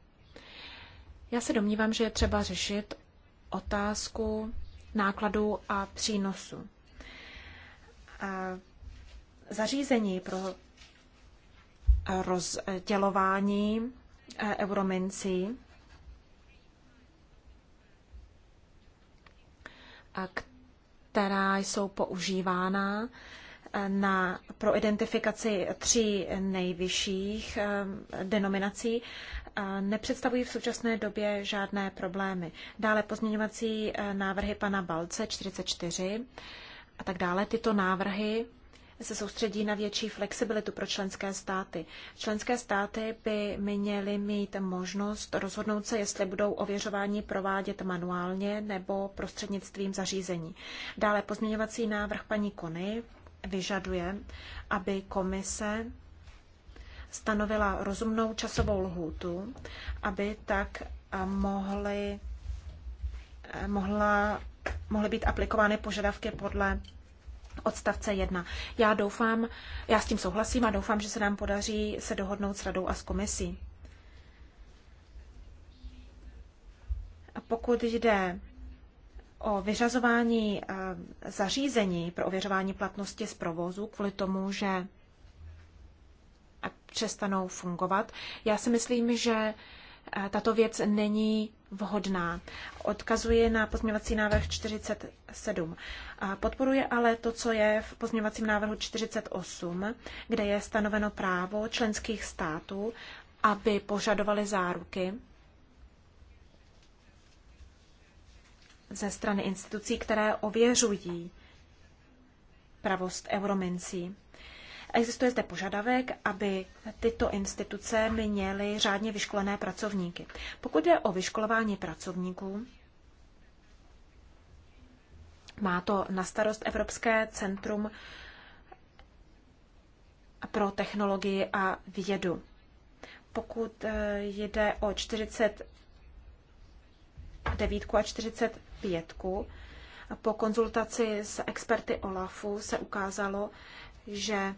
Já se domnívám, že je třeba řešit otázku nákladů a přínosu. Zařízení pro rozdělování e, euromincí, která jsou používána, na, pro identifikaci tří nejvyšších eh, denominací eh, nepředstavují v současné době žádné problémy. Dále pozměňovací eh, návrhy pana Balce 44 a tak dále. Tyto návrhy se soustředí na větší flexibilitu pro členské státy. Členské státy by měly mít možnost rozhodnout se, jestli budou ověřování provádět manuálně nebo prostřednictvím zařízení. Dále pozměňovací návrh paní Kony vyžaduje, aby komise stanovila rozumnou časovou lhůtu, aby tak eh, mohly, eh, mohla, mohly být aplikovány požadavky podle odstavce 1. Já doufám, já s tím souhlasím a doufám, že se nám podaří se dohodnout s radou a s komisí. pokud jde o vyřazování eh, zařízení pro ověřování platnosti z provozu kvůli tomu, že přestanou fungovat. Já si myslím, že eh, tato věc není vhodná. Odkazuje na pozměňovací návrh 47. Podporuje ale to, co je v pozměňovacím návrhu 48, kde je stanoveno právo členských států, aby požadovali záruky ze strany institucí, které ověřují pravost euromincí. Existuje zde požadavek, aby tyto instituce měly řádně vyškolené pracovníky. Pokud jde o vyškolování pracovníků, má to na starost Evropské centrum pro technologii a vědu. Pokud eh, jde o 49 a 40 pětku. Po konzultaci s experty OLAFu se ukázalo, že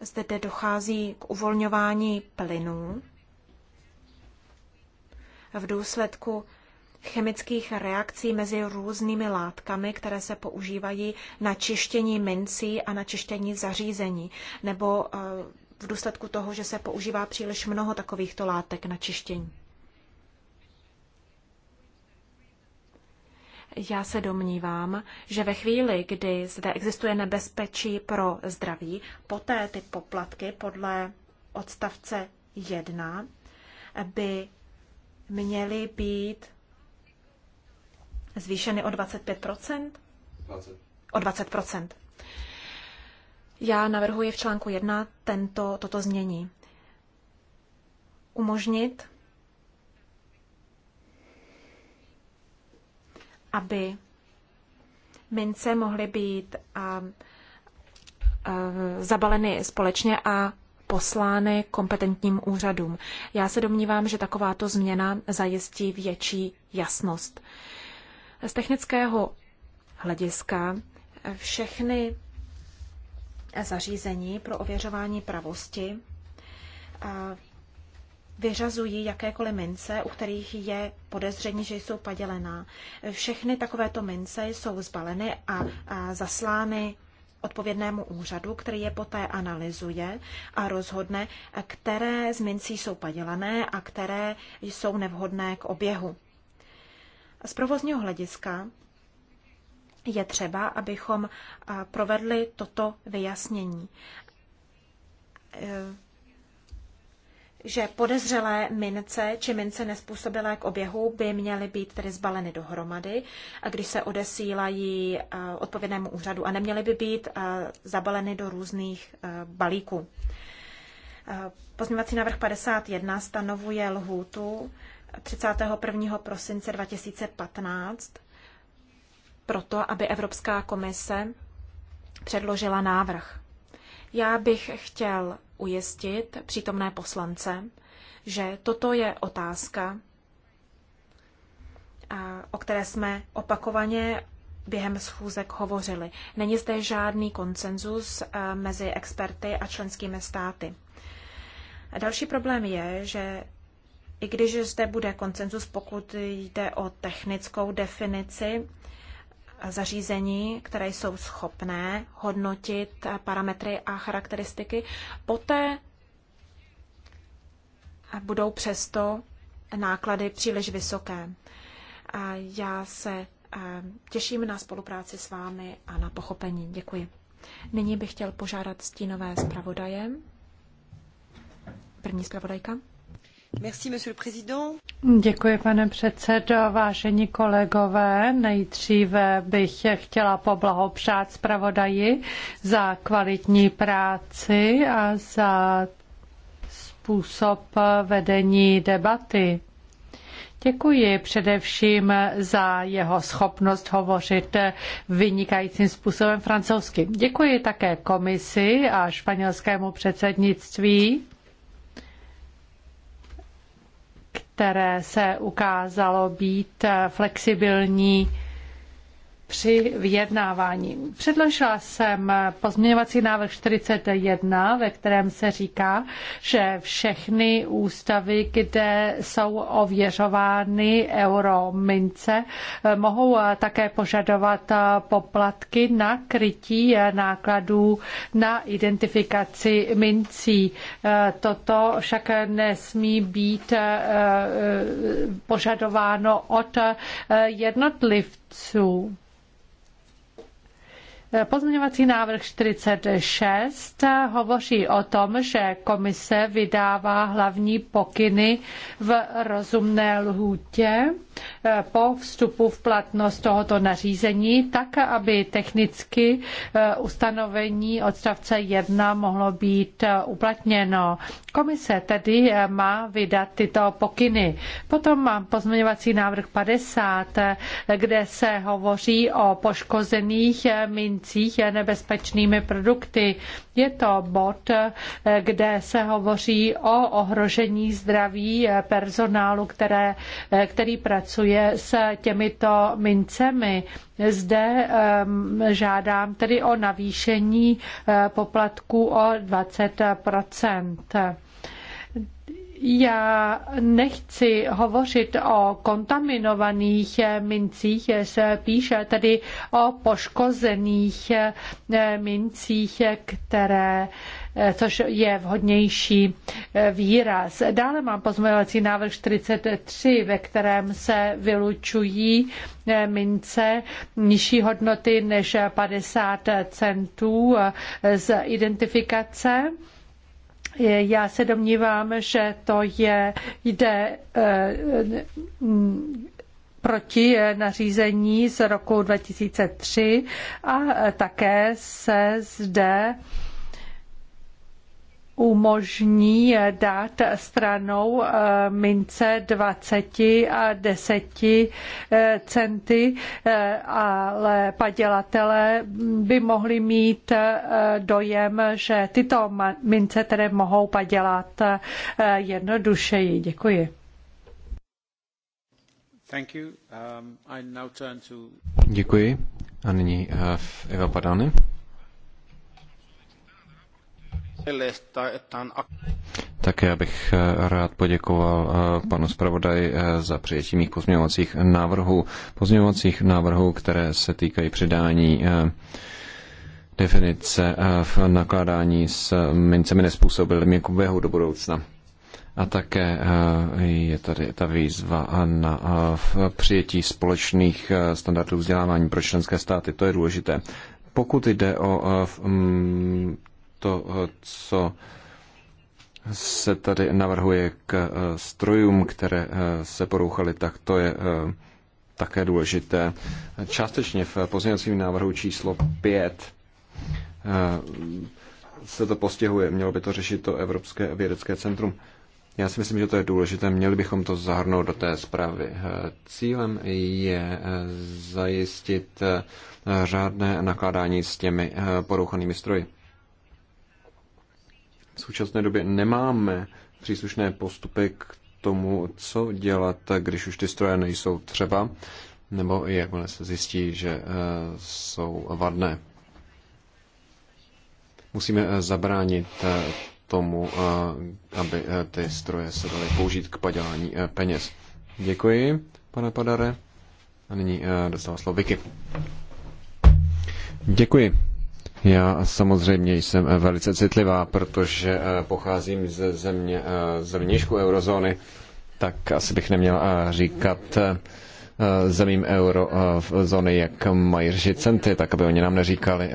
zde dochází k uvolňování plynů v důsledku chemických reakcí mezi různými látkami, které se používají na čištění mincí a na čištění zařízení, nebo eh, v důsledku toho, že se používá příliš mnoho takovýchto látek na čištění. Já se domnívám, že ve chvíli, kdy zde existuje nebezpečí pro zdraví, poté ty poplatky podle odstavce 1 by měly být zvýšeny o 25 20. O 20 Já navrhuji v článku 1 tento, toto změní Umožnit aby mince mohly být a, a, zabaleny společně a poslány kompetentním úřadům. Já se domnívám, že takováto změna zajistí větší jasnost. Z technického hlediska všechny zařízení pro ověřování pravosti vyřazují jakékoliv mince, u kterých je podezření, že jsou padělená. Všechny takovéto mince jsou zbaleny a, a zaslány odpovědnému úřadu, který je poté analyzuje a rozhodne, které z mincí jsou padělané a které jsou nevhodné k oběhu. Z provozního hlediska je třeba, abychom provedli toto vyjasnění e, že podezřelé mince či mince nespůsobilé k oběhu by měly být tedy zbaleny dohromady, a když se odesílají eh, odpovědnému úřadu a neměly by být eh, zabaleny do různých eh, balíků. Pozměňovací návrh 51 stanovuje lhůtu 31. prosince 2015 proto, aby Evropská komise předložila návrh. Já bych chtěl ujistit přítomné poslance, že toto je otázka, o které jsme opakovaně během schůzek hovořili. Není zde žádný konsenzus e, mezi experty a členskými státy. Další problém je, že i když zde bude konsenzus, pokud jde o technickou definici zařízení, které jsou schopné hodnotit parametry a charakteristiky, poté budou přesto náklady příliš vysoké. A já se těším na spolupráci s vámi a na pochopení. Děkuji. Nyní bych chtěl požádat stínové zpravodaje. První zpravodajka. Děkuji, pane předsedo, vážení kolegové. Nejdříve bych chtěla poblahopřát zpravodaji za kvalitní práci a za způsob vedení debaty. Děkuji především za jeho schopnost hovořit vynikajícím způsobem francouzsky. Děkuji také komisi a španělskému předsednictví které se ukázalo být flexibilní při vyjednávání. Předložila jsem pozměňovací návrh 41, ve kterém se říká, že všechny ústavy, kde jsou ověřovány euromince, mohou také požadovat poplatky na krytí nákladů na identifikaci mincí. Toto však nesmí být eh, požadováno od jednotlivců. Pozměňovací návrh 46 hovoří o tom, že komise vydává hlavní pokyny v rozumné lhůtě eh, po vstupu v platnost tohoto nařízení, tak aby technicky eh, ustanovení odstavce 1 mohlo být eh, uplatněno. Komise tedy má vydat tyto pokyny. Potom mám pozměňovací návrh 50, kde se hovoří o poškozených mincích trhujících nebezpečnými produkty. Je to bod, kde se hovoří o ohrožení zdraví personálu, které, který pracuje s těmito mincemi. Zde ehm, žádám tedy o navýšení eh, poplatků o 20 já nechci hovořit o kontaminovaných mincích, se píše tedy o poškozených eh, mincích, které eh, což je vhodnější eh, výraz. Dále mám pozměňovací návrh 43, ve kterém se vylučují mince nižší hodnoty než 50 centů z identifikace. Já se domnívám, že to je, jde eh, mm, proti nařízení z roku 2003 a také se zde umožní dát stranou eh, mince 20 a 10 eh, centy, eh, ale padělatelé by mohli mít dojem, že tyto mince tedy mohou padělat jednodušeji. Děkuji. Um, Děkuji. A nyní Eva Padány. Také bych eh, rád poděkoval eh, panu zpravodaji eh, za přijetí mých pozměňovacích návrhů. Pozměňovacích návrhů, které se týkají přidání definice v nakládání s mincemi nespůsobilými k jako oběhu do budoucna. A také je tady ta výzva na přijetí společných standardů vzdělávání pro členské státy. To je důležité. Pokud jde o mm, to, co se tady navrhuje k eh, strojům, které eh, se porouchaly, tak to je eh, také důležité. Částečně v pozměňovacím návrhu číslo 5 se to postihuje. Mělo by to řešit to Evropské vědecké centrum. Já si myslím, že to je důležité. Měli bychom to zahrnout do té zprávy. Cílem je zajistit řádné nakládání s těmi porouchanými stroji. V současné době nemáme příslušné postupy k tomu, co dělat, když už ty stroje nejsou třeba, nebo i jakmile se zjistí, že eh, jsou vadné. Musíme eh, zabránit eh, tomu, aby ty stroje se daly použít k padělání peněz. Děkuji, pane Padare. A nyní dostala slovo Vicky. Děkuji. Já samozřejmě jsem eh, velice citlivá, protože eh, pocházím ze země, eh, ze vnějšku eurozóny, tak asi bych neměl říkat zemím eurozóny, jak mají řešit centy, tak aby oni nám neříkali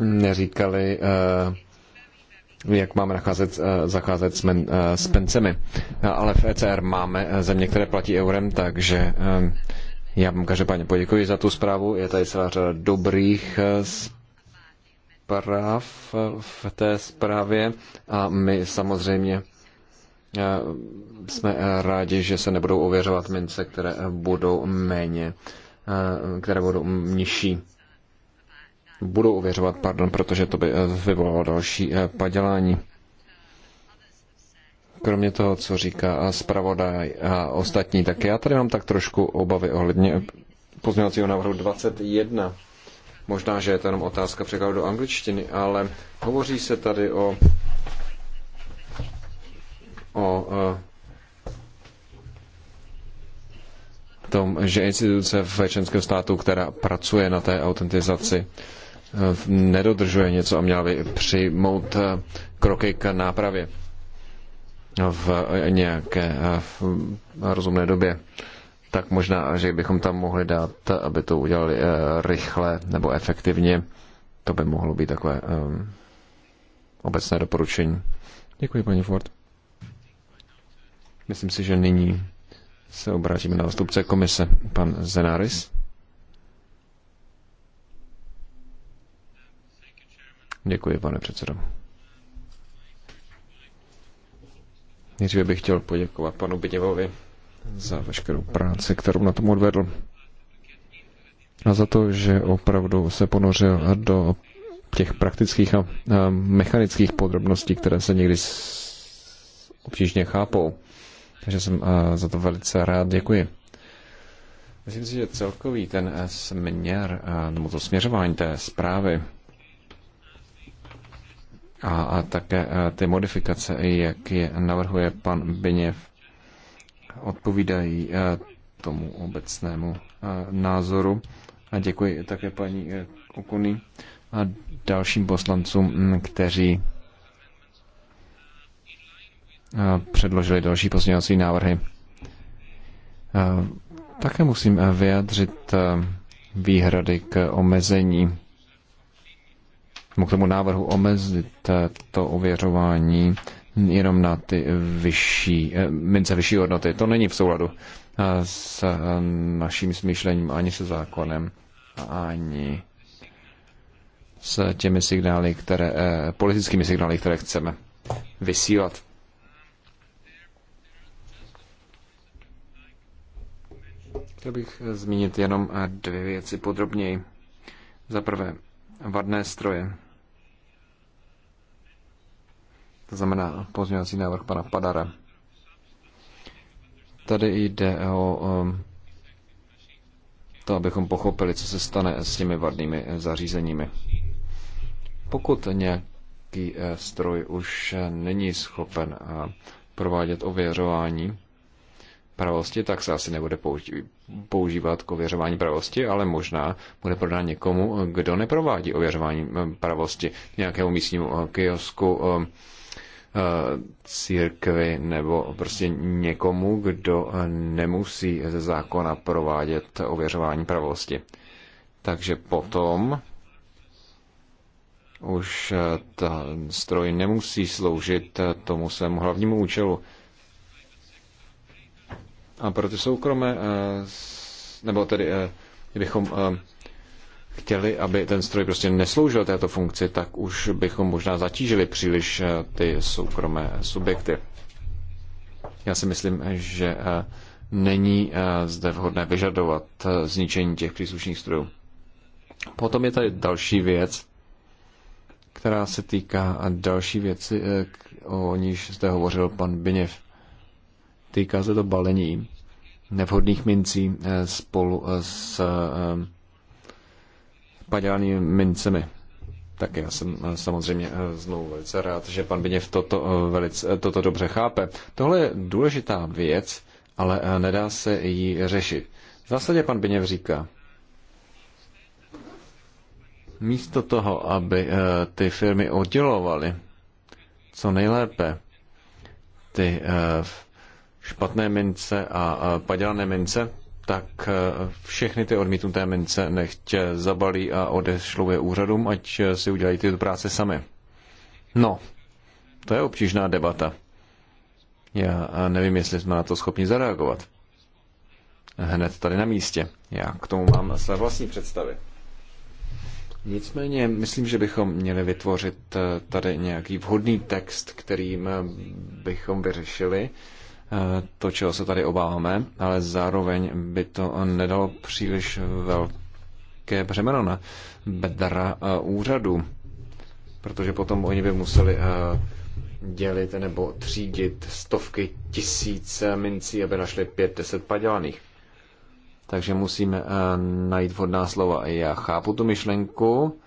neříkali jak máme nacházet, zacházet s, men, s pencemi. Ale v ECR máme země, které platí eurem, takže já vám každopádně poděkuji za tu zprávu. Je tady celá řada dobrých eh, zpráv eh, v té zprávě a my samozřejmě eh, jsme rádi, že se nebudou ověřovat mince, které budou méně, které budou nižší. Budou ověřovat, pardon, protože to by vyvolalo další padělání kromě toho, co říká zpravodaj a ostatní, tak já tady mám tak trošku obavy ohledně pozměňovacího návrhu 21. Možná, že je to jenom otázka překladu do angličtiny, ale hovoří se tady o, o tom, že instituce v členském státu, která pracuje na té autentizaci, nedodržuje něco a měla by přijmout eh, kroky k nápravě v nějaké eh, v rozumné době, tak možná, že bychom tam mohli dát, aby to udělali eh, rychle nebo efektivně. To by mohlo být takové eh, obecné doporučení. Děkuji, paní Ford. Myslím si, že nyní se obrátíme na zastupce komise, pan Zenaris. Děkuji, pane předsedo. Nejdříve bych chtěl poděkovat panu Biděvovi za veškerou práci, kterou na tom odvedl. A za to, že opravdu se ponořil do těch praktických a mechanických podrobností, které se někdy obtížně chápou. Takže jsem za to velice rád děkuji. Myslím si, že celkový ten směr, nebo to směřování té zprávy a, a také e, ty modifikace, jak je navrhuje pan Beněv, odpovídají e, tomu obecnému e, názoru. A děkuji také paní Okuny a dalším poslancům, kteří předložili další pozměňovací návrhy. Také musím vyjadřit výhrady k omezení k tomu návrhu omezit eh, to ověřování jenom na ty vyšší, eh, mince vyšší hodnoty. To není v souladu eh, s naším smýšlením ani se zákonem, ani s těmi signály, které, politickými signály, které chceme vysílat. Chtěl bych zmínit jenom dvě věci podrobněji. Za prvé, vadné stroje. To znamená pozměňovací návrh pana Padara. Tady jde o um, to, abychom pochopili, co se stane s těmi vadnými eh, zařízeními. Pokud nějaký eh, stroj už eh, není schopen provádět ověřování pravosti, tak se asi nebude používat k ověřování pravosti, ale možná bude prodán někomu, kdo neprovádí ověřování pravosti nějakému místnímu kiosku, církvi nebo prostě někomu, kdo nemusí ze zákona provádět ověřování pravosti. Takže potom už ta stroj nemusí sloužit tomu svému hlavnímu účelu. A pro ty soukromé, eh, nebo tedy, eh, kdybychom eh, chtěli, aby ten stroj prostě nesloužil této funkci, tak už bychom možná zatížili příliš eh, ty soukromé subjekty. Já si myslím, že eh, není eh, zde vhodné vyžadovat zničení těch příslušných strojů. Potom je tady další věc, která se týká další věci, o níž zde hovořil pan Biněv. Týká se to balení nevhodných mincí spolu s padělaný mincemi. Tak já jsem eh, samozřejmě eh, znovu velice rád, že pan Biněv toto, eh, velice, toto dobře chápe. Tohle je důležitá věc, ale nedá se ji řešit. V zásadě pan Biněv říká, místo toho, aby ty firmy oddělovaly co nejlépe ty špatné mince a padělané mince, tak eh, všechny ty odmítnuté mince nechť eh, zabalí a odešlou je úřadům, ať eh, si udělají ty práce sami. No, to je obtížná debata. Já nevím, jestli jsme na to schopni zareagovat. Hned tady na místě. Já k tomu mám své vlastní představy. Nicméně, myslím, že bychom měli vytvořit tady nějaký vhodný text, kterým bychom vyřešili uh, to, čeho se tady obáváme, ale zároveň by to nedalo příliš velké břemeno na bedra eh, úřadu, protože potom oni by museli eh, dělit nebo třídit stovky tisíc mincí, aby našli pět, deset padělaných. Takže musíme eh, najít vhodná slova. Já chápu tu myšlenku,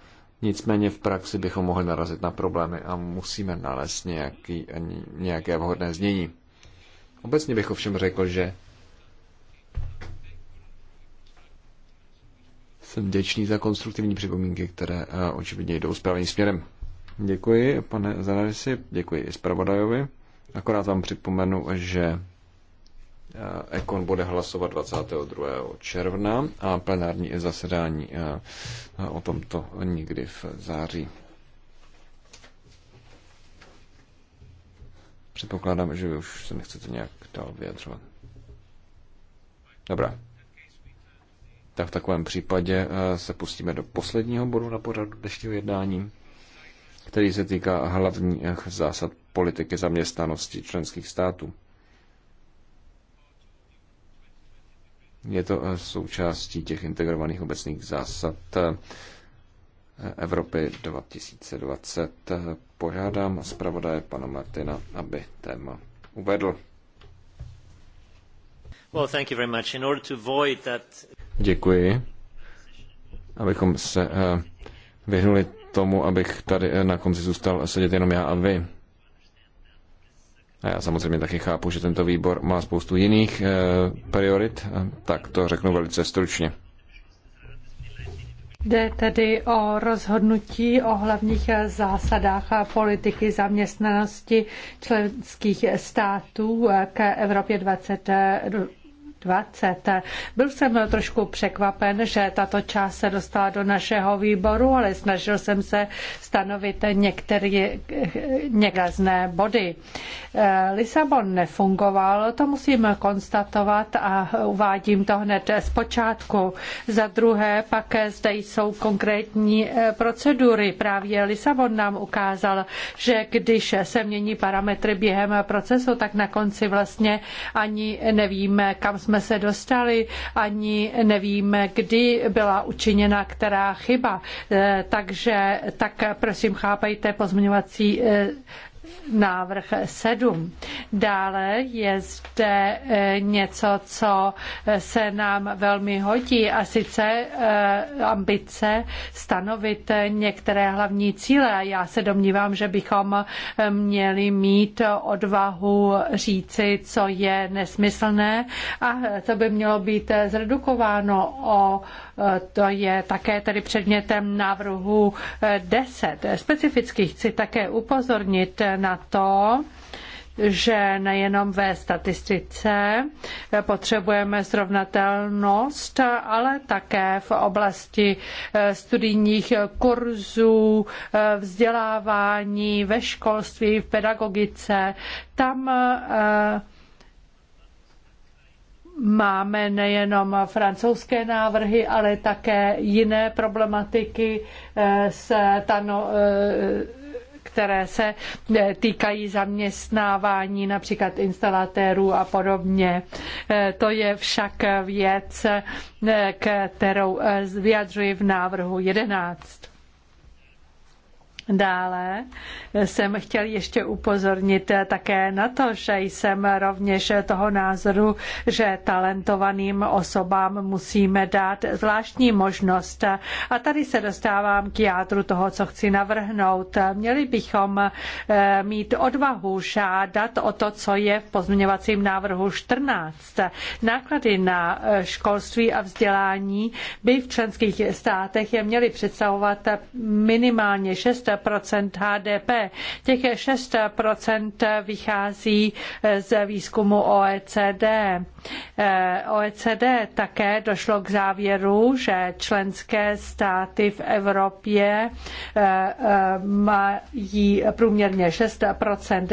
Nicméně v praxi bychom mohli narazit na problémy a musíme nalézt nějaký, nějaké vhodné znění. Obecně bych ovšem řekl, že jsem vděčný za konstruktivní připomínky, které eh, očividně jdou správným směrem. Děkuji, pane Zanarisi, děkuji i zpravodajovi. Akorát vám připomenu, že eh, Ekon bude hlasovat 22. června a plenární zasedání eh, o tomto nikdy v září. Předpokládám, že vy už se nechcete nějak dál vyjadřovat. Dobrá. Tak v takovém případě eh, se pustíme do posledního bodu na pořadu dnešního jednání, který se týká hlavních eh, zásad politiky zaměstnanosti členských států. Je to eh, součástí těch integrovaných obecných zásad Evropy 2020 požádám zpravodaje pana Martina, aby téma uvedl. Well, thank you very much. In order to avoid that... Děkuji. Abychom se eh, vyhnuli tomu, abych tady eh, na konci zůstal sedět jenom já a vy. A já samozřejmě taky chápu, že tento výbor má spoustu jiných eh, priorit, tak to řeknu velice stručně. Jde tedy o rozhodnutí o hlavních zásadách politiky zaměstnanosti členských států k Evropě 20. 20. Byl jsem trošku překvapen, že tato část se dostala do našeho výboru, ale snažil jsem se stanovit některé někazné body. Lisabon nefungoval, to musím konstatovat a uvádím to hned z počátku. Za druhé pak zde jsou konkrétní procedury. Právě Lisabon nám ukázal, že když se mění parametry během procesu, tak na konci vlastně ani nevíme, kam jsme jsme se dostali, ani nevíme, kdy byla učiněna která chyba. Eh, takže tak prosím chápejte pozměňovací eh, návrh 7. Dále je zde eh, něco, co eh, se nám velmi hodí, a sice eh, ambice stanovit některé hlavní cíle. A já se domnívám, že bychom měli mít odvahu říci, co je nesmyslné a to by mělo být zredukováno o to je také tedy předmětem návrhu 10. Specificky chci také upozornit na to, že nejenom ve statistice potřebujeme srovnatelnost, ale také v oblasti eh, studijních kurzů, eh, vzdělávání ve školství, v pedagogice. Tam eh, máme nejenom francouzské návrhy, ale také jiné problematiky s tano, které se eh, týkají zaměstnávání například instalatérů a podobně. Eh, to je však věc, eh, kterou vyjadřuji v návrhu 11. Dále jsem chtěl ještě upozornit také na to, že jsem rovněž toho názoru, že talentovaným osobám musíme dát zvláštní možnost. A tady se dostávám k jádru toho, co chci navrhnout. Měli bychom eh, mít odvahu žádat o to, co je v pozměňovacím návrhu 14. Náklady na eh, školství a vzdělání by v členských státech měly představovat minimálně 6 6 HDP. Těch 6 vychází z výzkumu OECD. Eh, OECD také došlo k závěru, že členské státy v Evropě eh, eh, mají průměrně 6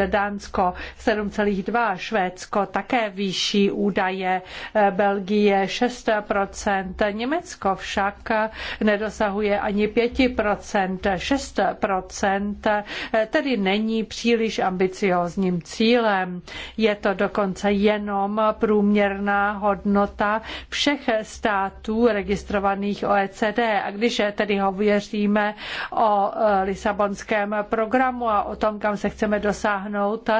Dánsko 7,2 Švédsko také výšší údaje, Belgie 6 Německo však nedosahuje ani 5 6 tedy není příliš ambiciózním cílem. Je to dokonce jenom průměrná hodnota všech států registrovaných OECD. A když tedy hověříme o Lisabonském programu a o tom, kam se chceme dosáhnout,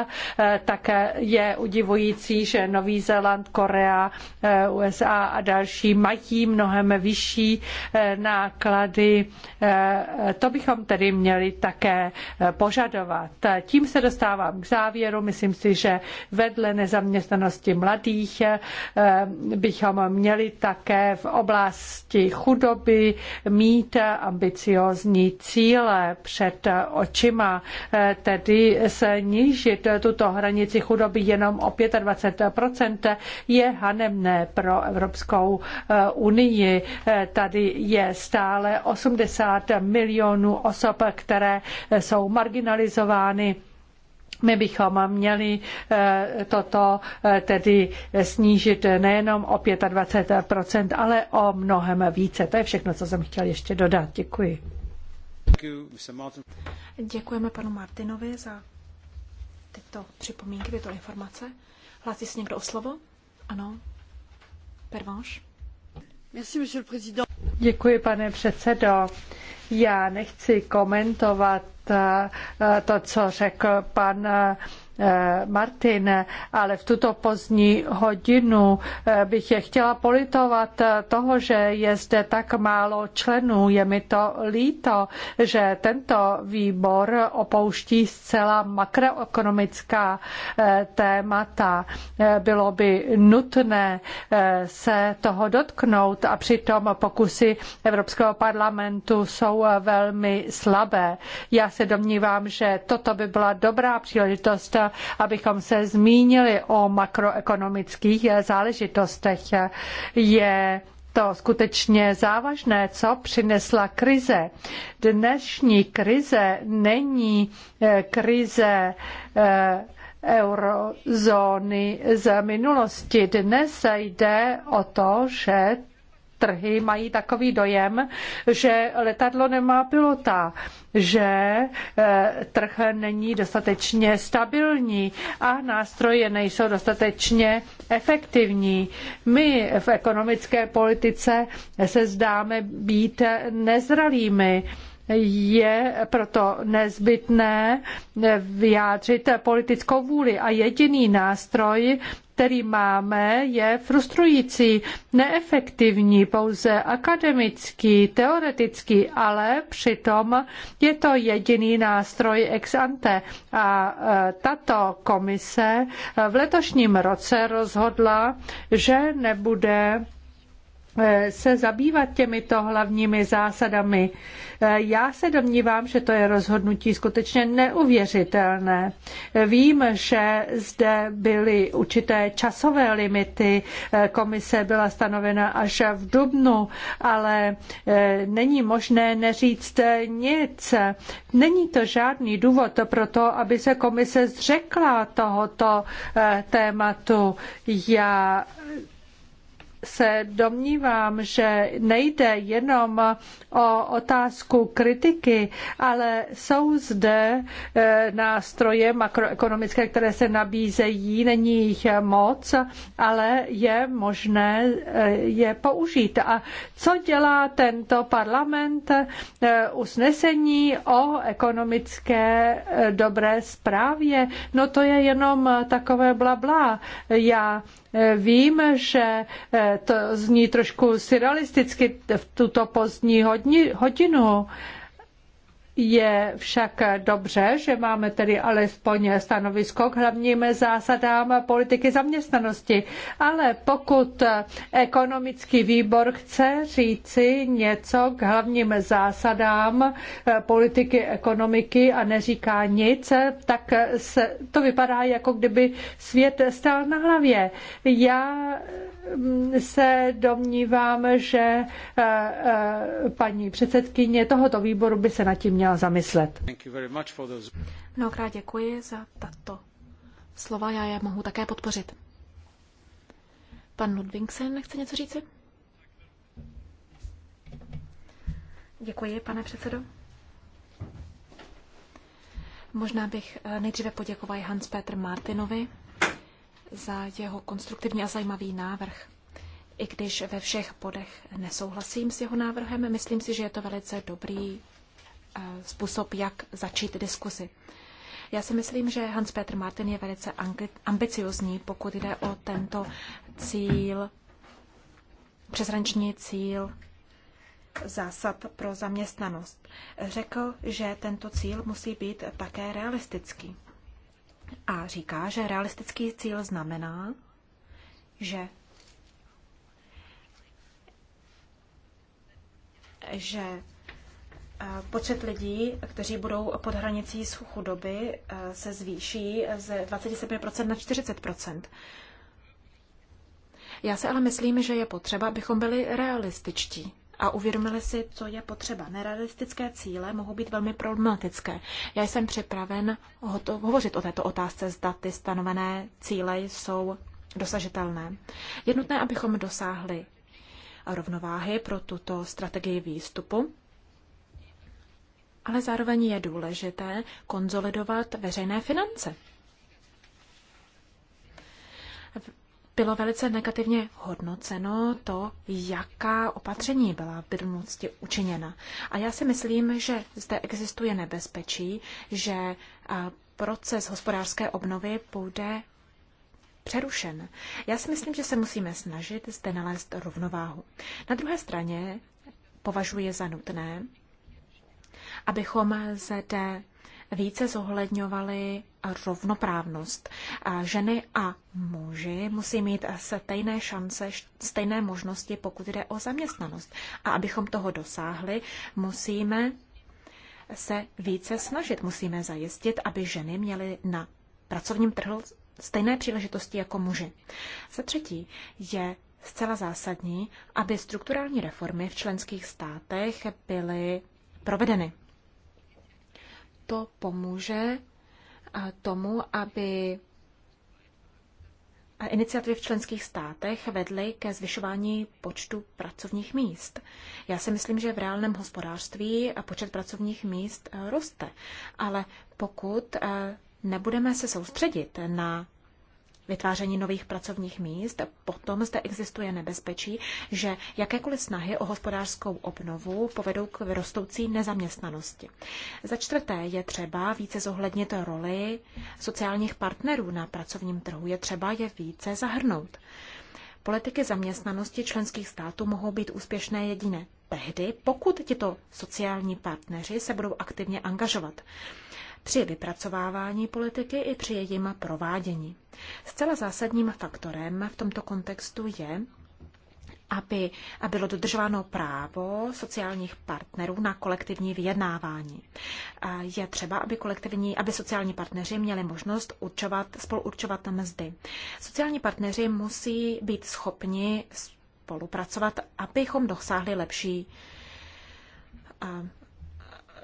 tak je udivující, že Nový Zéland, Korea, USA a další mají mnohem vyšší náklady. To bychom tedy měli měli také eh, požadovat. Tím se dostávám k závěru. Myslím si, že vedle nezaměstnanosti mladých eh, bychom měli také v oblasti chudoby mít ambiciozní cíle před očima, eh, tedy snížit tuto hranici chudoby jenom o 25 je hanemné pro Evropskou unii. Tady je stále 80 milionů osob, které jsou marginalizovány. My bychom měli eh, toto eh, tedy snížit nejenom o 25%, ale o mnohem více. To je všechno, co jsem chtěl ještě dodat. Děkuji. Děkujeme panu Martinovi za tyto připomínky, tyto informace. Hlásí se někdo o slovo? Ano. Pervanš. Děkuji, pane předsedo. Já nechci komentovat eh, to, co řekl pan eh, Eh, Martin, ale v tuto pozdní hodinu eh, bych je chtěla politovat eh, toho, že je zde tak málo členů. Je mi to líto, že tento výbor opouští zcela makroekonomická témata. Bylo by nutné se toho dotknout a přitom pokusy Evropského parlamentu jsou velmi slabé. Já se domnívám, že toto by byla dobrá příležitost abychom se zmínili o makroekonomických záležitostech. Je to skutečně závažné, co přinesla krize. Dnešní krize není eh, krize eh, eurozóny z minulosti. Dnes jde o to, že trhy mají takový dojem, že letadlo nemá pilota, že eh, trh není dostatečně stabilní a nástroje nejsou dostatečně efektivní. My v ekonomické politice se zdáme být nezralými je proto nezbytné vyjádřit politickou vůli a jediný nástroj který máme, je frustrující, neefektivní, pouze akademický, teoretický, ale přitom je to jediný nástroj ex ante. A e, tato komise e, v letošním roce rozhodla, že nebude Eh, se zabývat těmito hlavními zásadami. Eh, já se domnívám, že to je rozhodnutí skutečně neuvěřitelné. Eh, vím, že zde byly určité časové limity, komise byla stanovena až v dubnu, ale není možné neříct nic. Není to žádný důvod pro to, aby se komise zřekla tohoto tématu. Já se domnívám, že nejde jenom o otázku kritiky, ale jsou zde eh, nástroje makroekonomické, které se nabízejí, není jich moc, ale je možné eh, je použít. A co dělá tento parlament? Eh, usnesení o ekonomické dobré správě. No to je jenom takové blabla. Já Vím, že eh, to zní trošku surrealisticky v tuto pozdní hodinu, je však dobře, že máme tedy alespoň stanovisko k hlavním zásadám politiky zaměstnanosti, ale pokud ekonomický výbor chce říci něco k hlavním zásadám eh, politiky ekonomiky a neříká nic, eh, tak to vypadá, jako kdyby svět stál na hlavě. Já se domnívám, že eh, eh, paní předsedkyně tohoto výboru by se nad tím měla zamyslet. Mnohokrát děkuji za tato slova, já je mohu také podpořit. Pan Ludvingsen chce něco říci? Děkuji, pane předsedo. Možná bych eh, nejdříve poděkoval Hans Petr Martinovi za jeho konstruktivní a zajímavý návrh. I když ve všech bodech nesouhlasím s jeho návrhem, myslím si, že je to velice dobrý eh, způsob, jak začít diskuzi. Já si myslím, že Hans Peter Martin je velice ambiciozní, pokud jde o tento cíl, přeshraniční cíl zásad pro zaměstnanost. Řekl, že tento cíl musí být také realistický a říká, že realistický cíl znamená, že že eh, počet lidí, kteří budou pod hranicí z chudoby, eh, se zvýší z 27% na 40%. Já se ale myslím, že je potřeba, abychom byli realističtí a uvědomili si, co je potřeba. Nerealistické cíle mohou být velmi problematické. Já jsem připraven hovořit o této otázce, zda ty stanovené cíle jsou dosažitelné. Je nutné, abychom dosáhli rovnováhy pro tuto strategii výstupu, ale zároveň je důležité konzolidovat veřejné finance bylo velice negativně hodnoceno to, jaká opatření byla v minulosti učiněna. A já si myslím, že zde existuje nebezpečí, že proces hospodářské obnovy bude přerušen. Já si myslím, že se musíme snažit zde nalézt rovnováhu. Na druhé straně považuji za nutné, abychom zde více zohledňovaly rovnoprávnost. Ženy a muži musí mít stejné šance, stejné možnosti, pokud jde o zaměstnanost. A abychom toho dosáhli, musíme se více snažit. Musíme zajistit, aby ženy měly na pracovním trhu stejné příležitosti jako muži. Za třetí je zcela zásadní, aby strukturální reformy v členských státech byly provedeny to pomůže tomu, aby iniciativy v členských státech vedly ke zvyšování počtu pracovních míst. Já si myslím, že v reálném hospodářství počet pracovních míst e, roste, ale pokud e, nebudeme se soustředit na vytváření nových pracovních míst, potom zde existuje nebezpečí, že jakékoliv snahy o hospodářskou obnovu povedou k rostoucí nezaměstnanosti. Za čtvrté je třeba více zohlednit roli sociálních partnerů na pracovním trhu, je třeba je více zahrnout. Politiky zaměstnanosti členských států mohou být úspěšné jediné tehdy, pokud tito sociální partneři se budou aktivně angažovat při vypracovávání politiky i při jejím provádění. Zcela zásadním faktorem v tomto kontextu je, aby bylo dodržováno právo sociálních partnerů na kolektivní vyjednávání. Je třeba, aby, kolektivní, aby sociální partneři měli možnost určovat, spolu určovat mzdy. Sociální partneři musí být schopni spolupracovat, abychom dosáhli lepší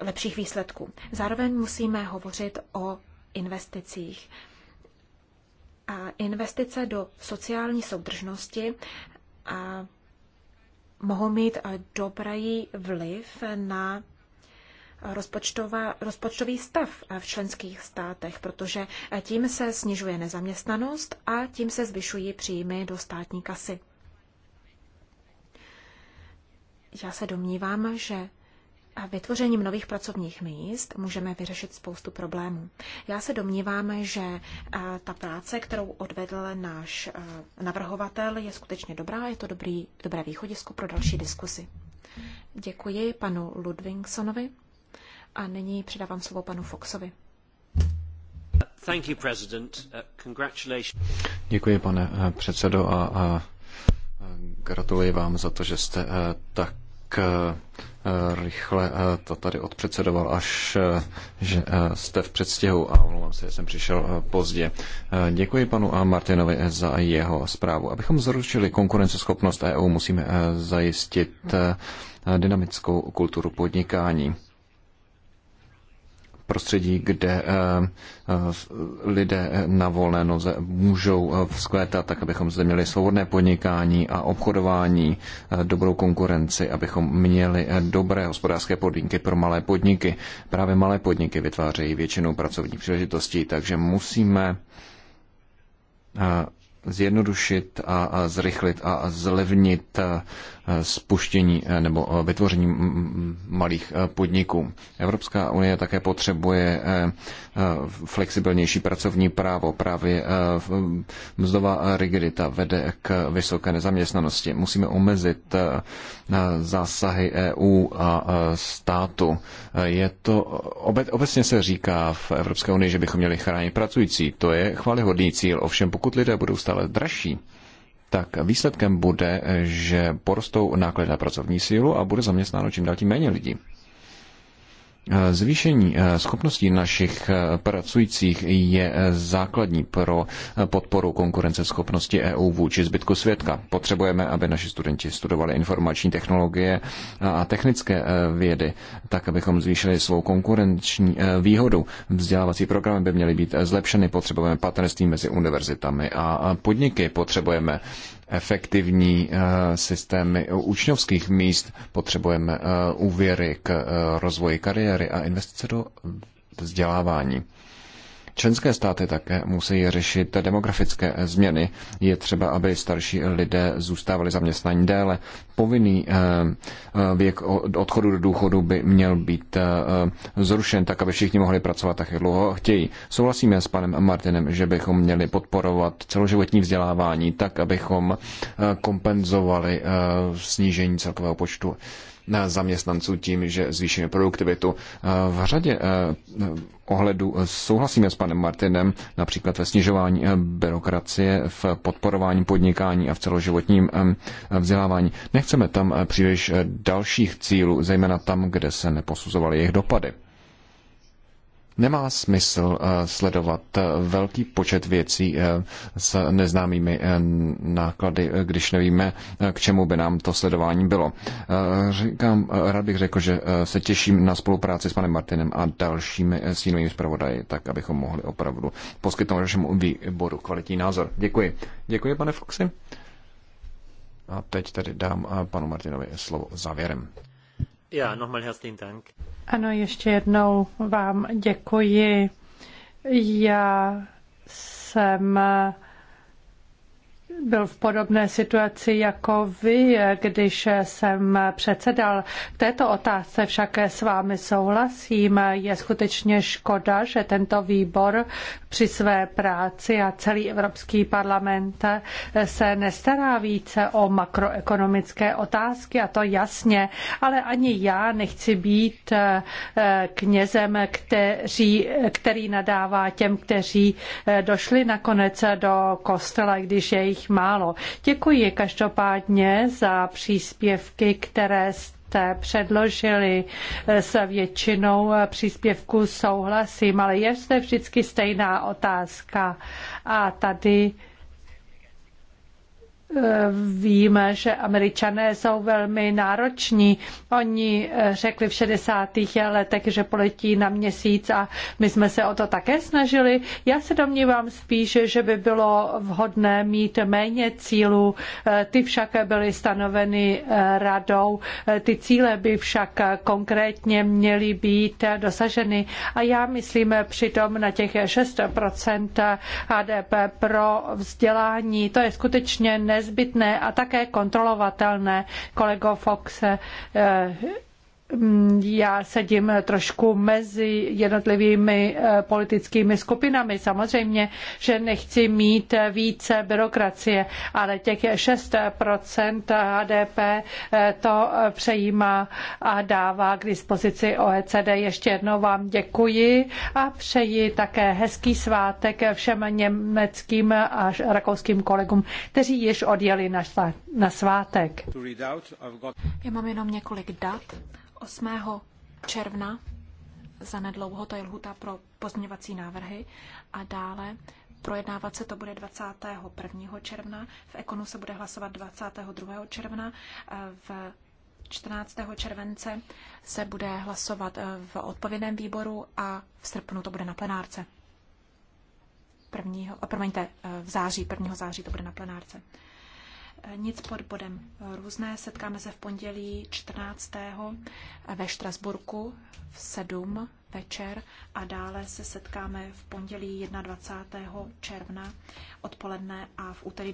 lepších výsledků. Zároveň musíme hovořit o investicích. A investice do sociální soudržnosti a mohou mít dobrý vliv na rozpočtový stav v členských státech, protože tím se snižuje nezaměstnanost a tím se zvyšují příjmy do státní kasy. Já se domnívám, že a vytvořením nových pracovních míst můžeme vyřešit spoustu problémů. Já se domnívám, že e, ta práce, kterou odvedl náš e, navrhovatel, je skutečně dobrá, je to dobrý, dobré východisko pro další diskusy. Děkuji panu Ludvingsonovi a nyní předávám slovo panu Foxovi. Thank you, President. Uh, congratulations. Děkuji, pane eh, předsedo, a, a Gratuluji vám za to, že jste eh, tak tak eh, eh, rychle eh, to tady odpředsedoval, až že jste v předstihu a omlouvám se, že jsem přišel pozdě. Děkuji panu a Martinovi za jeho zprávu. Abychom zaručili konkurenceschopnost EU, musíme zajistit dynamickou kulturu podnikání prostředí, kde eh, lidé na volné noze můžou eh, vzkvétat, tak abychom zde měli svobodné podnikání a obchodování, eh, dobrou konkurenci, abychom měli dobré hospodářské podmínky pro malé podniky. Právě malé podniky vytvářejí většinou pracovních příležitostí, takže musíme zjednodušit a zrychlit a zlevnit eh, spuštění eh, nebo eh, vytvoření malých podniků. Evropská unie také potřebuje flexibilnější pracovní právo. Právě mzdová rigidita vede k vysoké nezaměstnanosti. Musíme omezit zásahy EU a státu. Je to, obecně se říká v Evropské unii, že bychom měli chránit pracující. To je chválihodný cíl. Ovšem, pokud lidé budou stát stále dražší, tak výsledkem bude, že porostou náklady na pracovní sílu a bude zaměstnáno čím dál tím méně lidí. Eh, zvýšení eh, schopností našich eh, pracujících je základní pro podporu konkurenceschopnosti EU vůči zbytku světka. Potřebujeme, aby naši studenti studovali informační technologie a technické vědy, tak abychom zvýšili svou konkurenční výhodu. Vzdělávací programy by měly být zlepšeny, potřebujeme partnerství mezi univerzitami a podniky, potřebujeme efektivní eh, systémy učňovských míst, potřebujeme eh, úvěry k eh, rozvoji kariéry a investice do vzdělávání. Členské státy také musí řešit demografické změny. Je třeba, aby starší lidé zůstávali zaměstnaní déle. Povinný eh, eh, věk odchodu do důchodu by měl být eh, zrušen tak, aby všichni mohli pracovat tak, jak dlouho chtějí. Souhlasíme s panem Martinem, že bychom měli podporovat celoživotní vzdělávání tak, abychom kompenzovali snížení celkového počtu zaměstnanců tím, že zvýšíme produktivitu. Eh, v řadě eh, ohledu eh, souhlasíme s panem Martinem, například ve snižování byrokracie, v podporování podnikání a v celoživotním vzdělávání. Nechceme tam příliš dalších cílů, zejména tam, kde se neposuzovaly jejich dopady. Nemá smysl eh, sledovat eh, velký počet věcí eh, s neznámými náklady, když nevíme, k čemu by nám to sledování bylo. Říkám, rád bych řekl, že se těším na spolupráci s panem Martinem a dalšími sínovými zpravodaji, tak abychom mohli opravdu poskytnout našemu výboru kvalitní názor. Děkuji. Děkuji, pane Foxy. A teď tedy dám panu Martinovi slovo závěrem. Ja, nochmal herzlichen Dank. Ano, ještě jednou vám děkuji. Já jsem byl v podobné situaci jako vy, když jsem předsedal. V této otázce však s vámi souhlasím. Je skutečně škoda, že tento výbor při své práci a celý Evropský parlament se nestará více o makroekonomické otázky a to jasně, ale ani já nechci být eh, knězem, kteří, který nadává těm, kteří eh, došli nakonec do kostela, když jejich jich málo. Děkuji každopádně za příspěvky, které jste předložili s většinou příspěvků souhlasím, ale je zde vždycky stejná otázka. A tady Víme, že američané jsou velmi nároční. Oni eh, řekli v 60. letech, že poletí na měsíc a my jsme se o to také snažili. Já se domnívám spíše, že by bylo vhodné mít méně cílů. Eh, ty však byly stanoveny eh, radou. Ty cíle by však konkrétně měly být dosaženy. A já myslím přitom na těch 6% HDP pro vzdělání. To je skutečně ne nezbytné a také kontrolovatelné. Kolego Fox, eh, já sedím trošku mezi jednotlivými eh, politickými skupinami. Samozřejmě, že nechci mít více byrokracie, ale těch 6% HDP eh, to eh, přejímá a dává k dispozici OECD. Ještě jednou vám děkuji a přeji také hezký svátek všem německým a rakouským kolegům, kteří již odjeli na svátek. Já mám jenom několik dat. 8. června, za nedlouho, to je lhuta pro pozměňovací návrhy, a dále projednávat se to bude 21. června, v Ekonu se bude hlasovat 22. června, v 14. července se bude hlasovat e, v odpovědném výboru a v srpnu to bude na plenárce. Prvního, promiňte, e, v září, 1. září to bude na plenárce nic pod bodem různé. Setkáme se v pondělí 14. ve Štrasburku v 7 večer a dále se setkáme v pondělí 21. června odpoledne a v úterý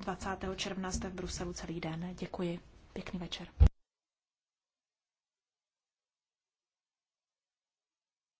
22. června zde v Bruselu celý den. Děkuji. Pěkný večer.